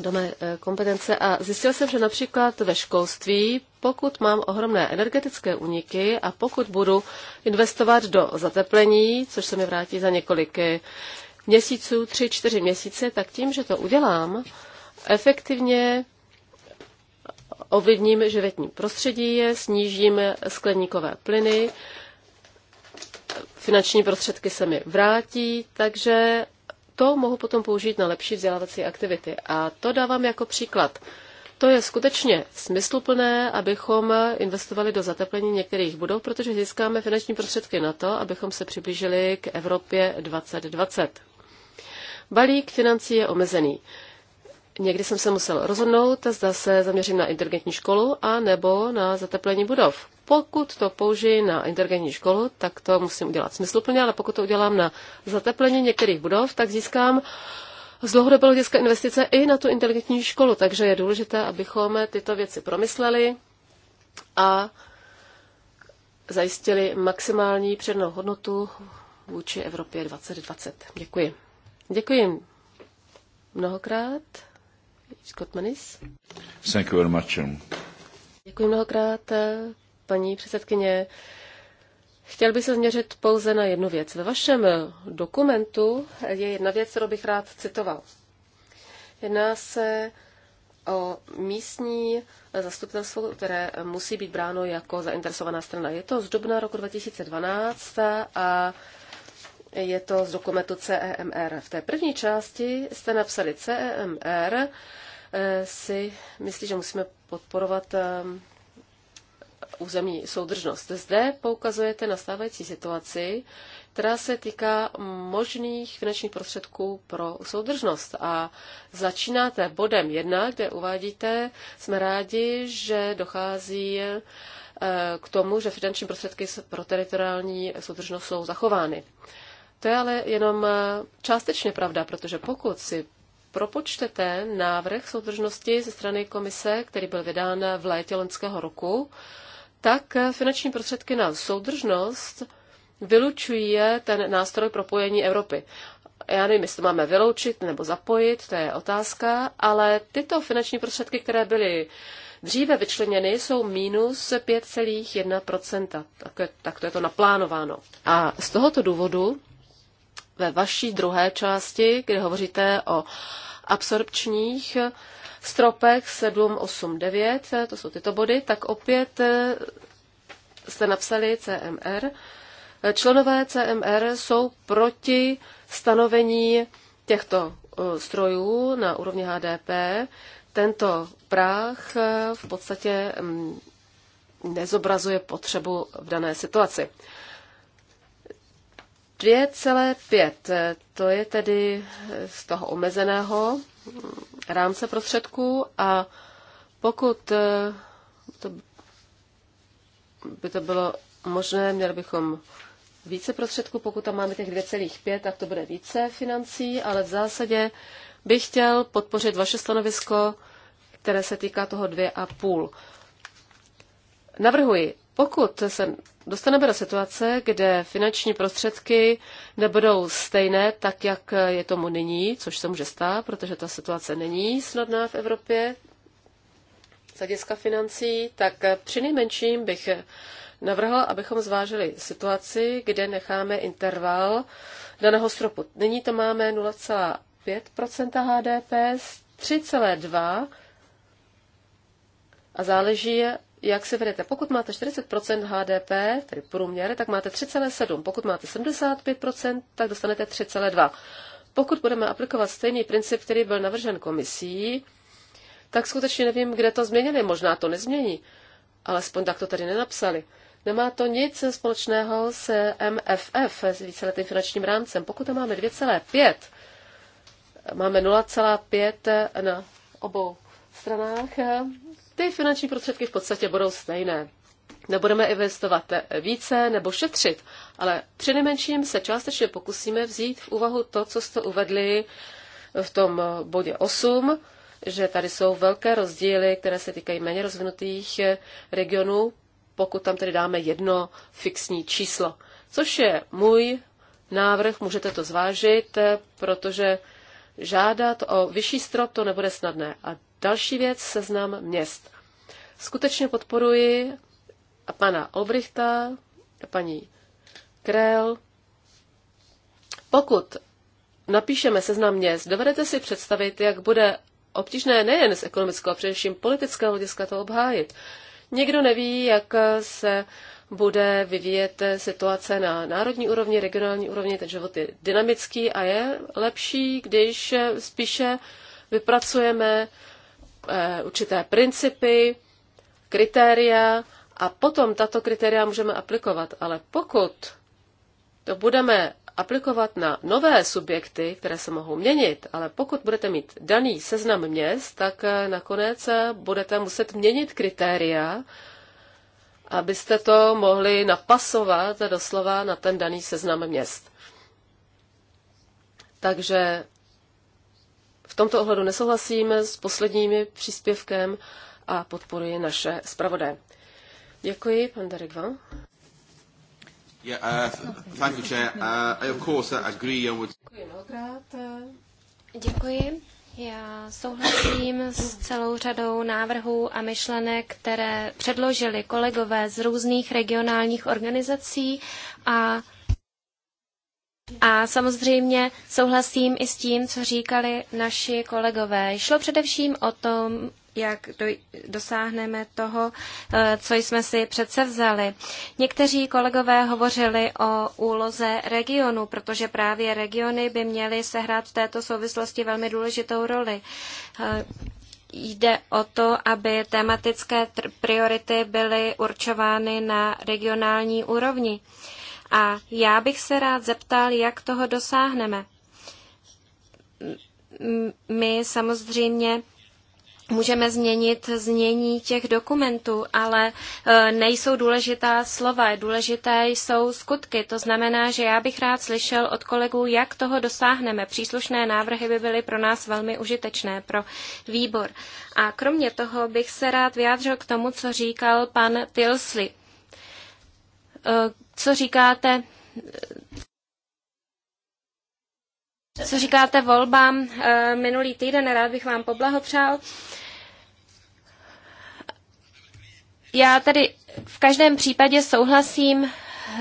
do mé eh, kompetence a zjistil jsem, že například ve školství, pokud mám ohromné energetické úniky a pokud budu investovat do zateplení, což se mi vrátí za několik eh, měsíců, tři, čtyři měsíce, tak tím, že to udělám, efektivně ovlivním životní prostředí, snížím skleníkové plyny, finanční prostředky se mi vrátí, takže to mohu potom použít na lepší vzdělávací aktivity. A to dávám jako příklad. To je skutečně smysluplné, abychom investovali do zateplení některých budov, protože získáme finanční prostředky na to, abychom se přiblížili k Evropě 2020. Balík financí je omezený. Někdy jsem se musel rozhodnout, zda se zaměřím na inteligentní školu a nebo na zateplení budov. Pokud to použiji na inteligentní školu, tak to musím udělat smysluplně, ale pokud to udělám na zateplení některých budov, tak získám z dlouhodobého hlediska investice i na tu inteligentní školu. Takže je důležité, abychom tyto věci promysleli a zajistili maximální přednou hodnotu vůči Evropě 2020. Děkuji. Děkuji mnohokrát. Scott Manis. Thank you very much. Um. Děkuji mnohokrát, eh, paní předsedkyně. Chtěl bych se změřit pouze na jednu věc. Ve vašem eh, dokumentu je jedna věc, kterou bych rád citoval. Jedná se o místní zastupitelstvo, které musí být bráno jako zainteresovaná strana. Je to z dubna roku 2012 a je to z dokumentu CEMR. V té první části jste napsali CEMR Eh, si myslí, že musíme podporovat eh, územní soudržnost. Zde poukazujete na stávající situaci, která se týká možných finančních prostředků pro soudržnost. A začínáte bodem 1, kde uvádíte, jsme rádi, že dochází eh, k tomu, že finanční prostředky pro teritoriální soudržnost jsou zachovány. To je ale jenom částečně pravda, protože pokud si propočtete návrh soudržnosti ze strany komise, který byl vydán v létě loňského roku, tak finanční prostředky na soudržnost vylučují ten nástroj propojení Evropy. Já nevím, jestli to máme vyloučit nebo zapojit, to je otázka, ale tyto finanční prostředky, které byly dříve vyčleněny, jsou minus 5,1%. Tak, tak to je to naplánováno. A z tohoto důvodu ve vaší druhé části, kde hovoříte o absorpčních stropech 7, 8, 9, to jsou tyto body, tak opět eh, jste napsali CMR. Členové CMR jsou proti stanovení těchto eh, strojů na úrovni HDP. Tento práh eh, v podstatě mm, nezobrazuje potřebu v dané situaci. 2,5 to je tedy z toho omezeného rámce prostředků a pokud eh, to by to bylo možné, měli bychom více prostředků, pokud tam máme těch 2,5, tak to bude více financí, ale v zásadě bych chtěl podpořit vaše stanovisko, které se týká toho 2,5. Navrhuji, pokud se dostaneme do situace, kde finanční prostředky nebudou stejné, tak jak je tomu nyní, což se může stát, protože ta situace není snadná v Evropě z hlediska financí, tak při nejmenším bych navrhl, abychom zvážili situaci, kde necháme interval daného stropu. Nyní to máme 0,5 HDP, 3,2 a záleží jak se vedete. Pokud máte 40% HDP, tedy průměr, tak máte 3,7. Pokud máte 75%, tak dostanete 3,2. Pokud budeme aplikovat stejný princip, který byl navržen komisí, tak skutečně nevím, kde to změnili. Možná to nezmění. Alespoň tak to tady nenapsali. Nemá to nic společného s MFF, s víceletým finančním rámcem. Pokud tam máme 2,5, máme 0,5 na obou stranách ty finanční prostředky v podstatě budou stejné. Nebudeme investovat více nebo šetřit, ale při nejmenším se částečně pokusíme vzít v úvahu to, co jste uvedli v tom bodě 8, že tady jsou velké rozdíly, které se týkají méně rozvinutých regionů, pokud tam tedy dáme jedno fixní číslo. Což je můj návrh, můžete to zvážit, protože žádat o vyšší strop to nebude snadné. A Další věc, seznam měst. Skutečně podporuji pana Olbrichta, paní Krell. Pokud napíšeme seznam měst, dovedete si představit, jak bude obtížné nejen z ekonomického, a především politického hlediska to obhájit. Nikdo neví, jak se bude vyvíjet situace na národní úrovni, regionální úrovni, ten život je dynamický a je lepší, když spíše vypracujeme Eh, určité principy, kritéria a potom tato kritéria můžeme aplikovat. Ale pokud to budeme aplikovat na nové subjekty, které se mohou měnit, ale pokud budete mít daný seznam měst, tak eh, nakonec eh, budete muset měnit kritéria, abyste to mohli napasovat doslova na ten daný seznam měst. Takže tomto ohledu nesouhlasíme s posledními příspěvkem a podporuji naše zpravodaje. Děkuji, pan Derek Van. Yeah, uh, thank you, Chair. Uh, I of course uh, agree on what... Děkuji mnohokrát. Děkuji. Já souhlasím s celou řadou návrhů a myšlenek, které předložili kolegové z různých regionálních organizací a a samozřejmě souhlasím i s tím, co říkali naši kolegové. Šlo především o tom, jak do, dosáhneme toho, eh, co jsme si přece vzali. Někteří kolegové hovořili o úloze regionu, protože právě regiony by měly sehrát v této souvislosti velmi důležitou roli. Eh, jde o to, aby tematické priority byly určovány na regionální úrovni. A já bych se rád zeptal, jak toho dosáhneme. My samozřejmě Můžeme změnit znění těch dokumentů, ale e, nejsou důležitá slova, důležité jsou skutky. To znamená, že já bych rád slyšel od kolegů, jak toho dosáhneme. Příslušné návrhy by byly pro nás velmi užitečné, pro výbor. A kromě toho bych se rád vyjádřil k tomu, co říkal pan Tilsley. Eh, co říkáte co říkáte volbám eh, minulý týden, rád bych vám poblahopřál. Já tady v každém případě souhlasím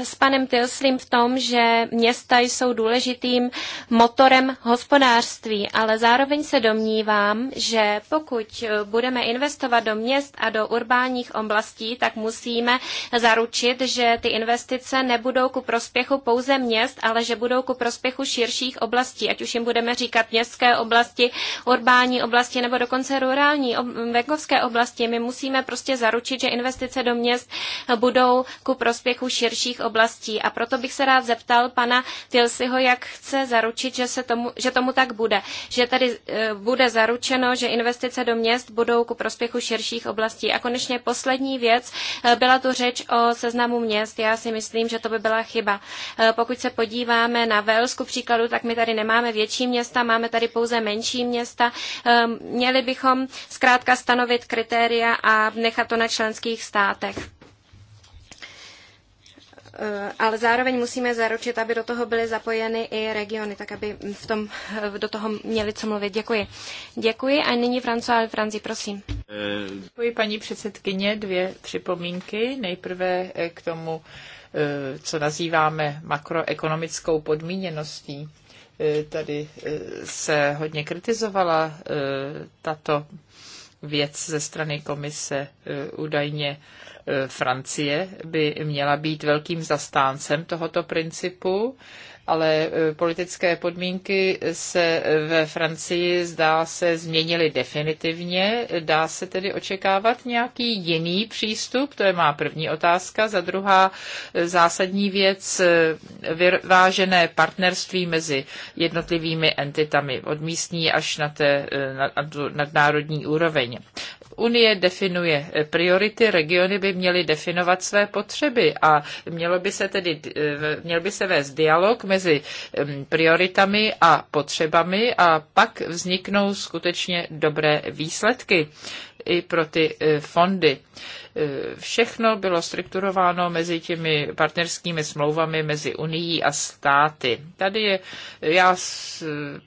s panem Tilslim v tom, že města jsou důležitým motorem hospodářství, ale zároveň se domnívám, že pokud budeme investovat do měst a do urbánních oblastí, tak musíme zaručit, že ty investice nebudou ku prospěchu pouze měst, ale že budou ku prospěchu širších oblastí, ať už jim budeme říkat městské oblasti, urbání oblasti nebo dokonce rurální venkovské oblasti. My musíme prostě zaručit, že investice do měst budou ku prospěchu širších dalších oblastí. A proto bych se rád zeptal pana Tilsiho, jak chce zaručit, že, se tomu, že tomu tak bude. Že tady e, bude zaručeno, že investice do měst budou ku prospěchu širších oblastí. A konečně poslední věc, e, byla tu řeč o seznamu měst. Já si myslím, že to by byla chyba. E, pokud se podíváme na Velsku příkladu, tak my tady nemáme větší města, máme tady pouze menší města. Měli bychom zkrátka stanovit kritéria a nechat to na členských státech. Eh, ale zároveň musíme zaručit, aby do toho byly zapojeny i regiony, tak aby v tom, eh, do toho měli co mluvit. Děkuji. Děkuji a nyní François Franzi, prosím. Eh, Děkuji paní předsedkyně, dvě připomínky. Nejprve k tomu, co nazýváme makroekonomickou podmíněností. Tady se hodně kritizovala tato věc ze strany komise údajně Francie by měla být velkým zastáncem tohoto principu ale e, politické podmínky se ve Francii zdá se změnily definitivně. Dá se tedy očekávat nějaký jiný přístup? To je má první otázka. Za druhá e, zásadní věc, e, vyvážené partnerství mezi jednotlivými entitami od místní až na, té, na, na nadnárodní úroveň. Unie definuje priority, regiony by měly definovat své potřeby a mělo by se tedy, měl by se vést dialog mezi prioritami a potřebami a pak vzniknou skutečně dobré výsledky i pro ty e, fondy. E, všechno bylo strukturováno mezi těmi partnerskými smlouvami mezi Unií a státy. Tady je, já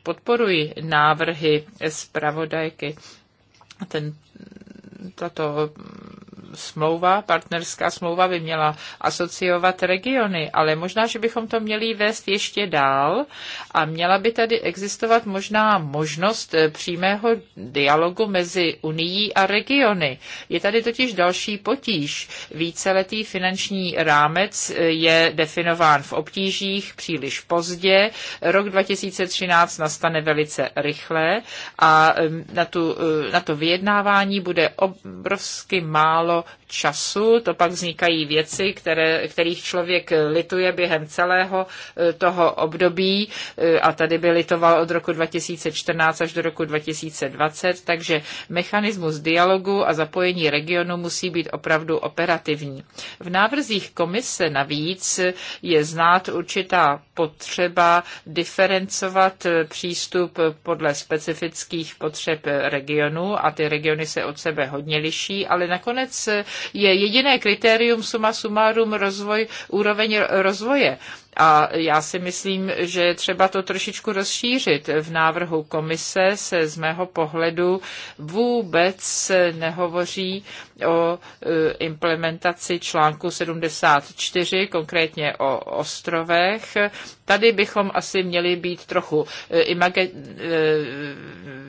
podporuji návrhy zpravodajky ten tato smlouva, partnerská smlouva by měla asociovat regiony, ale možná, že bychom to měli vést ještě dál a měla by tady existovat možná možnost eh, přímého dialogu mezi Unií a regiony. Je tady totiž další potíž. Víceletý finanční rámec eh, je definován v obtížích příliš pozdě. Rok 2013 nastane velice rychle a eh, na, tu, na to vyjednávání bude obrovsky málo pro času, to pak vznikají věci, které, kterých člověk lituje během celého eh, toho období eh, a tady by litoval od roku 2014 až do roku 2020, takže mechanismus dialogu a zapojení regionu musí být opravdu operativní. V návrzích komise navíc je znát určitá potřeba diferencovat eh, přístup podle specifických potřeb regionu a ty regiony se od sebe hodně liší, ale nakonec je jediné kritérium suma sumarum rozvoj, úroveň rozvoje. A já si myslím, že třeba to trošičku rozšířit. V návrhu komise se z mého pohledu vůbec nehovoří o e, implementaci článku 74, konkrétně o ostrovech. Tady bychom asi měli být trochu e, image, e,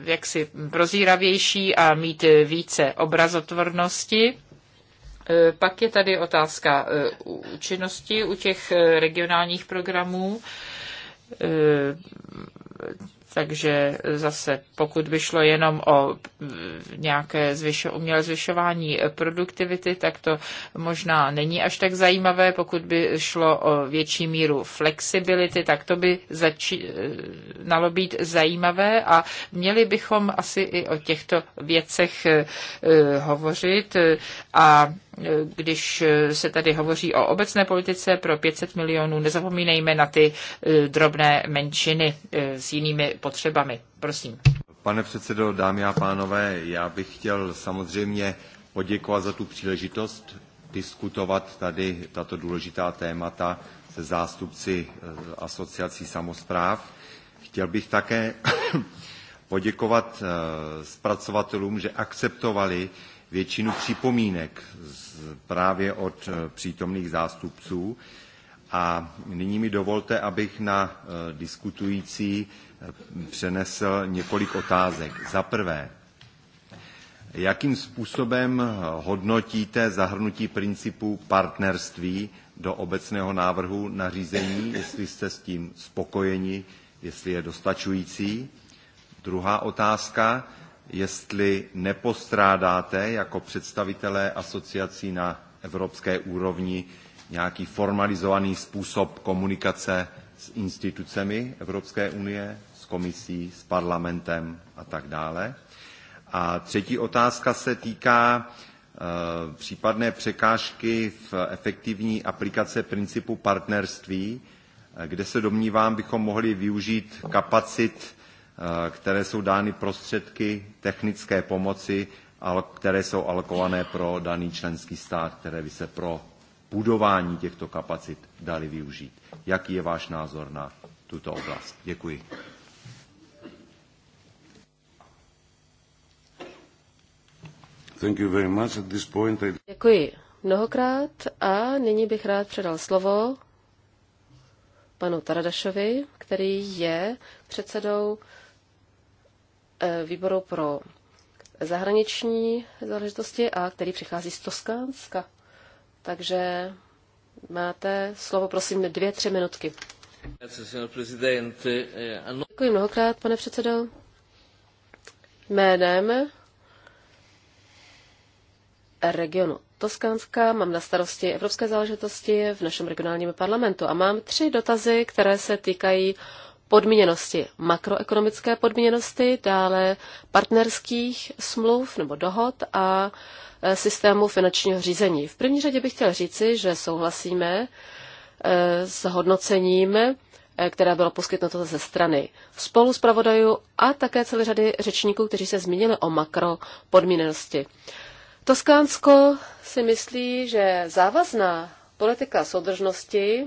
jaksi prozíravější a mít více obrazotvornosti Eh, pak je tady otázka eh, účinnosti u těch eh, regionálních programů takže zase, pokud by šlo jenom o nějaké zvyšo, umělé zvyšování produktivity, tak to možná není až tak zajímavé. Pokud by šlo o větší míru flexibility, tak to by začínalo eh, být zajímavé a měli bychom asi i o těchto věcech eh, eh, hovořit a když se tady hovoří o obecné politice pro 500 milionů, nezapomínejme na ty drobné menšiny s jinými potřebami. Prosím. Pane předsedo, dámy a pánové, já bych chtěl samozřejmě poděkovat za tu příležitost diskutovat tady tato důležitá témata se zástupci eh, asociací samozpráv. Chtěl bych také poděkovat eh, zpracovatelům, že akceptovali většinu připomínek právě od eh, přítomných zástupců. A nyní mi dovolte, abych na diskutující přenesl několik otázek. Za prvé, jakým způsobem hodnotíte zahrnutí principu partnerství do obecného návrhu nařízení, jestli jste s tím spokojeni, jestli je dostačující. Druhá otázka, jestli nepostrádáte jako představitelé asociací na evropské úrovni nějaký formalizovaný způsob komunikace s institucemi Evropské unie, komisí, s parlamentem a tak dále. A třetí otázka se týká eh, případné překážky v efektivní aplikaci principu partnerství, eh, kde se domnívám, bychom mohli využít kapacit, eh, které jsou dány prostředky technické pomoci, které jsou alokované pro daný členský stát, které by se pro budování těchto kapacit dali využít. Jaký je váš názor na tuto oblast? Děkuji. Děkuji mnohokrát a nyní bych rád předal slovo panu Taradašovi, který je předsedou eh, výboru pro zahraniční záležitosti a který přichází z Toskánska. Takže máte slovo, prosím, dvě, tři minutky. Děkuji mnohokrát, pane předsedo. Jménem regionu Toskánska, mám na starosti evropské záležitosti v našem regionálním parlamentu a mám tři dotazy, které se týkají podmíněnosti, makroekonomické podmíněnosti, dále partnerských smluv nebo dohod a e, systému finančního řízení. V první řadě bych chtěl říci, že souhlasíme e, s hodnocením, e, které bylo poskytnuto ze strany spolu a také celé řady řečníků, kteří se zmínili o makro podmíněnosti. Toskánsko si myslí, že závazná politika soudržnosti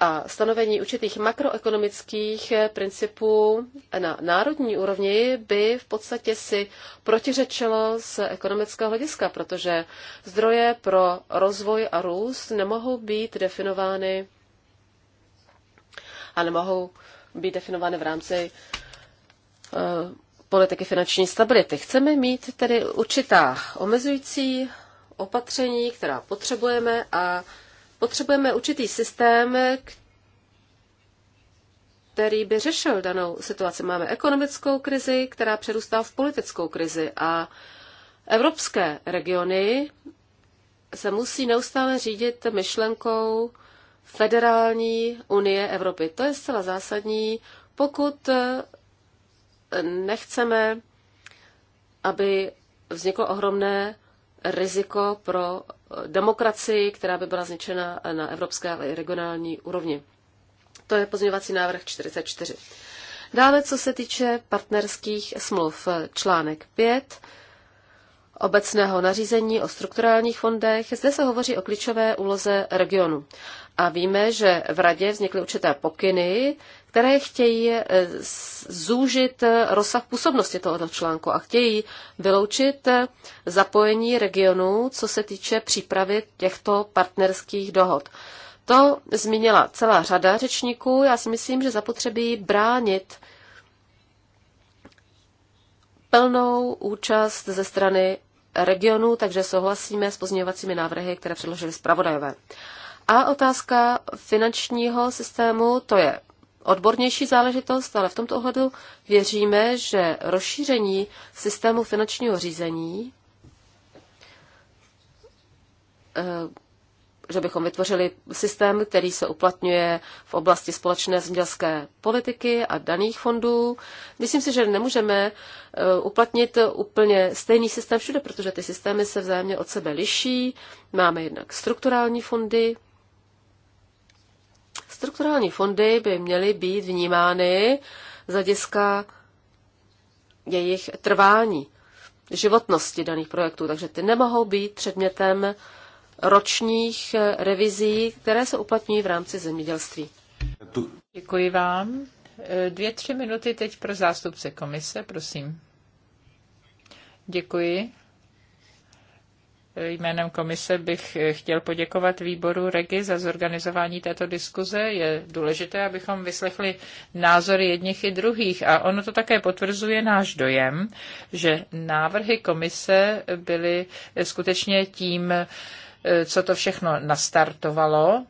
a stanovení určitých makroekonomických principů na národní úrovni by v podstatě si protiřečilo z ekonomického hlediska, protože zdroje pro rozvoj a růst nemohou být definovány a nemohou být definovány v rámci eh, politiky finanční stability. Chceme mít tedy určitá omezující opatření, která potřebujeme a potřebujeme určitý systém, který by řešil danou situaci. Máme ekonomickou krizi, která přerůstá v politickou krizi a evropské regiony se musí neustále řídit myšlenkou federální unie Evropy. To je zcela zásadní, pokud nechceme, aby vzniklo ohromné riziko pro demokracii, která by byla zničena na evropské a regionální úrovni. To je pozměňovací návrh 44. Dále, co se týče partnerských smluv, článek 5 obecného nařízení o strukturálních fondech, zde se hovoří o klíčové úloze regionu. A víme, že v Radě vznikly určité pokyny, které chtějí eh, zúžit eh, rozsah působnosti tohoto článku a chtějí vyloučit eh, zapojení regionů, co se týče přípravy těchto partnerských dohod. To zmínila celá řada řečníků. Já si myslím, že zapotřebí bránit plnou účast ze strany regionů, takže souhlasíme s pozměňovacími návrhy, které předložili zpravodajové. A otázka finančního systému, to je odbornější záležitost, ale v tomto ohledu věříme, že rozšíření systému finančního řízení, eh, že bychom vytvořili systém, který se uplatňuje v oblasti společné zemědělské politiky a daných fondů. Myslím si, že nemůžeme eh, uplatnit úplně stejný systém všude, protože ty systémy se vzájemně od sebe liší. Máme jednak strukturální fondy, Strukturální fondy by měly být vnímány z hlediska jejich trvání, životnosti daných projektů, takže ty nemohou být předmětem ročních eh, revizí, které se uplatňují v rámci zemědělství. Děkuji vám. Eh, dvě, tři minuty teď pro zástupce komise, prosím. Děkuji. Jménem komise bych eh, chtěl poděkovat výboru REGI za zorganizování této diskuze. Je důležité, abychom vyslechli názory jedních i druhých a ono to také potvrzuje náš dojem, že návrhy komise byly eh, skutečně tím, eh, co to všechno nastartovalo,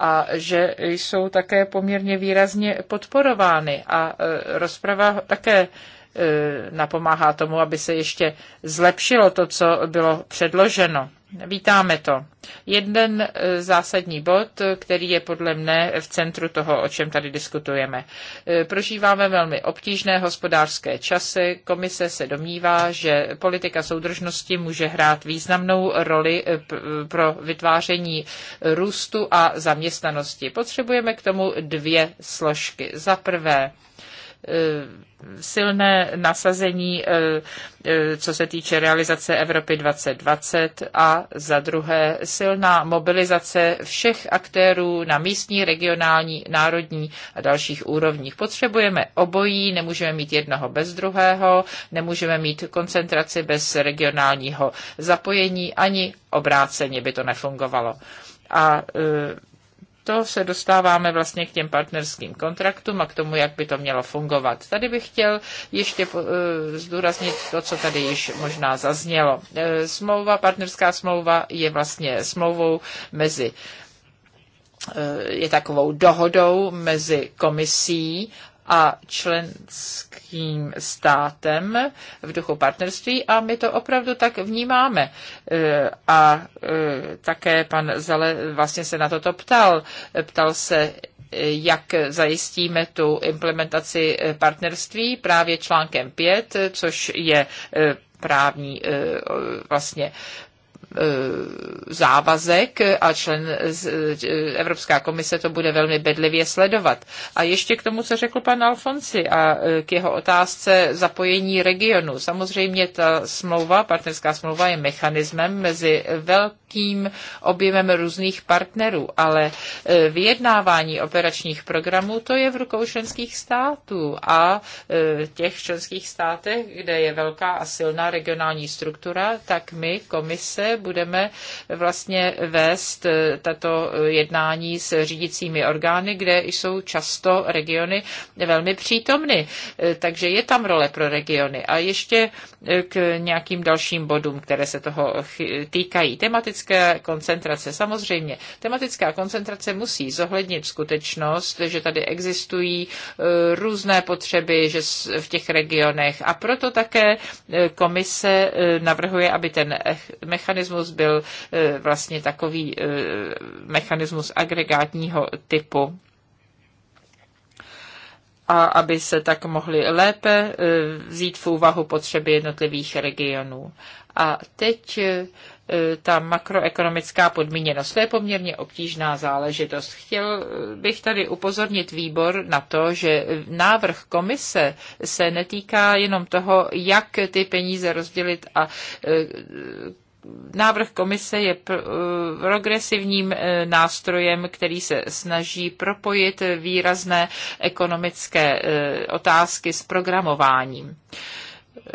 a že jsou také poměrně výrazně podporovány. A rozprava také E, napomáhá tomu, aby se ještě zlepšilo to, co bylo předloženo. Vítáme to. Jeden e, zásadní bod, který je podle mne v centru toho, o čem tady diskutujeme. E, prožíváme velmi obtížné hospodářské časy. Komise se domnívá, že politika soudržnosti může hrát významnou roli pro vytváření růstu a zaměstnanosti. Potřebujeme k tomu dvě složky. Za prvé, silné nasazení, eh, eh, co se týče realizace Evropy 2020 a za druhé silná mobilizace všech aktérů na místní, regionální, národní a dalších úrovních. Potřebujeme obojí, nemůžeme mít jednoho bez druhého, nemůžeme mít koncentraci bez regionálního zapojení, ani obráceně by to nefungovalo. A eh, to se dostáváme vlastně k těm partnerským kontraktům a k tomu, jak by to mělo fungovat. Tady bych chtěl ještě eh, zdůraznit to, co tady již možná zaznělo. Eh, smlouva, partnerská smlouva je vlastně smlouvou mezi eh, je takovou dohodou mezi komisí a členským státem v duchu partnerství a my to opravdu tak vnímáme. E, a e, také pan Zale vlastně se na toto ptal. Ptal se, jak zajistíme tu implementaci e, partnerství právě článkem 5, což je právní vlastně Eh, závazek a člen eh, Evropská komise to bude velmi bedlivě sledovat. A ještě k tomu, co řekl pan Alfonsi a eh, k jeho otázce zapojení regionu. Samozřejmě ta smlouva, partnerská smlouva je mechanismem mezi velkým objemem různých partnerů, ale vyjednávání operačních programů to je v rukou členských států a těch členských státech, kde je velká a silná regionální struktura, tak my, komise, budeme vlastně vést eh, tato eh, jednání s řídícími orgány, kde jsou často regiony velmi přítomny. Eh, takže je tam role pro regiony. A ještě k nějakým dalším bodům, které se toho týkají. Tematická koncentrace. Samozřejmě, tematická koncentrace musí zohlednit skutečnost, že tady existují různé potřeby že v těch regionech a proto také komise navrhuje, aby ten mechanismus mechanismus byl eh, vlastně takový eh, mechanismus agregátního typu a aby se tak mohli lépe eh, vzít v úvahu potřeby jednotlivých regionů. A teď ta makroekonomická podmíněnost. To je poměrně obtížná záležitost. Chtěl bych tady upozornit výbor na to, že návrh komise se netýká jenom toho, jak ty peníze rozdělit a návrh komise je eh, progresivním eh, nástrojem, který se snaží propojit výrazné ekonomické eh, otázky s programováním.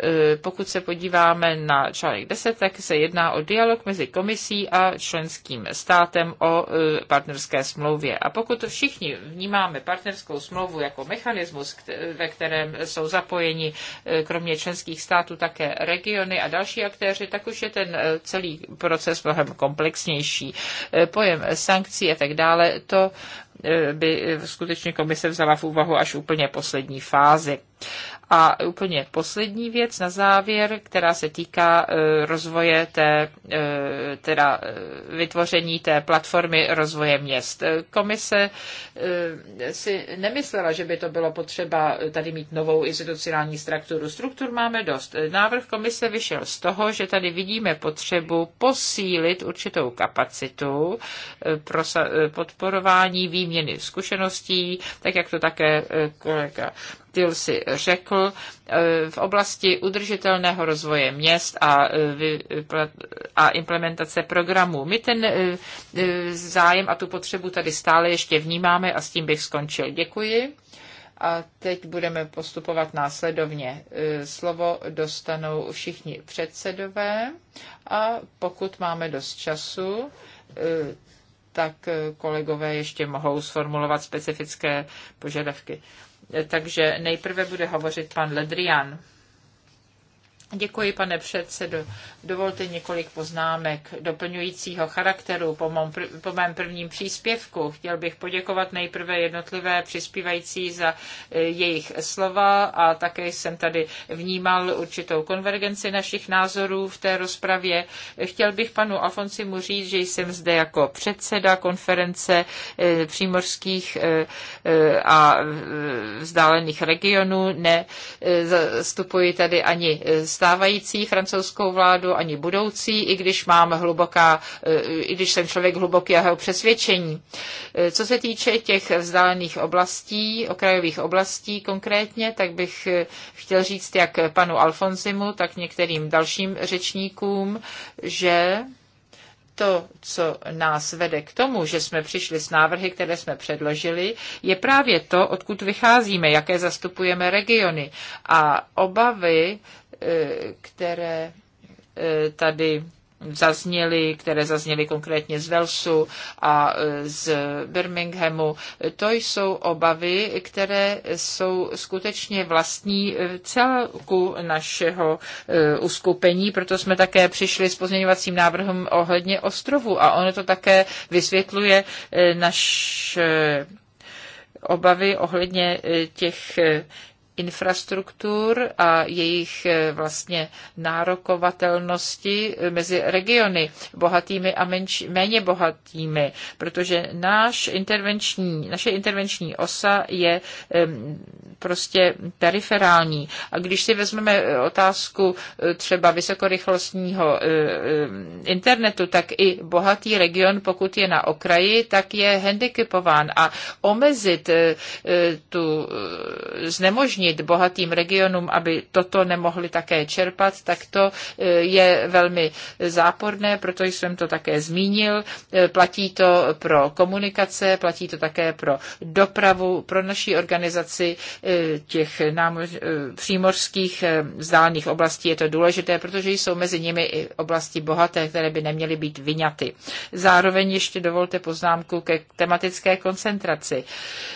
Eh, pokud se podíváme na článek 10, tak se jedná o dialog mezi komisí a členským státem o eh, partnerské smlouvě. A pokud všichni vnímáme partnerskou smlouvu jako mechanismus, ve kterém jsou zapojeni eh, kromě členských států také regiony a další aktéři, tak už je ten celý proces mnohem komplexnější. Pojem sankcí a tak dále, to by skutečně komise vzala v úvahu až úplně poslední fázi. A úplně poslední věc na závěr, která se týká e, rozvoje té, e, teda e, vytvoření té platformy rozvoje měst. Komise si nemyslela, že by to bylo potřeba tady mít novou institucionální strukturu. Struktur máme dost. Návrh komise vyšel z toho, že tady vidíme potřebu posílit určitou kapacitu pro podporování výměny zkušeností, tak jak to také kolega Steele si řekl, e, v oblasti udržitelného rozvoje měst a, e, a implementace programů. My ten e, zájem a tu potřebu tady stále ještě vnímáme a s tím bych skončil. Děkuji. A teď budeme postupovat následovně. Slovo dostanou všichni předsedové a pokud máme dost času, tak kolegové ještě mohou sformulovat specifické požadavky. Takže nejprve bude hovořit pan Ledrian. Děkuji, pane předsedo. Dovolte několik poznámek doplňujícího charakteru po, po mém prvním příspěvku. Chtěl bych poděkovat nejprve jednotlivé přispívající za e, jejich slova a také jsem tady vnímal určitou konvergenci našich názorů v té rozpravě. Chtěl bych panu Alfonsimu říct, že jsem zde jako předseda konference e, přímořských e, a vzdálených regionů. Ne, zastupuji tady ani stávající francouzskou vládu, ani budoucí, i když mám hluboká, e, i když jsem člověk hlubokého přesvědčení. E, co se týče těch vzdálených oblastí, okrajových oblastí konkrétně, tak bych e, chtěl říct jak panu Alfonzimu, tak některým dalším řečníkům, že to, co nás vede k tomu, že jsme přišli s návrhy, které jsme předložili, je právě to, odkud vycházíme, jaké zastupujeme regiony a obavy, eh, které eh, tady zazněly, které zazněly konkrétně z Velsu a e, z Birminghamu. To jsou obavy, které jsou skutečně vlastní e, celku našeho e, uskupení, proto jsme také přišli s pozměňovacím návrhem ohledně ostrovu a ono to také vysvětluje naše obavy ohledně těch infrastruktur a jejich eh, vlastně nárokovatelnosti eh, mezi regiony, bohatými a menší, méně bohatými, protože náš intervenční, naše intervenční osa je prostě periferální. A když si vezmeme eh, otázku třeba vysokorychlostního internetu, tak i bohatý region, pokud je na okraji, tak je handicapován a omezit tu znemožnit umožnit bohatým regionům, aby toto nemohli také čerpat, tak to eh, je velmi záporné, proto jsem to také zmínil. Eh, platí to pro komunikace, platí to také pro dopravu, pro naší organizaci eh, těch námož- přímořských vzdálených oblastí je to důležité, protože jsou mezi nimi i oblasti bohaté, které by neměly být vyňaty. Zároveň ještě dovolte poznámku ke tematické koncentraci.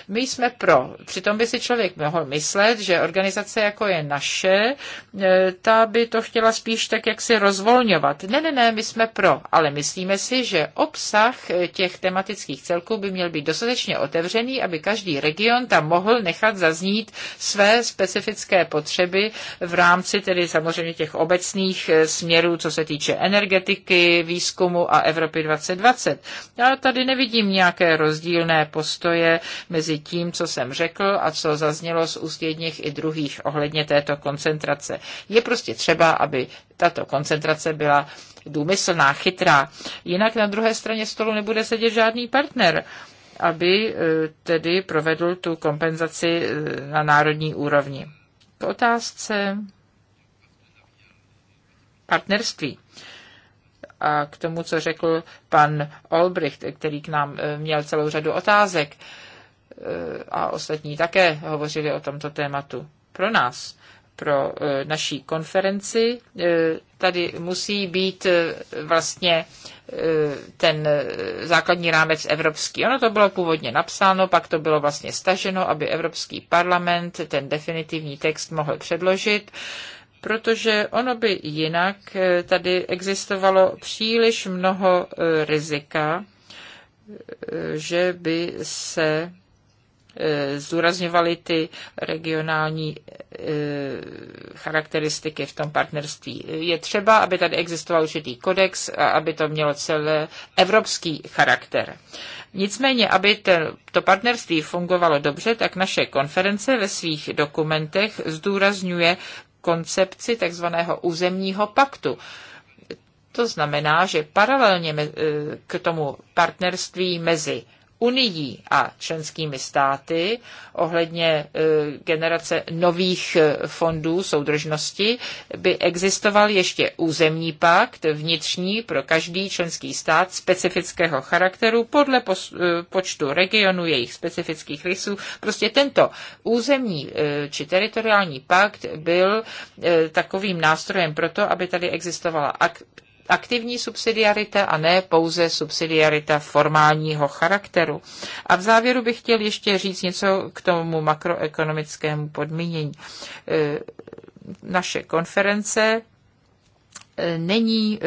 My jsme pro. Přitom by si člověk mohl myslet, že organizace jako je naše, e, ta by to chtěla spíš tak jaksi rozvolňovat. Ne, ne, ne, my jsme pro, ale myslíme si, že obsah e, těch tematických celků by měl být dostatečně otevřený, aby každý region tam mohl nechat zaznít své specifické potřeby v rámci tedy samozřejmě těch obecných e, směrů, co se týče energetiky, výzkumu a Evropy 2020. Já tady nevidím nějaké rozdílné postoje mezi tím, co jsem řekl a co zaznělo z úst jedních jedných i druhých ohledně této koncentrace. Je prostě třeba, aby tato koncentrace byla důmyslná, chytrá. Jinak na druhé straně stolu nebude sedět žádný partner aby e, tedy provedl tu kompenzaci e, na národní úrovni. K otázce partnerství a k tomu, co řekl pan Olbricht, který k nám e, měl celou řadu otázek a ostatní také hovořili o tomto tématu. Pro nás, pro e, naší konferenci, e, tady musí být e, vlastně ten základní rámec evropský. Ono to bylo původně napsáno, pak to bylo vlastně staženo, aby Evropský parlament ten definitivní text mohl předložit protože ono by jinak tady existovalo příliš mnoho rizika, že by se Eh, zdůrazňovali ty regionální eh, charakteristiky v tom partnerství. Je třeba, aby tady existoval určitý kodex a aby to mělo celé evropský charakter. Nicméně, aby to partnerství fungovalo dobře, tak naše konference ve svých dokumentech zdůrazňuje koncepci takzvaného územního paktu. To znamená, že paralelně eh, k tomu partnerství mezi unií a členskými státy ohledně e, generace nových e, fondů soudržnosti by existoval ještě územní pakt vnitřní pro každý členský stát specifického charakteru podle e, počtu regionů, jejich specifických rysů. Prostě tento územní či teritoriální pakt byl takovým nástrojem pro to, aby tady existovala aktivní subsidiarita a ne pouze subsidiarita formálního charakteru. A v závěru bych chtěl ještě říct něco k tomu makroekonomickému podmínění. E, naše konference není eh,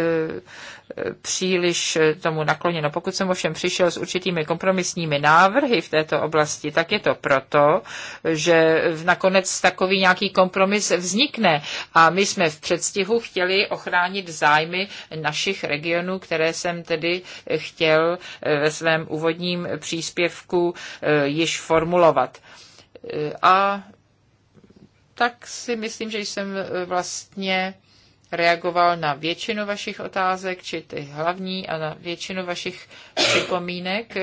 eh, příliš eh, tomu nakloněno. Pokud jsem ovšem přišel s určitými kompromisními návrhy v této oblasti, tak je to proto, že nakonec takový nějaký kompromis vznikne. A my jsme v předstihu chtěli ochránit zájmy našich regionů, které jsem tedy chtěl ve svém úvodním příspěvku již formulovat. A tak si myslím, že jsem vlastně reagoval na většinu vašich otázek, či ty hlavní a na většinu vašich připomínek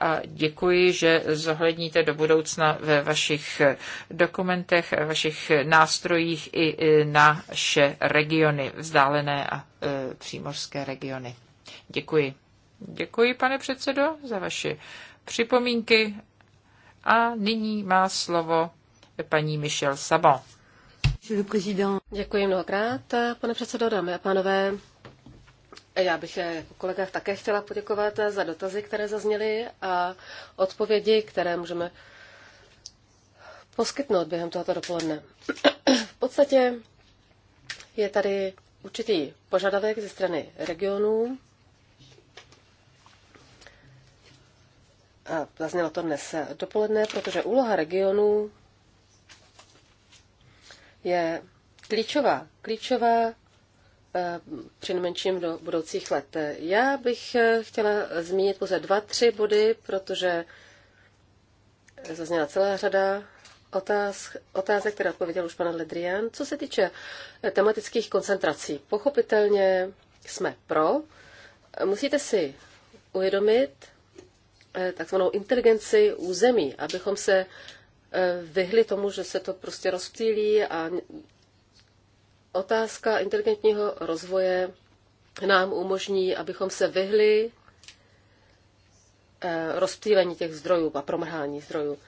a děkuji, že zohledníte do budoucna ve vašich dokumentech, vašich nástrojích i naše regiony, vzdálené a e, přímořské regiony. Děkuji. Děkuji, pane předsedo, za vaše připomínky. A nyní má slovo paní Michelle Sabon. Děkuji mnohokrát, pane předsedo, dámy a pánové. Já bych jako kolegách také chtěla poděkovat za dotazy, které zazněly a odpovědi, které můžeme poskytnout během tohoto dopoledne. v podstatě je tady určitý požadavek ze strany regionů. A zaznělo to dnes dopoledne, protože úloha regionů je klíčová. Klíčová eh, přinejmenším do budoucích let. Já bych eh, chtěla zmínit pouze dva, tři body, protože zazněla celá řada otázk, otázek, které odpověděl už pan Ledrian. Co se týče eh, tematických koncentrací, pochopitelně jsme pro. Musíte si uvědomit takzvanou inteligenci území, abychom se E, vyhli tomu, že se to prostě rozptýlí a otázka inteligentního rozvoje nám umožní, abychom se vyhli e, rozptýlení těch zdrojů a promrhání zdrojů.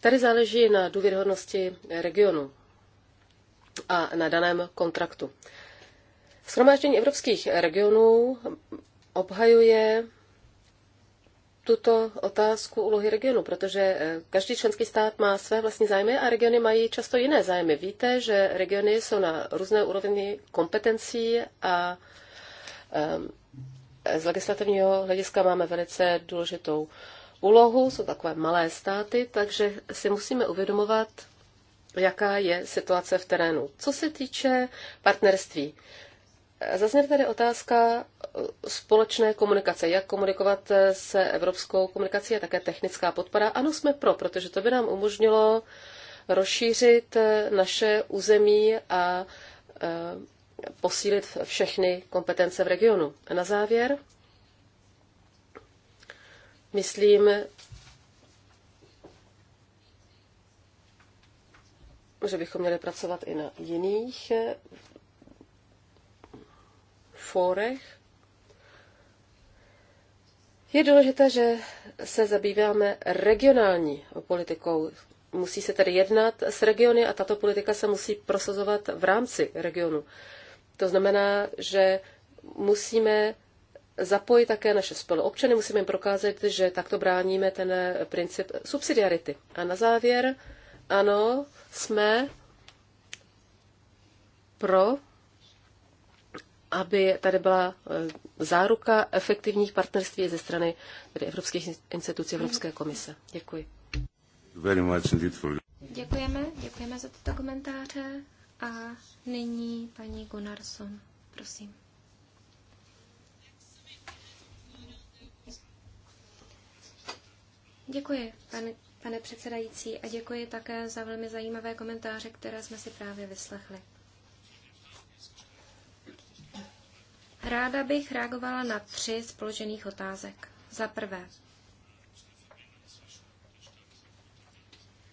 Tady záleží na důvěryhodnosti regionu a na daném kontraktu. Schromáždění evropských regionů obhajuje tuto otázku úlohy regionu, protože eh, každý členský stát má své vlastní zájmy a regiony mají často jiné zájmy. Víte, že regiony jsou na různé úrovni kompetencí a eh, z legislativního hlediska máme velice důležitou úlohu, jsou takové malé státy, takže si musíme uvědomovat, jaká je situace v terénu. Co se týče partnerství, Zazněla tady otázka eh, společné komunikace, jak komunikovat eh, se evropskou komunikací a také technická podpora. Ano, jsme pro, protože to by nám umožnilo rozšířit eh, naše území a posílit všechny kompetence v regionu. A na závěr, myslím, že bychom měli pracovat i na jiných fórech. Je důležité, že se zabýváme regionální politikou. Musí se tedy jednat s regiony a tato politika se musí prosazovat v rámci regionu. To znamená, že musíme zapojit také naše spoluobčany, musíme jim prokázat, že takto bráníme ten princip subsidiarity. A na závěr, ano, jsme pro aby tady byla eh, záruka efektivních partnerství ze strany tedy evropských institucí Evropské komise. Děkuji. Děkujeme, děkujeme za tyto komentáře a nyní paní Gunnarsson, prosím. Děkuji, pane, pane předsedající, a děkuji také za velmi zajímavé komentáře, které jsme si právě vyslechli. Ráda bych reagovala na tři z položených otázek. Za prvé,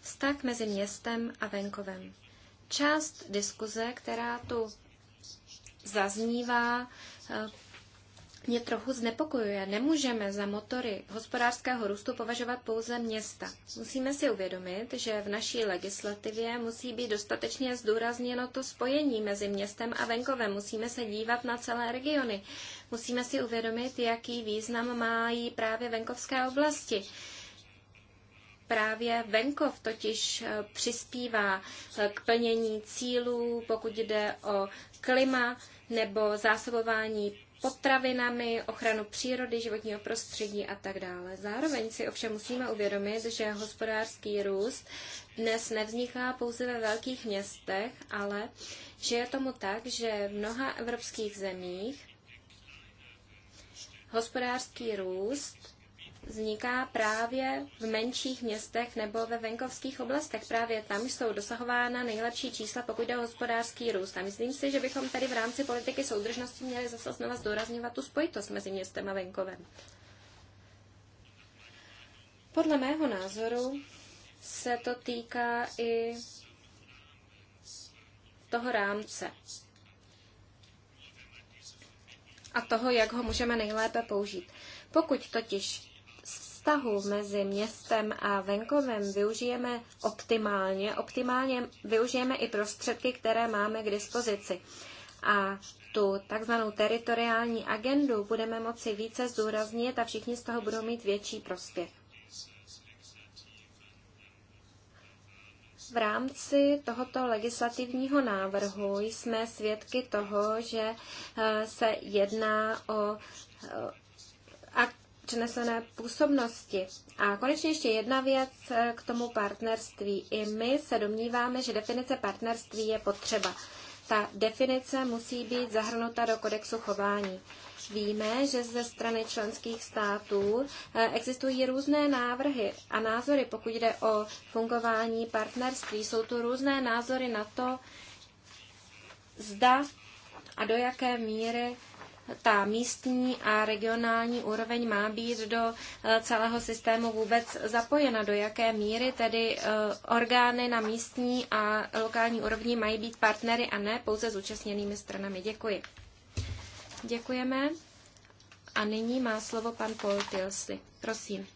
vztah mezi městem a venkovem. Část diskuze, která tu zaznívá, eh, mě trochu znepokojuje. Nemůžeme za motory hospodářského růstu považovat pouze města. Musíme si uvědomit, že v naší legislativě musí být dostatečně zdůrazněno to spojení mezi městem a venkovem. Musíme se dívat na celé regiony. Musíme si uvědomit, jaký význam mají právě venkovské oblasti. Právě venkov totiž eh, přispívá eh, k plnění cílů, pokud jde o klima nebo zásobování potravinami, ochranu přírody, životního prostředí a tak dále. Zároveň si ovšem musíme uvědomit, že hospodářský růst dnes nevzniká pouze ve velkých městech, ale že je tomu tak, že v mnoha evropských zemích hospodářský růst vzniká právě v menších městech nebo ve venkovských oblastech. Právě tam jsou dosahována nejlepší čísla, pokud jde o hospodářský růst. A myslím si, že bychom tady v rámci politiky soudržnosti měli zase znova zdůrazňovat tu spojitost mezi městem a venkovem. Podle mého názoru se to týká i toho rámce a toho, jak ho můžeme nejlépe použít. Pokud totiž vztahu mezi městem a venkovem využijeme optimálně, optimálně využijeme i prostředky, které máme k dispozici. A tu takzvanou teritoriální agendu budeme moci více zdůraznit a všichni z toho budou mít větší prospěch. V rámci tohoto legislativního návrhu jsme svědky toho, že eh, se jedná o akt eh, přenesené působnosti. A konečně ještě jedna věc eh, k tomu partnerství. I my se domníváme, že definice partnerství je potřeba. Ta definice musí být zahrnuta do kodexu chování. Víme, že ze strany členských států eh, existují různé návrhy a názory, pokud jde o fungování partnerství. Jsou tu různé názory na to, zda a do jaké míry ta místní a regionální úroveň má být do eh, celého systému vůbec zapojena, do jaké míry tedy eh, orgány na místní a lokální úrovni mají být partnery a ne pouze zúčastněnými stranami. Děkuji. Děkujeme. A nyní má slovo pan Paul Tilsley. Prosím.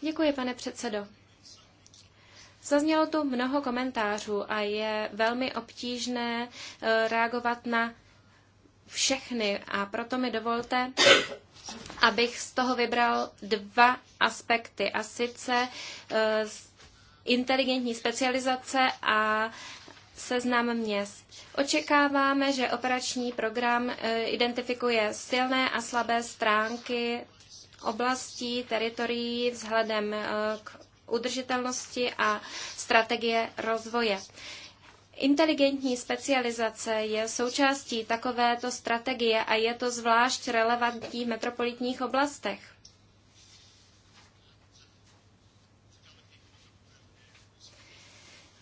Děkuji, pane předsedo. Zaznělo tu mnoho komentářů a je velmi obtížné eh, reagovat na všechny a proto mi dovolte, abych z toho vybral dva aspekty a sice eh, inteligentní specializace a seznam měst. Očekáváme, že operační program eh, identifikuje silné a slabé stránky oblastí, teritorií vzhledem eh, k udržitelnosti a strategie rozvoje. Inteligentní specializace je součástí takovéto strategie a je to zvlášť relevantní v metropolitních oblastech.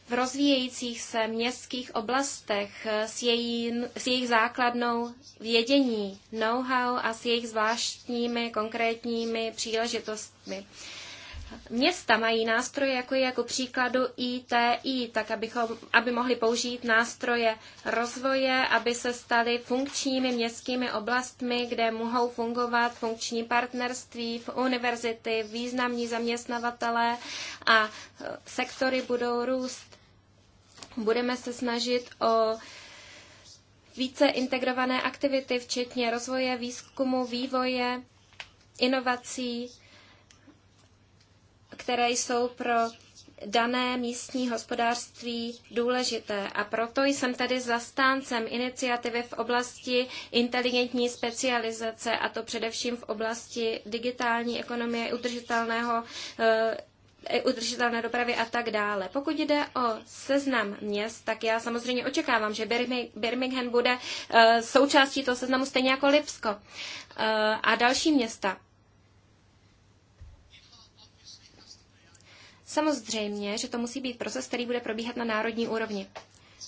V rozvíjejících se městských oblastech s, její, s jejich základnou vědění, know-how a s jejich zvláštními konkrétními příležitostmi. Města mají nástroje, jako je jako příkladu ITI, tak abychom, aby mohli použít nástroje rozvoje, aby se staly funkčními městskými oblastmi, kde mohou fungovat funkční partnerství, v univerzity, významní zaměstnavatelé a e, sektory budou růst. Budeme se snažit o více integrované aktivity, včetně rozvoje, výzkumu, vývoje, inovací které jsou pro dané místní hospodářství důležité. A proto jsem tady zastáncem iniciativy v oblasti inteligentní specializace, a to především v oblasti digitální ekonomie, udržitelného eh, udržitelné dopravy a tak dále. Pokud jde o seznam měst, tak já samozřejmě očekávám, že Birmingham bude eh, součástí toho seznamu stejně jako Lipsko eh, a další města. Samozřejmě, že to musí být proces, který bude probíhat na národní úrovni,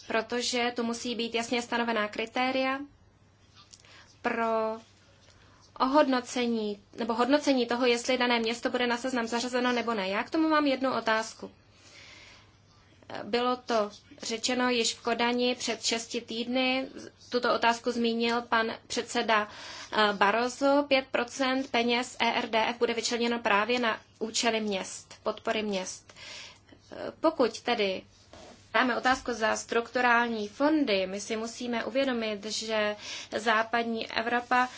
protože tu musí být jasně stanovená kritéria pro ohodnocení nebo hodnocení toho, jestli dané město bude na seznam zařazeno nebo ne. Já k tomu mám jednu otázku. Bylo to řečeno již v Kodani před šesti týdny. Tuto otázku zmínil pan předseda eh, Barozo. 5% peněz ERDF bude vyčleněno právě na účely měst, podpory měst. Eh, pokud tedy Máme otázku za strukturální fondy. My si musíme uvědomit, že západní Evropa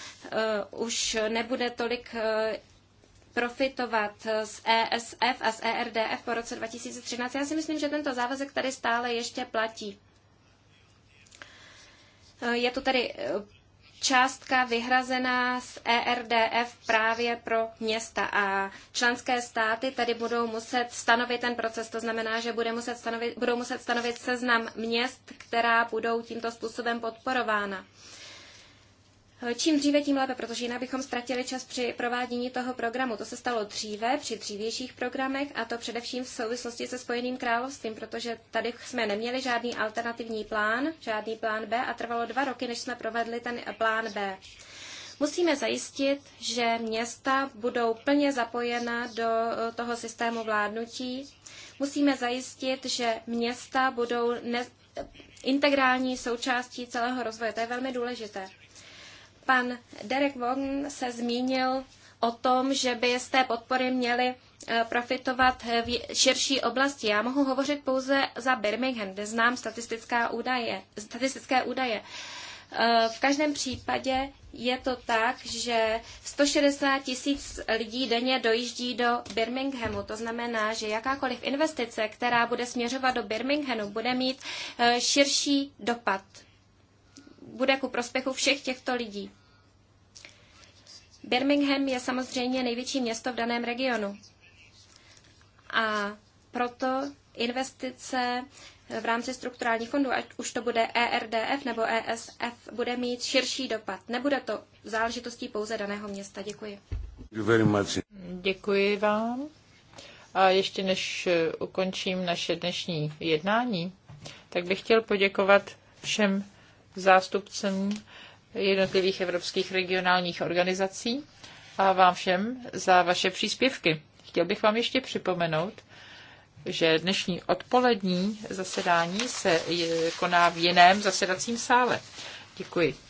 uh, už nebude tolik uh, profitovat z ESF a z ERDF po roce 2013. Já si myslím, že tento závazek tady stále ještě platí. Eh, je to tady eh, částka vyhrazená z ERDF právě pro města a členské státy tady budou muset stanovit ten proces, to znamená, že bude muset stanovit, budou muset stanovit seznam měst, která budou tímto způsobem podporována. Eh, čím dříve, tím lépe, protože jinak bychom ztratili čas při provádění toho programu. To se stalo dříve, při dřívějších programech, a to především v souvislosti se Spojeným královstvím, protože tady jsme neměli žádný alternativní plán, žádný plán B a trvalo dva roky, než jsme provedli ten eh, plán B. Musíme zajistit, že města budou plně zapojena do eh, toho systému vládnutí. Musíme zajistit, že města budou ne- integrální součástí celého rozvoje. To je velmi důležité. Pan Derek Wong se zmínil o tom, že by z té podpory měly eh, profitovat eh, v širší oblasti. Já mohu hovořit pouze za Birmingham, kde znám statistická údaje, statistické údaje. Eh, v každém případě je to tak, že 160 tisíc lidí denně dojíždí do Birminghamu. To znamená, že jakákoliv investice, která bude směřovat do Birminghamu, bude mít širší dopad bude ku prospěchu všech těchto lidí. Birmingham je samozřejmě největší město v daném regionu. A proto investice v rámci strukturálních fondů, ať už to bude ERDF nebo ESF, bude mít širší dopad. Nebude to záležitostí pouze daného města. Děkuji. Děkuji vám. A ještě než ukončím naše dnešní jednání, tak bych chtěl poděkovat všem zástupcem jednotlivých evropských regionálních organizací a vám všem za vaše příspěvky. Chtěl bych vám ještě připomenout, že dnešní odpolední zasedání se koná v jiném zasedacím sále. Děkuji.